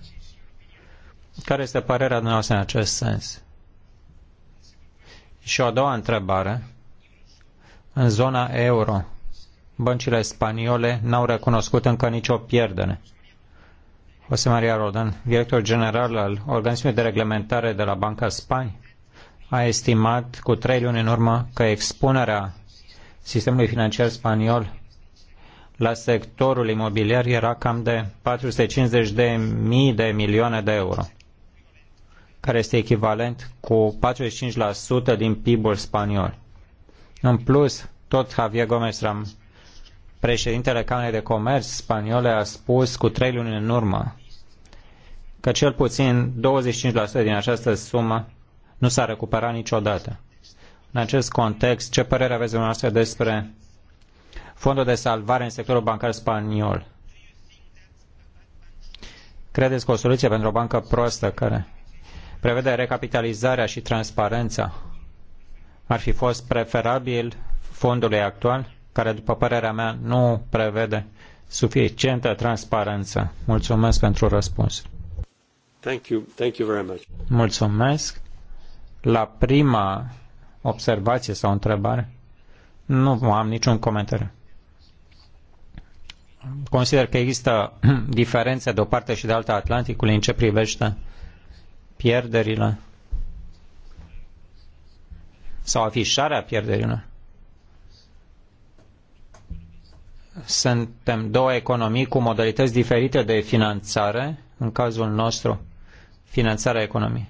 Care este părerea dumneavoastră în acest sens? Și o a doua întrebare. În zona euro, băncile spaniole n-au recunoscut încă nicio pierdere. José María Rodan, director general al Organismului de Reglementare de la Banca Spani, a estimat cu trei luni în urmă că expunerea sistemului financiar spaniol la sectorul imobiliar era cam de 450 de mii de milioane de euro, care este echivalent cu 45% din PIB-ul spaniol. În plus, tot Javier Gomez președintele Camerei de Comerț spaniole a spus cu trei luni în urmă că cel puțin 25% din această sumă nu s-a recuperat niciodată. În acest context, ce părere aveți dumneavoastră despre fondul de salvare în sectorul bancar spaniol? Credeți că o soluție pentru o bancă proastă care prevede recapitalizarea și transparența ar fi fost preferabil fondului actual? care, după părerea mea, nu prevede suficientă transparență. Mulțumesc pentru răspuns. Thank you. Thank you very much. Mulțumesc. La prima observație sau întrebare, nu am niciun comentariu. Consider că există diferențe de o parte și de alta Atlanticului în ce privește pierderile sau afișarea pierderilor suntem două economii cu modalități diferite de finanțare, în cazul nostru, finanțarea economiei.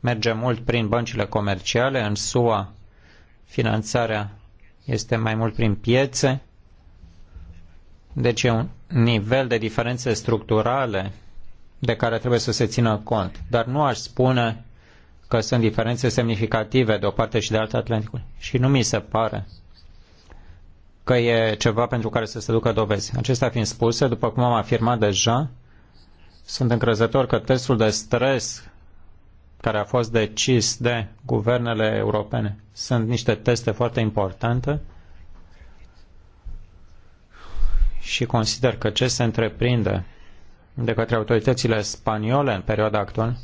Merge mult prin băncile comerciale, în SUA finanțarea este mai mult prin piețe, deci e un nivel de diferențe structurale de care trebuie să se țină cont. Dar nu aș spune că sunt diferențe semnificative de o parte și de alta Atlanticului. Și nu mi se pare că e ceva pentru care să se ducă dovezi. Acestea fiind spuse, după cum am afirmat deja, sunt încrezător că testul de stres care a fost decis de guvernele europene sunt niște teste foarte importante și consider că ce se întreprinde de către autoritățile spaniole în perioada actuală,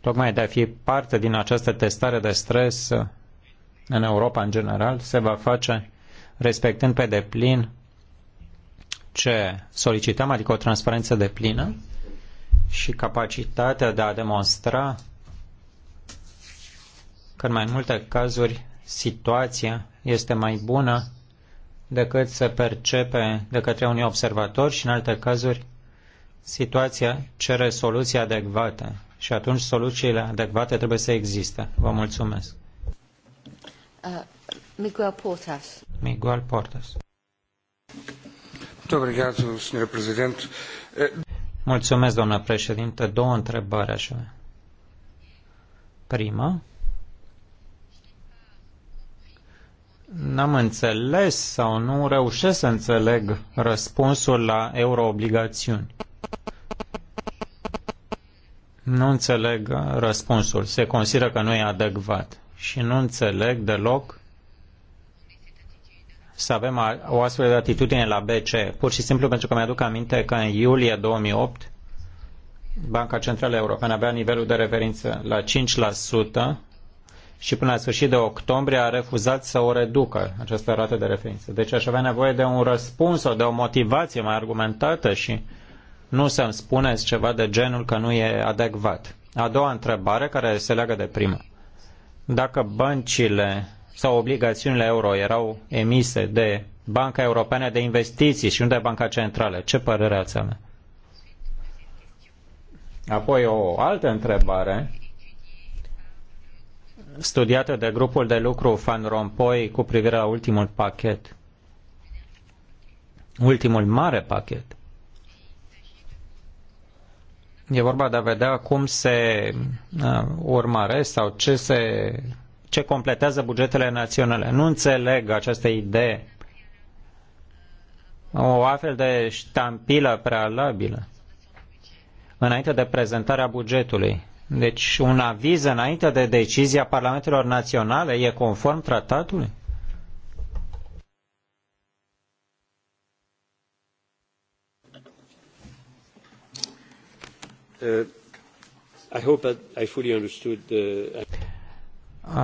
tocmai de a fi parte din această testare de stres în Europa în general se va face respectând pe deplin ce solicităm, adică o transparență de plină și capacitatea de a demonstra că în mai multe cazuri situația este mai bună decât se percepe de către unii observatori și în alte cazuri situația cere soluții adecvate și atunci soluțiile adecvate trebuie să existe. Vă mulțumesc. Uh, Miguel Portas. Miguel Portas. Eh, mulțumesc, doamnă președinte. Două întrebări așa. Prima. N-am înțeles sau nu reușesc să înțeleg răspunsul la euroobligațiuni. Nu înțeleg răspunsul. Se consideră că nu e adecvat și nu înțeleg deloc să avem o astfel de atitudine la BC. pur și simplu pentru că mi-aduc aminte că în iulie 2008 Banca Centrală Europeană avea nivelul de referință la 5% și până la sfârșit de octombrie a refuzat să o reducă, această rată de referință. Deci aș avea nevoie de un răspuns sau de o motivație mai argumentată și nu să-mi spuneți ceva de genul că nu e adecvat. A doua întrebare care se leagă de prima. Dacă băncile sau obligațiunile euro erau emise de Banca Europeană de Investiții și nu de Banca Centrală, ce părere ați avea? Apoi o altă întrebare studiată de grupul de lucru Van Rompuy cu privire la ultimul pachet. Ultimul mare pachet. E vorba de a vedea cum se uh, urmăresc sau ce, se, ce completează bugetele naționale. Nu înțeleg această idee. O astfel de ștampilă prealabilă înainte de prezentarea bugetului. Deci un aviz înainte de decizia Parlamentelor Naționale e conform tratatului?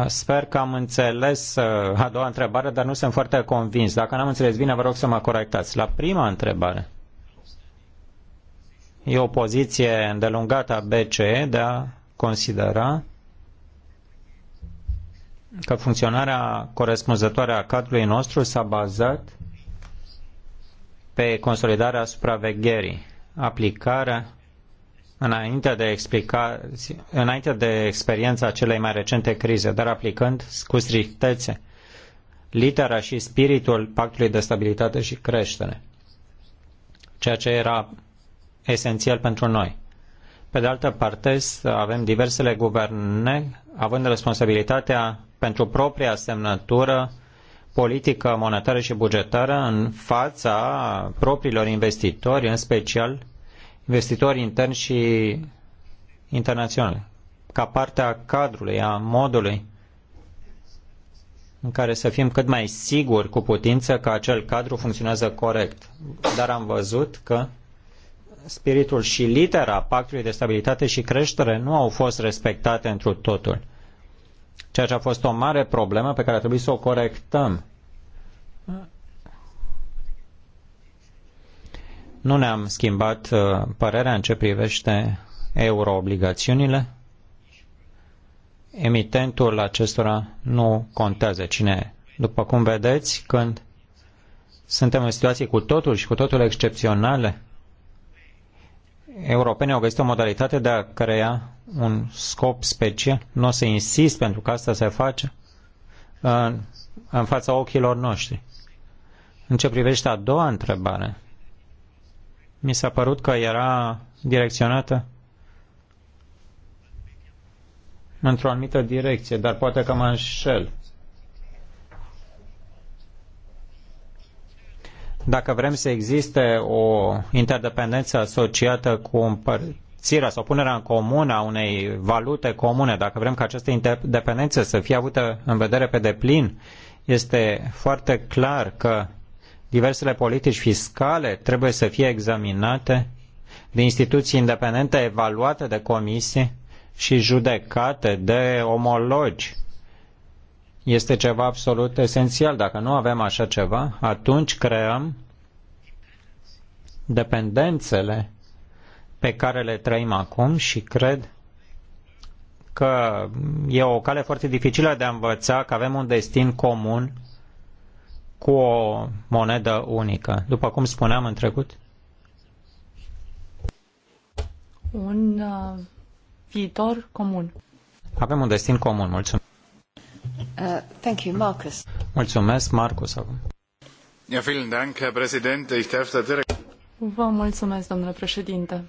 Sper că am înțeles uh, a doua întrebare, dar nu sunt foarte convins. Dacă n-am înțeles bine, vă rog să mă corectați. La prima întrebare, e o poziție îndelungată a BCE de a considera că funcționarea corespunzătoare a cadrului nostru s-a bazat pe consolidarea supravegherii, aplicarea înainte de, explica, înainte de experiența celei mai recente crize, dar aplicând cu strictețe litera și spiritul pactului de stabilitate și creștere, ceea ce era esențial pentru noi. Pe de altă parte, avem diversele guverne având responsabilitatea pentru propria semnătură politică monetară și bugetară în fața propriilor investitori, în special investitori interni și internaționali, ca parte a cadrului, a modului în care să fim cât mai siguri cu putință că acel cadru funcționează corect. Dar am văzut că spiritul și litera pactului de stabilitate și creștere nu au fost respectate întru totul. Ceea ce a fost o mare problemă pe care a trebuit să o corectăm Nu ne-am schimbat uh, părerea în ce privește euroobligațiunile. Emitentul acestora nu contează cine e. După cum vedeți, când suntem în situații cu totul și cu totul excepționale, europenii au găsit o modalitate de a crea un scop special. Nu o să insist pentru că asta se face în, în fața ochilor noștri. În ce privește a doua întrebare, mi s-a părut că era direcționată într-o anumită direcție, dar poate că mă înșel. Dacă vrem să existe o interdependență asociată cu împărțirea sau punerea în comun a unei valute comune, dacă vrem ca această interdependență să fie avută în vedere pe deplin, este foarte clar că diversele politici fiscale trebuie să fie examinate de instituții independente evaluate de comisie și judecate de omologi. Este ceva absolut esențial. Dacă nu avem așa ceva, atunci creăm dependențele pe care le trăim acum și cred că e o cale foarte dificilă de a învăța că avem un destin comun cu o monedă unică, după cum spuneam în trecut? Un uh, viitor comun. Avem un destin comun, mulțumesc. Uh, thank you, Marcus. Mulțumesc, Marcus. Ja, vielen Dank, Herr Präsident. Ich darf da direkt... Vă mulțumesc, domnule președinte.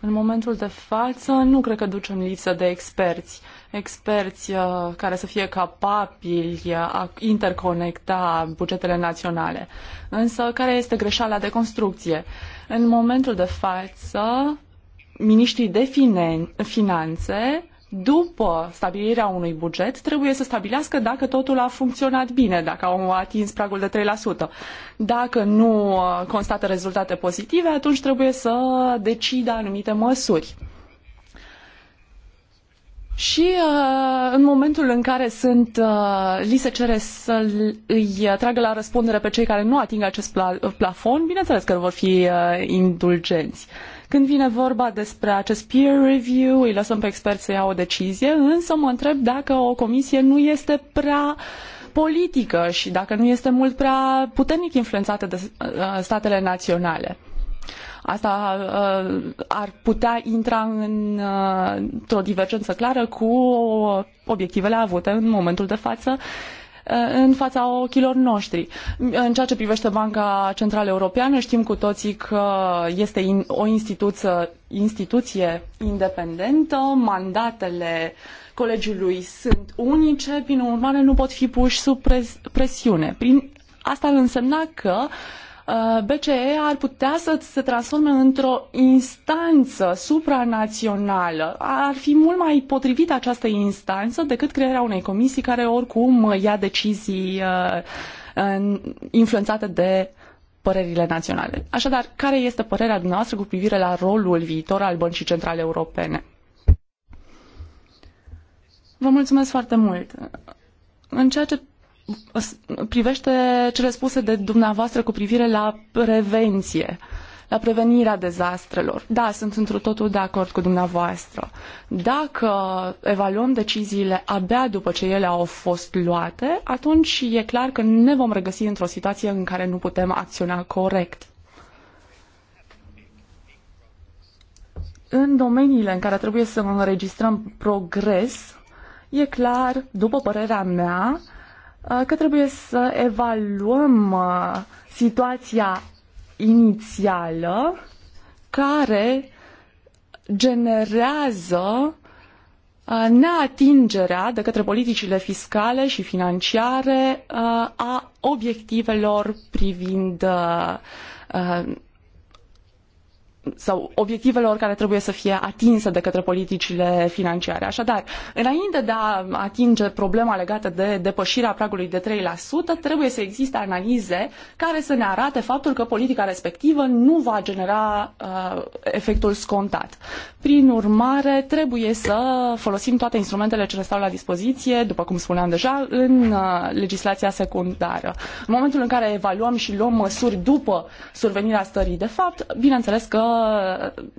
În momentul de față, nu cred că ducem lipsă de experți experți uh, care să fie capabili uh, a interconecta bugetele naționale. Însă, care este greșeala de construcție? În momentul de față, miniștrii de finanțe după stabilirea unui buget, trebuie să stabilească dacă totul a funcționat bine, dacă au atins pragul de 3%. Dacă nu uh, constată rezultate pozitive, atunci trebuie să decidă anumite măsuri. Și uh, în momentul în care sunt, uh, li se cere să îi tragă la răspundere pe cei care nu ating acest pla plafon, bineînțeles că vor fi uh, indulgenți. Când vine vorba despre acest peer review, îi lăsăm pe experți să ia o decizie, însă mă întreb dacă o comisie nu este prea politică și dacă nu este mult prea puternic influențată de uh, statele naționale. Asta uh, ar putea intra în, uh, într-o divergență clară cu obiectivele avute în momentul de față uh, în fața ochilor noștri. În ceea ce privește Banca Centrală Europeană, știm cu toții că este o instituție, instituție independentă, mandatele colegiului sunt unice, prin urmare nu pot fi puși sub presiune. Prin asta însemna că uh, Uh, BCE ar putea să se transforme într-o instanță supranațională. Ar fi mult mai potrivită această instanță decât crearea unei comisii care oricum ia decizii uh, influențate de părerile naționale. Așadar, care este părerea dumneavoastră cu privire la rolul viitor al Băncii Centrale Europene? Vă mulțumesc foarte mult. În ceea ce privește cele spuse de dumneavoastră cu privire la prevenție, la prevenirea dezastrelor. Da, sunt într totul de acord cu dumneavoastră. Dacă evaluăm deciziile abia după ce ele au fost luate, atunci e clar că ne vom regăsi într-o situație în care nu putem acționa corect. În domeniile în care trebuie să înregistrăm progres, e clar, după părerea mea, Uh, că trebuie să evaluăm uh, situația inițială care generează uh, neatingerea de către politicile fiscale și financiare a obiectivelor privind sau obiectivelor care trebuie să fie atinse de către politicile financiare. Așadar, înainte de a atinge problema legată de depășirea pragului de 3%, trebuie să existe analize care să ne arate faptul că politica respectivă nu va genera uh, efectul scontat. Prin urmare, trebuie să folosim toate instrumentele ce ne stau la dispoziție, după cum spuneam deja, în uh, legislația secundară. În momentul în care evaluăm și luăm măsuri după survenirea stării de fapt, bineînțeles că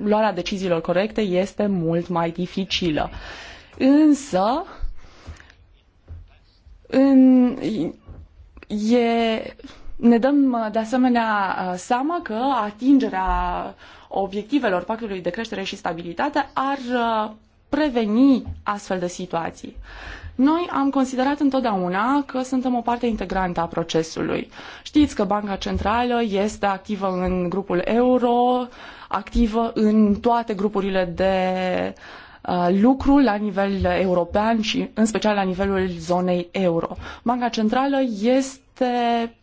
luarea deciziilor corecte este mult mai dificilă. Însă, în, e, ne dăm de asemenea uh, seama că atingerea obiectivelor pactului de creștere și stabilitate ar uh, preveni astfel de situații. Noi am considerat întotdeauna că suntem o parte integrantă a procesului. Știți că Banca Centrală este activă în grupul euro, activă în toate grupurile de uh, lucru la nivel european și în special la nivelul zonei euro. Banca Centrală este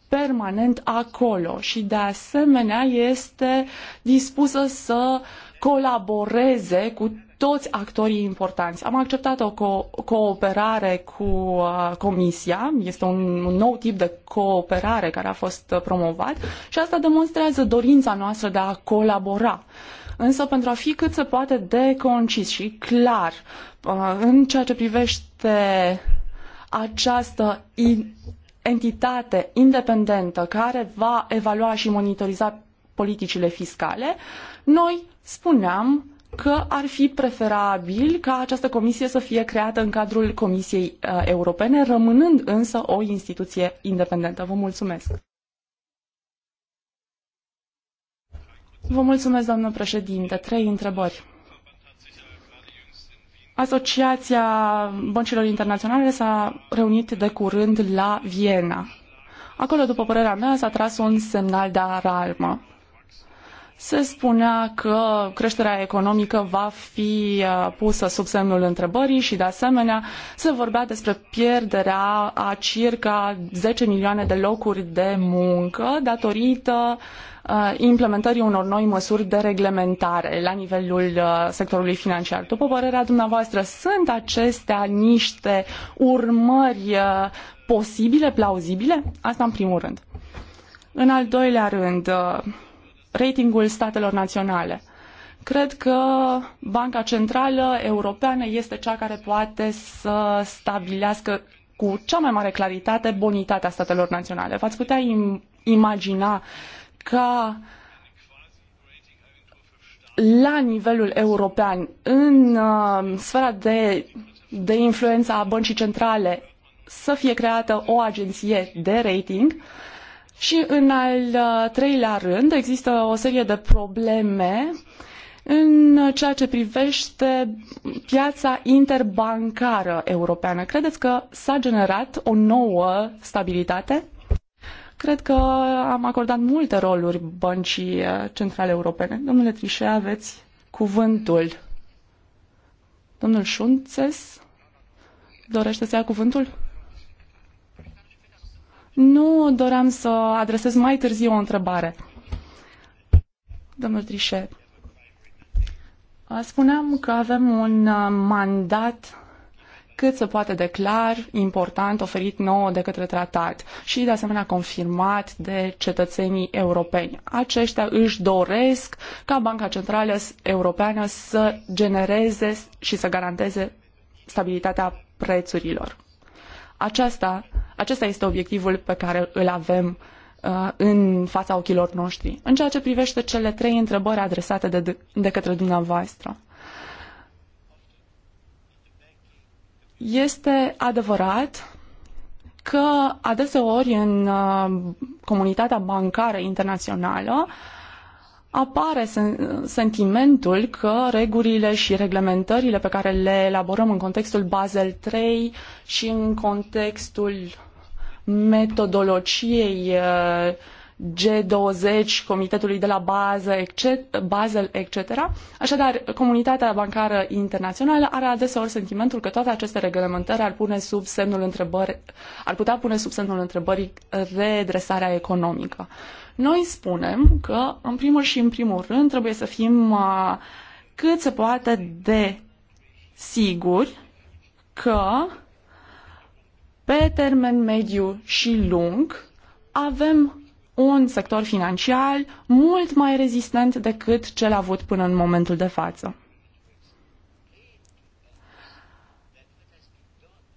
permanent acolo și de asemenea este dispusă să colaboreze cu toți actorii importanți. Am acceptat o co- cooperare cu uh, Comisia, este un, un nou tip de cooperare care a fost promovat și asta demonstrează dorința noastră de a colabora. Însă, pentru a fi cât se poate de concis și clar uh, în ceea ce privește această entitate independentă care va evalua și monitoriza politicile fiscale, noi spuneam că ar fi preferabil ca această comisie să fie creată în cadrul Comisiei uh, Europene, rămânând însă o instituție independentă. Vă mulțumesc! Vă mulțumesc, doamnă președinte. Trei întrebări. Asociația Băncilor Internaționale s-a reunit de curând la Viena. Acolo, după părerea mea, s-a tras un semnal de alarmă se spunea că creșterea economică va fi uh, pusă sub semnul întrebării și, de asemenea, se vorbea despre pierderea a circa 10 milioane de locuri de muncă datorită uh, implementării unor noi măsuri de reglementare la nivelul uh, sectorului financiar. După părerea dumneavoastră, sunt acestea niște urmări posibile, plauzibile? Asta în primul rând. În al doilea rând, ratingul statelor naționale. Cred că Banca Centrală Europeană este cea care poate să stabilească cu cea mai mare claritate bonitatea statelor naționale. V-ați putea im imagina ca la nivelul european, în uh, sfera de, de influență a băncii centrale, să fie creată o agenție de rating și în al uh, treilea rând există o serie de probleme în ceea ce privește piața interbancară europeană. Credeți că s-a generat o nouă stabilitate? Cred că am acordat multe roluri băncii uh, centrale europene. Domnule Trișe, aveți cuvântul. Domnul Șunțes dorește să ia cuvântul? Nu doream să adresez mai târziu o întrebare. Domnul Trișe, spuneam că avem un uh, mandat cât se poate de clar, important, oferit nouă de către tratat și, de asemenea, confirmat de cetățenii europeni. Aceștia își doresc ca Banca Centrală Europeană să genereze și să garanteze stabilitatea prețurilor. Aceasta acesta este obiectivul pe care îl avem uh, în fața ochilor noștri. În ceea ce privește cele trei întrebări adresate de, de către dumneavoastră, este adevărat că adeseori în uh, comunitatea bancară internațională apare sentimentul că regulile și reglementările pe care le elaborăm în contextul Basel III și în contextul metodologiei uh, G20, Comitetului de la bază, etc., Basel, etc. Așadar, comunitatea bancară internațională are adeseori sentimentul că toate aceste reglementări ar pune sub semnul întrebări, ar putea pune sub semnul întrebării redresarea economică. Noi spunem că, în primul și în primul rând, trebuie să fim uh, cât se poate de siguri că pe termen mediu și lung avem un sector financiar mult mai rezistent decât cel avut până în momentul de față.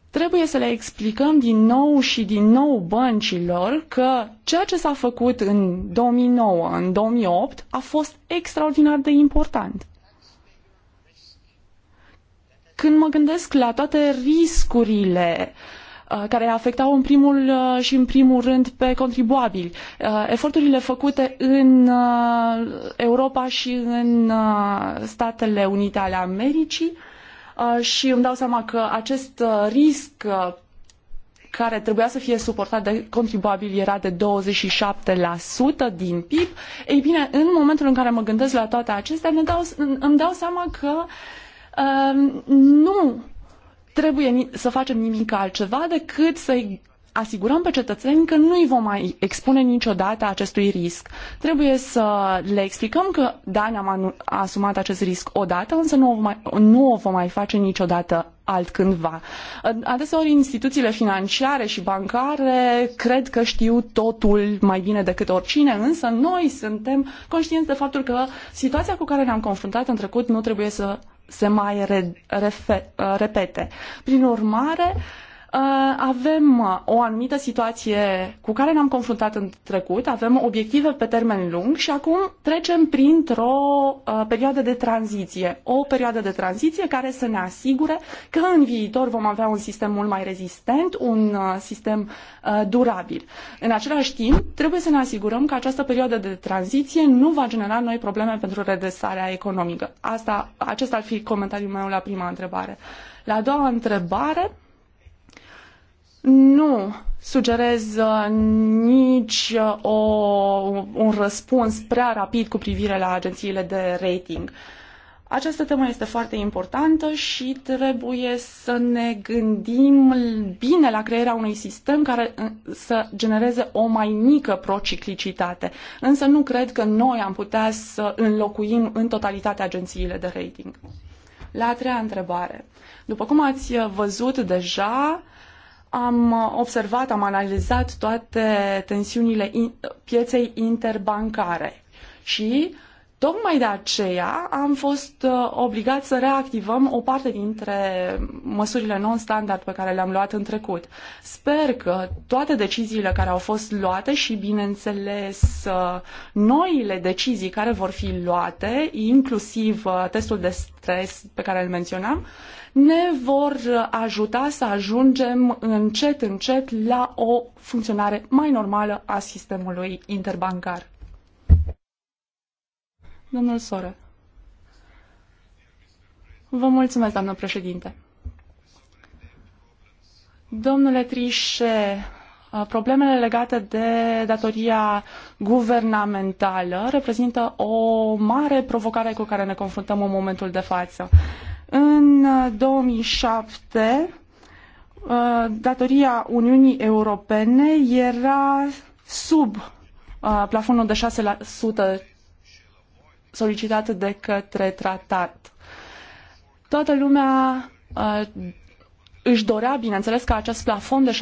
trebuie să le explicăm din nou și din nou băncilor că ceea ce s-a făcut în 2009, în 2008, a fost extraordinar de important. Când mă gândesc la toate riscurile Uh, care afectau în primul uh, și în primul rând pe contribuabili. Uh, eforturile făcute în Europa și în Statele Unite ale Americii și îmi dau seama că acest risc care trebuia să fie suportat de contribuabili era de 27% din PIB. Ei bine, în momentul în care mă gândesc la toate acestea, ne dau, îmi dau seama că uh, nu trebuie să facem nimic altceva decât să-i asigurăm pe cetățeni că nu îi vom mai expune niciodată acestui risc. Trebuie să le explicăm că, da, ne-am asumat acest risc odată, însă nu o, mai, nu o vom mai face niciodată altcândva. Adeseori instituțiile financiare și bancare cred că știu totul mai bine decât oricine, însă noi suntem conștienți de faptul că situația cu care ne-am confruntat în trecut nu trebuie să se mai re, refe, uh, repete. Prin urmare, Uh, avem uh, o anumită situație cu care ne-am confruntat în trecut, avem obiective pe termen lung și acum trecem printr-o uh, perioadă de tranziție. O perioadă de tranziție care să ne asigure că în viitor vom avea un sistem mult mai rezistent, un sistem durabil. În același timp, trebuie să ne asigurăm că această perioadă de tranziție nu va genera noi probleme pentru redresarea economică. Asta, acesta ar fi comentariul meu la prima întrebare. La a doua întrebare, nu sugerez uh, nici uh, o, un răspuns prea rapid cu privire la agențiile de rating. Această temă este foarte importantă și trebuie să ne gândim bine la crearea unui sistem care uh, să genereze o mai mică prociclicitate. Însă nu cred că noi am putea să înlocuim în totalitate agențiile de rating. La a treia întrebare. După cum ați văzut deja, am uh, observat, am analizat toate tensiunile in, pieței interbancare și tocmai de aceea am fost uh, obligat să reactivăm o parte dintre măsurile non-standard pe care le-am luat în trecut. Sper că toate deciziile care au fost luate și, bineînțeles, uh, noile decizii care vor fi luate, inclusiv testul de stres pe care îl menționam, ne vor ajuta să ajungem încet, încet la o funcționare mai normală a sistemului interbancar. Domnul Sore. Vă mulțumesc, doamnă președinte. Domnule Trișe, problemele legate de datoria guvernamentală reprezintă o mare provocare cu care ne confruntăm în momentul de față. În 2007, uh, uh, datoria Uniunii Europene era sub uh, plafonul de 6% solicitat de către tratat. Toată lumea își dorea, bineînțeles, ca acest plafon de 6%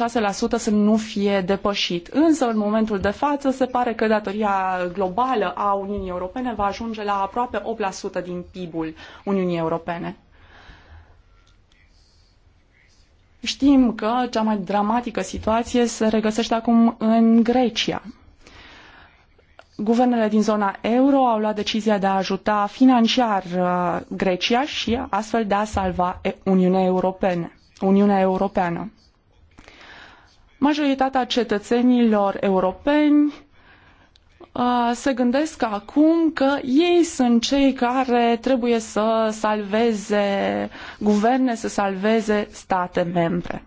să nu fie depășit. Însă, în momentul de față, se pare că datoria globală a Uniunii Europene va ajunge la aproape 8% din PIB-ul Uniunii Europene. Știm că cea mai dramatică situație se regăsește acum în Grecia. Guvernele din zona euro au luat decizia de a ajuta financiar uh, Grecia și astfel de a salva Uniunea, Europene, Uniunea Europeană. Majoritatea cetățenilor europeni se gândesc acum că ei sunt cei care trebuie să salveze guverne, să salveze state membre.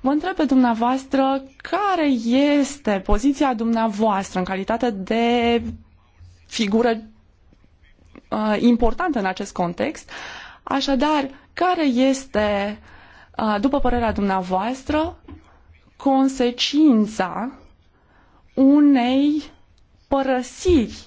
Vă întreb pe dumneavoastră care este poziția dumneavoastră în calitate de figură importantă în acest context. Așadar, care este, după părerea dumneavoastră, consecința unei părăsiri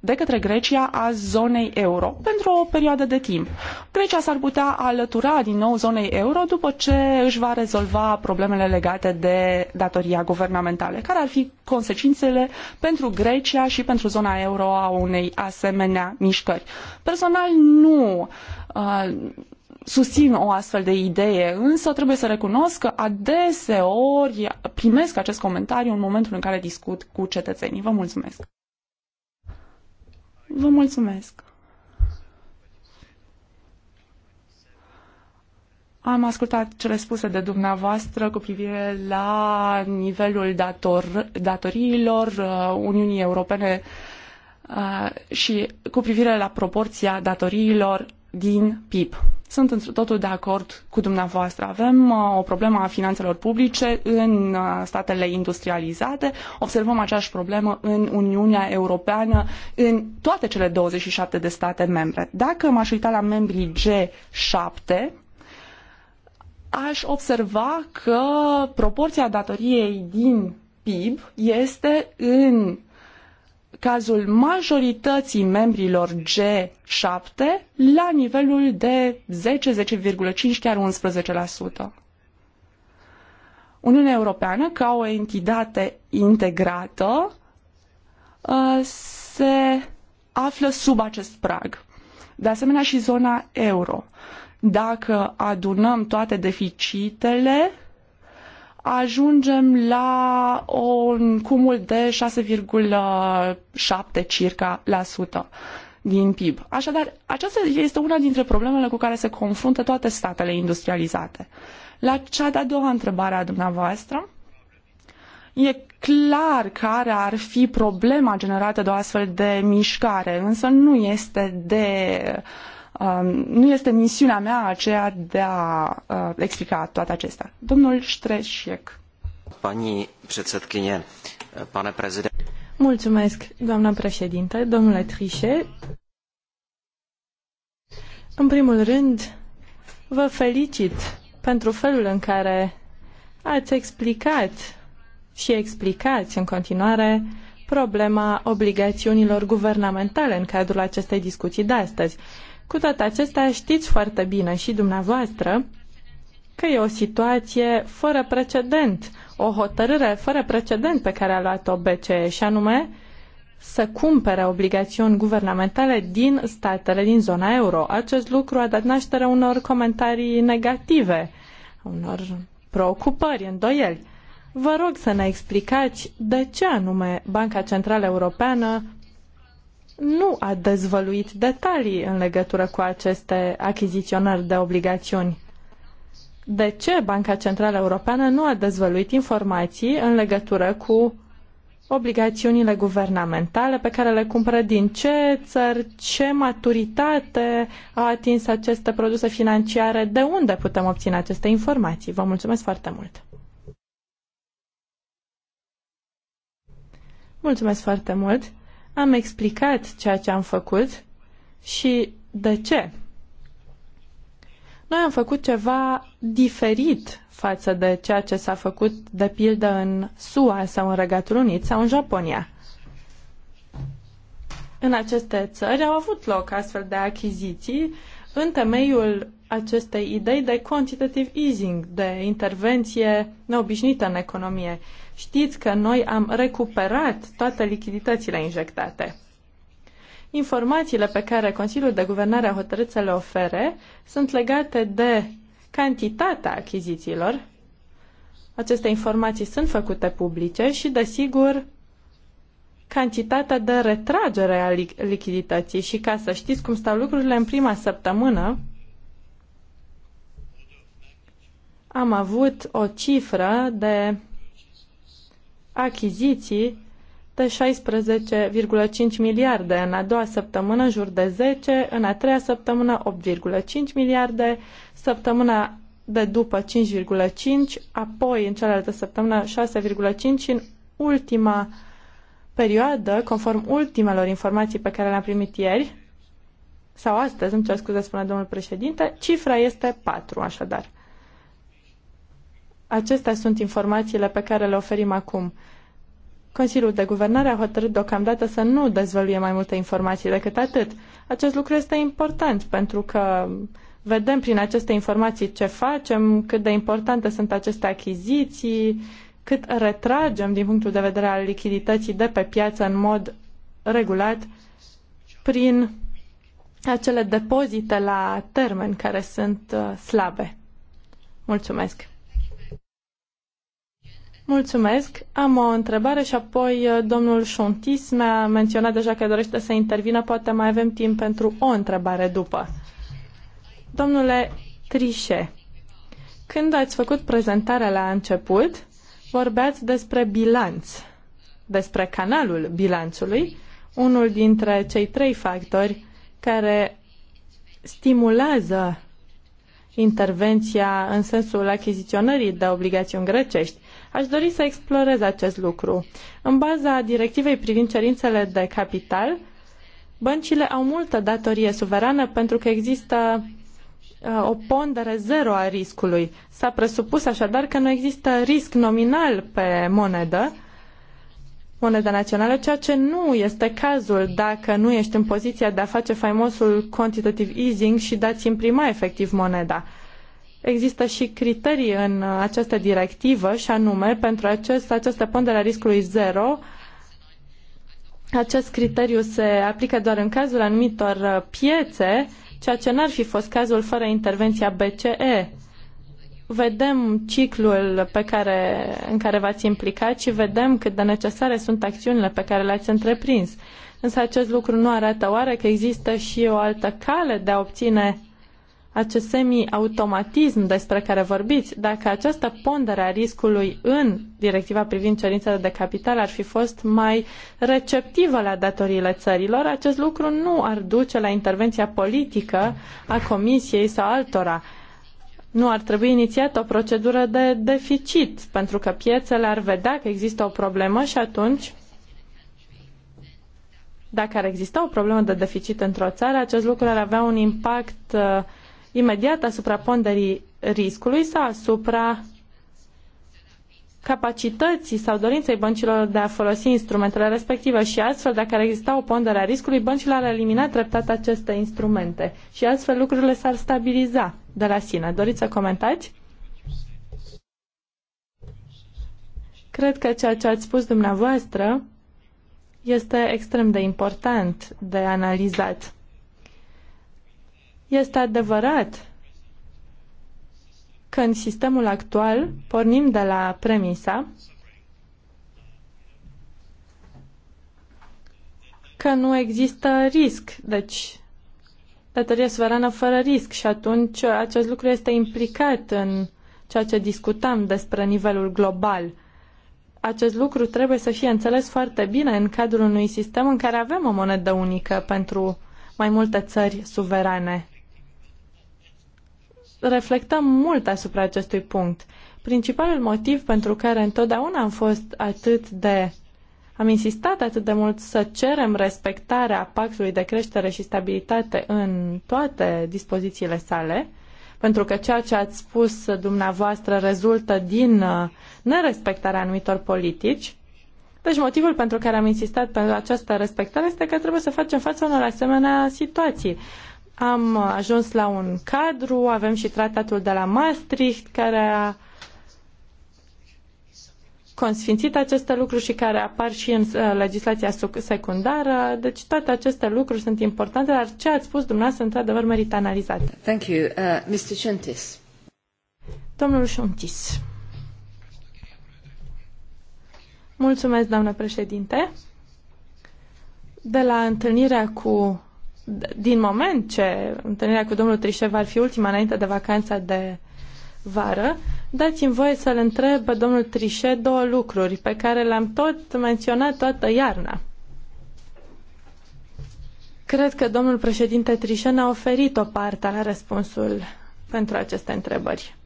de către Grecia a zonei euro pentru o perioadă de timp. Grecia s-ar putea alătura din nou zonei euro după ce își va rezolva problemele legate de datoria guvernamentale. Care ar fi consecințele pentru Grecia și pentru zona euro a unei asemenea mișcări? Personal nu. Uh, susțin o astfel de idee, însă trebuie să recunosc că adeseori primesc acest comentariu în momentul în care discut cu cetățenii. Vă mulțumesc! Vă mulțumesc! Am ascultat cele spuse de dumneavoastră cu privire la nivelul dator, datoriilor uh, Uniunii Europene uh, și cu privire la proporția datoriilor din PIB. Sunt într totul de acord cu dumneavoastră. Avem uh, o problemă a finanțelor publice în uh, statele industrializate, observăm aceeași problemă în Uniunea Europeană, în toate cele 27 de state membre. Dacă m-aș uita la membrii G7, aș observa că proporția datoriei din PIB este în cazul majorității membrilor G7 la nivelul de 10, 10,5, chiar 11%. Uniunea Europeană, ca o entitate integrată, ă, se află sub acest prag. De asemenea și zona euro. Dacă adunăm toate deficitele, ajungem la un cumul de 6,7 circa la sută din PIB. Așadar, aceasta este una dintre problemele cu care se confruntă toate statele industrializate. La cea de-a doua întrebare a dumneavoastră, e clar care ar fi problema generată de o astfel de mișcare, însă nu este de uh, Um, nu este misiunea mea aceea de a uh, explica toate acestea. Domnul Ștreșiec. Pani předsedkyně, pane prezident. Mulțumesc, doamna președinte, domnule Trișe. În primul rând, vă felicit pentru felul în care ați explicat și explicați în continuare problema obligațiunilor guvernamentale în cadrul acestei discuții de astăzi. Cu toate acestea, știți foarte bine și dumneavoastră că e o situație fără precedent, o hotărâre fără precedent pe care a luat-o BCE și anume să cumpere obligațiuni guvernamentale din statele din zona euro. Acest lucru a dat naștere unor comentarii negative, unor preocupări, îndoieli. Vă rog să ne explicați de ce anume Banca Centrală Europeană nu a dezvăluit detalii în legătură cu aceste achiziționări de obligațiuni. De ce Banca Centrală Europeană nu a dezvăluit informații în legătură cu obligațiunile guvernamentale pe care le cumpără din ce țări, ce maturitate au atins aceste produse financiare, de unde putem obține aceste informații. Vă mulțumesc foarte mult! Mulțumesc foarte mult! am explicat ceea ce am făcut și de ce. Noi am făcut ceva diferit față de ceea ce s-a făcut de pildă în SUA sau în Regatul Unit sau în Japonia. În aceste țări au avut loc astfel de achiziții în temeiul acestei idei de quantitative easing, de intervenție neobișnuită în economie. Știți că noi am recuperat toate lichiditățile injectate. Informațiile pe care Consiliul de Guvernare a hotărât să le ofere sunt legate de cantitatea achizițiilor. Aceste informații sunt făcute publice și, desigur, cantitatea de retragere a lichidității. Și ca să știți cum stau lucrurile, în prima săptămână am avut o cifră de achiziții de 16,5 miliarde, în a doua săptămână jur de 10, în a treia săptămână 8,5 miliarde, săptămâna de după 5,5, apoi în cealaltă săptămână 6,5 și în ultima perioadă, conform ultimelor informații pe care le-am primit ieri, sau astăzi, îmi cer scuze, spune domnul președinte, cifra este 4, așadar. Acestea sunt informațiile pe care le oferim acum. Consiliul de Guvernare a hotărât deocamdată să nu dezvăluie mai multe informații decât atât. Acest lucru este important pentru că vedem prin aceste informații ce facem, cât de importante sunt aceste achiziții, cât retragem din punctul de vedere al lichidității de pe piață în mod regulat prin acele depozite la termen care sunt uh, slabe. Mulțumesc! Mulțumesc. Am o întrebare și apoi uh, domnul Șontis mi-a menționat deja că dorește să intervină. Poate mai avem timp pentru o întrebare după. Domnule Trișe, când ați făcut prezentarea la început, vorbeați despre bilanț, despre canalul bilanțului, unul dintre cei trei factori care stimulează intervenția în sensul achiziționării de obligațiuni grecești. Aș dori să explorez acest lucru. În baza directivei privind cerințele de capital, băncile au multă datorie suverană pentru că există uh, o pondere zero a riscului. S-a presupus așadar că nu există risc nominal pe monedă, moneda națională, ceea ce nu este cazul dacă nu ești în poziția de a face faimosul quantitative easing și de a-ți imprima efectiv moneda există și criterii în această directivă și anume pentru acest, această pondere a riscului zero acest criteriu se aplică doar în cazul anumitor uh, piețe, ceea ce n-ar fi fost cazul fără intervenția BCE. Vedem ciclul pe care, în care v-ați implicat și vedem cât de necesare sunt acțiunile pe care le-ați întreprins. Însă acest lucru nu arată oare că există și o altă cale de a obține acest semi-automatism despre care vorbiți, dacă această pondere a riscului în directiva privind cerințele de capital ar fi fost mai receptivă la datoriile țărilor, acest lucru nu ar duce la intervenția politică a Comisiei sau altora. Nu ar trebui inițiată o procedură de deficit, pentru că piețele ar vedea că există o problemă și atunci dacă ar exista o problemă de deficit într-o țară, acest lucru ar avea un impact uh, imediat asupra ponderii riscului sau asupra capacității sau dorinței băncilor de a folosi instrumentele respective și astfel, dacă ar exista o pondere a riscului, băncile ar elimina treptat aceste instrumente și astfel lucrurile s-ar stabiliza de la sine. Doriți să comentați? Cred că ceea ce ați spus dumneavoastră este extrem de important de analizat. Este adevărat că în sistemul actual pornim de la premisa că nu există risc, deci datorie suverană fără risc și atunci acest lucru este implicat în ceea ce discutăm despre nivelul global. Acest lucru trebuie să fie înțeles foarte bine în cadrul unui sistem în care avem o monedă unică pentru mai multe țări suverane reflectăm mult asupra acestui punct. Principalul motiv pentru care întotdeauna am fost atât de am insistat atât de mult să cerem respectarea pactului de creștere și stabilitate în toate dispozițiile sale, pentru că ceea ce ați spus dumneavoastră rezultă din uh, nerespectarea anumitor politici. Deci motivul pentru care am insistat pentru această respectare este că trebuie să facem față unor asemenea situații. Am ajuns la un cadru, avem și tratatul de la Maastricht care a consfințit aceste lucruri și care apar și în uh, legislația secundară. Deci toate aceste lucruri sunt importante, dar ce ați spus dumneavoastră într-adevăr merită analizat. Thank you. Uh, Mr. Chuntis. Domnul Șuntis. Mulțumesc, doamnă președinte. De la întâlnirea cu din moment ce întâlnirea cu domnul Trișev ar fi ultima înainte de vacanța de vară, dați-mi voie să-l întreb pe domnul Trișe două lucruri pe care le-am tot menționat toată iarna. Cred că domnul președinte Trișe ne-a oferit o parte la răspunsul pentru aceste întrebări.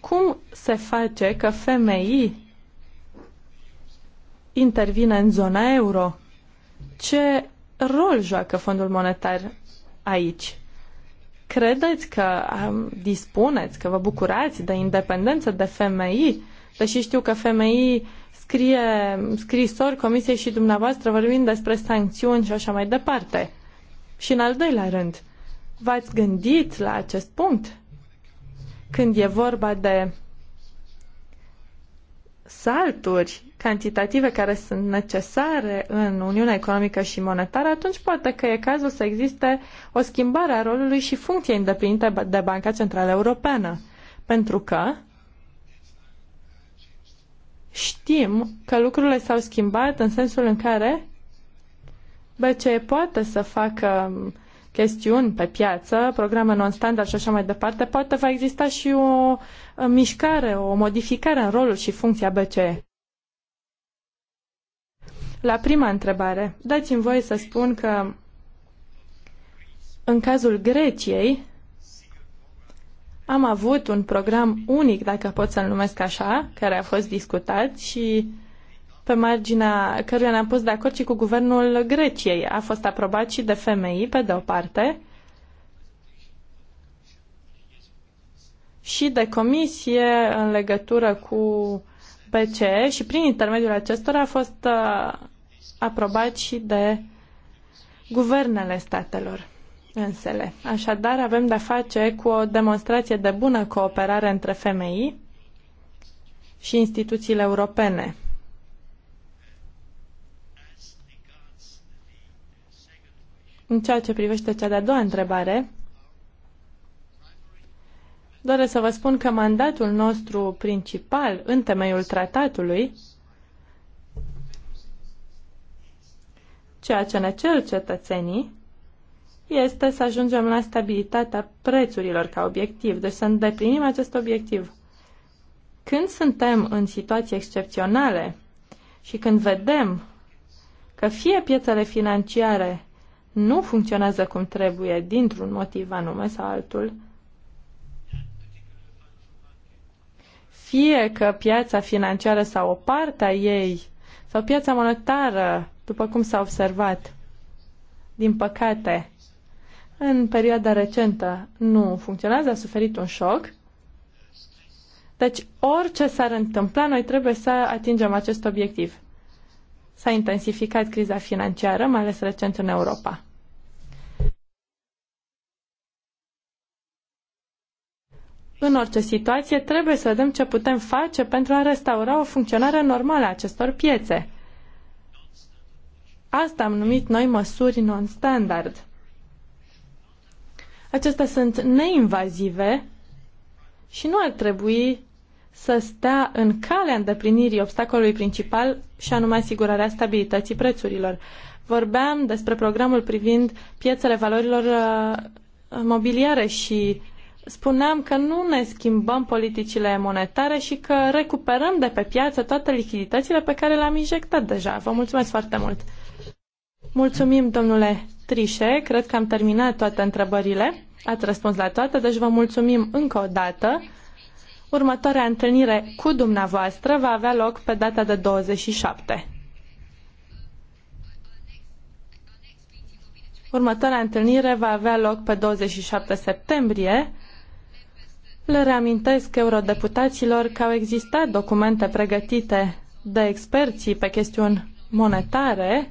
Cum se face că femeii intervine în zona euro? Ce rol joacă Fondul Monetar aici? Credeți că dispuneți, că vă bucurați de independență de FMI? Deși știu că FMI scrie scrisori comisiei și dumneavoastră vorbind despre sancțiuni și așa mai departe. Și în al doilea rând, v-ați gândit la acest punct? Când e vorba de salturi cantitative care sunt necesare în Uniunea Economică și Monetară, atunci poate că e cazul să existe o schimbare a rolului și funcției îndeplinite de Banca Centrală Europeană. Pentru că știm că lucrurile s-au schimbat în sensul în care BCE poate să facă chestiuni pe piață, programe non-standard și așa mai departe, poate va exista și o mișcare, o modificare în rolul și funcția BCE. La prima întrebare, dați-mi voie să spun că în cazul Greciei am avut un program unic, dacă pot să-l numesc așa, care a fost discutat și pe marginea căruia ne-am pus de acord și cu guvernul Greciei. A fost aprobat și de FMI, pe de o parte, și de comisie în legătură cu BCE și prin intermediul acestora a fost uh, aprobat și de guvernele statelor însele. Așadar, avem de-a face cu o demonstrație de bună cooperare între femei și instituțiile europene. În ceea ce privește cea de-a doua întrebare, doresc să vă spun că mandatul nostru principal în temeiul tratatului Ceea ce ne cer cetățenii este să ajungem la stabilitatea prețurilor ca obiectiv, deci să îndeplinim acest obiectiv. Când suntem în situații excepționale și când vedem că fie piețele financiare nu funcționează cum trebuie dintr-un motiv anume sau altul, fie că piața financiară sau o parte a ei sau piața monetară după cum s-a observat, din păcate, în perioada recentă nu funcționează, a suferit un șoc. Deci, orice s-ar întâmpla, noi trebuie să atingem acest obiectiv. S-a intensificat criza financiară, mai ales recent în Europa. În orice situație, trebuie să vedem ce putem face pentru a restaura o funcționare normală a acestor piețe. Asta am numit noi măsuri non-standard. Acestea sunt neinvazive și nu ar trebui să stea în calea îndeplinirii obstacolului principal și anume asigurarea stabilității prețurilor. Vorbeam despre programul privind piețele valorilor uh, mobiliare și spuneam că nu ne schimbăm politicile monetare și că recuperăm de pe piață toate lichiditățile pe care le-am injectat deja. Vă mulțumesc foarte mult! Mulțumim, domnule Trișe. Cred că am terminat toate întrebările. Ați răspuns la toate, deci vă mulțumim încă o dată. Următoarea întâlnire cu dumneavoastră va avea loc pe data de 27. Următoarea întâlnire va avea loc pe 27 septembrie. Le reamintesc eurodeputaților că au existat documente pregătite de experții pe chestiuni monetare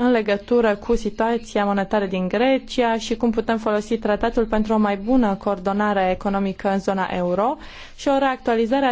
în legătură cu situația monetară din Grecia și cum putem folosi tratatul pentru o mai bună coordonare economică în zona euro și o reactualizare a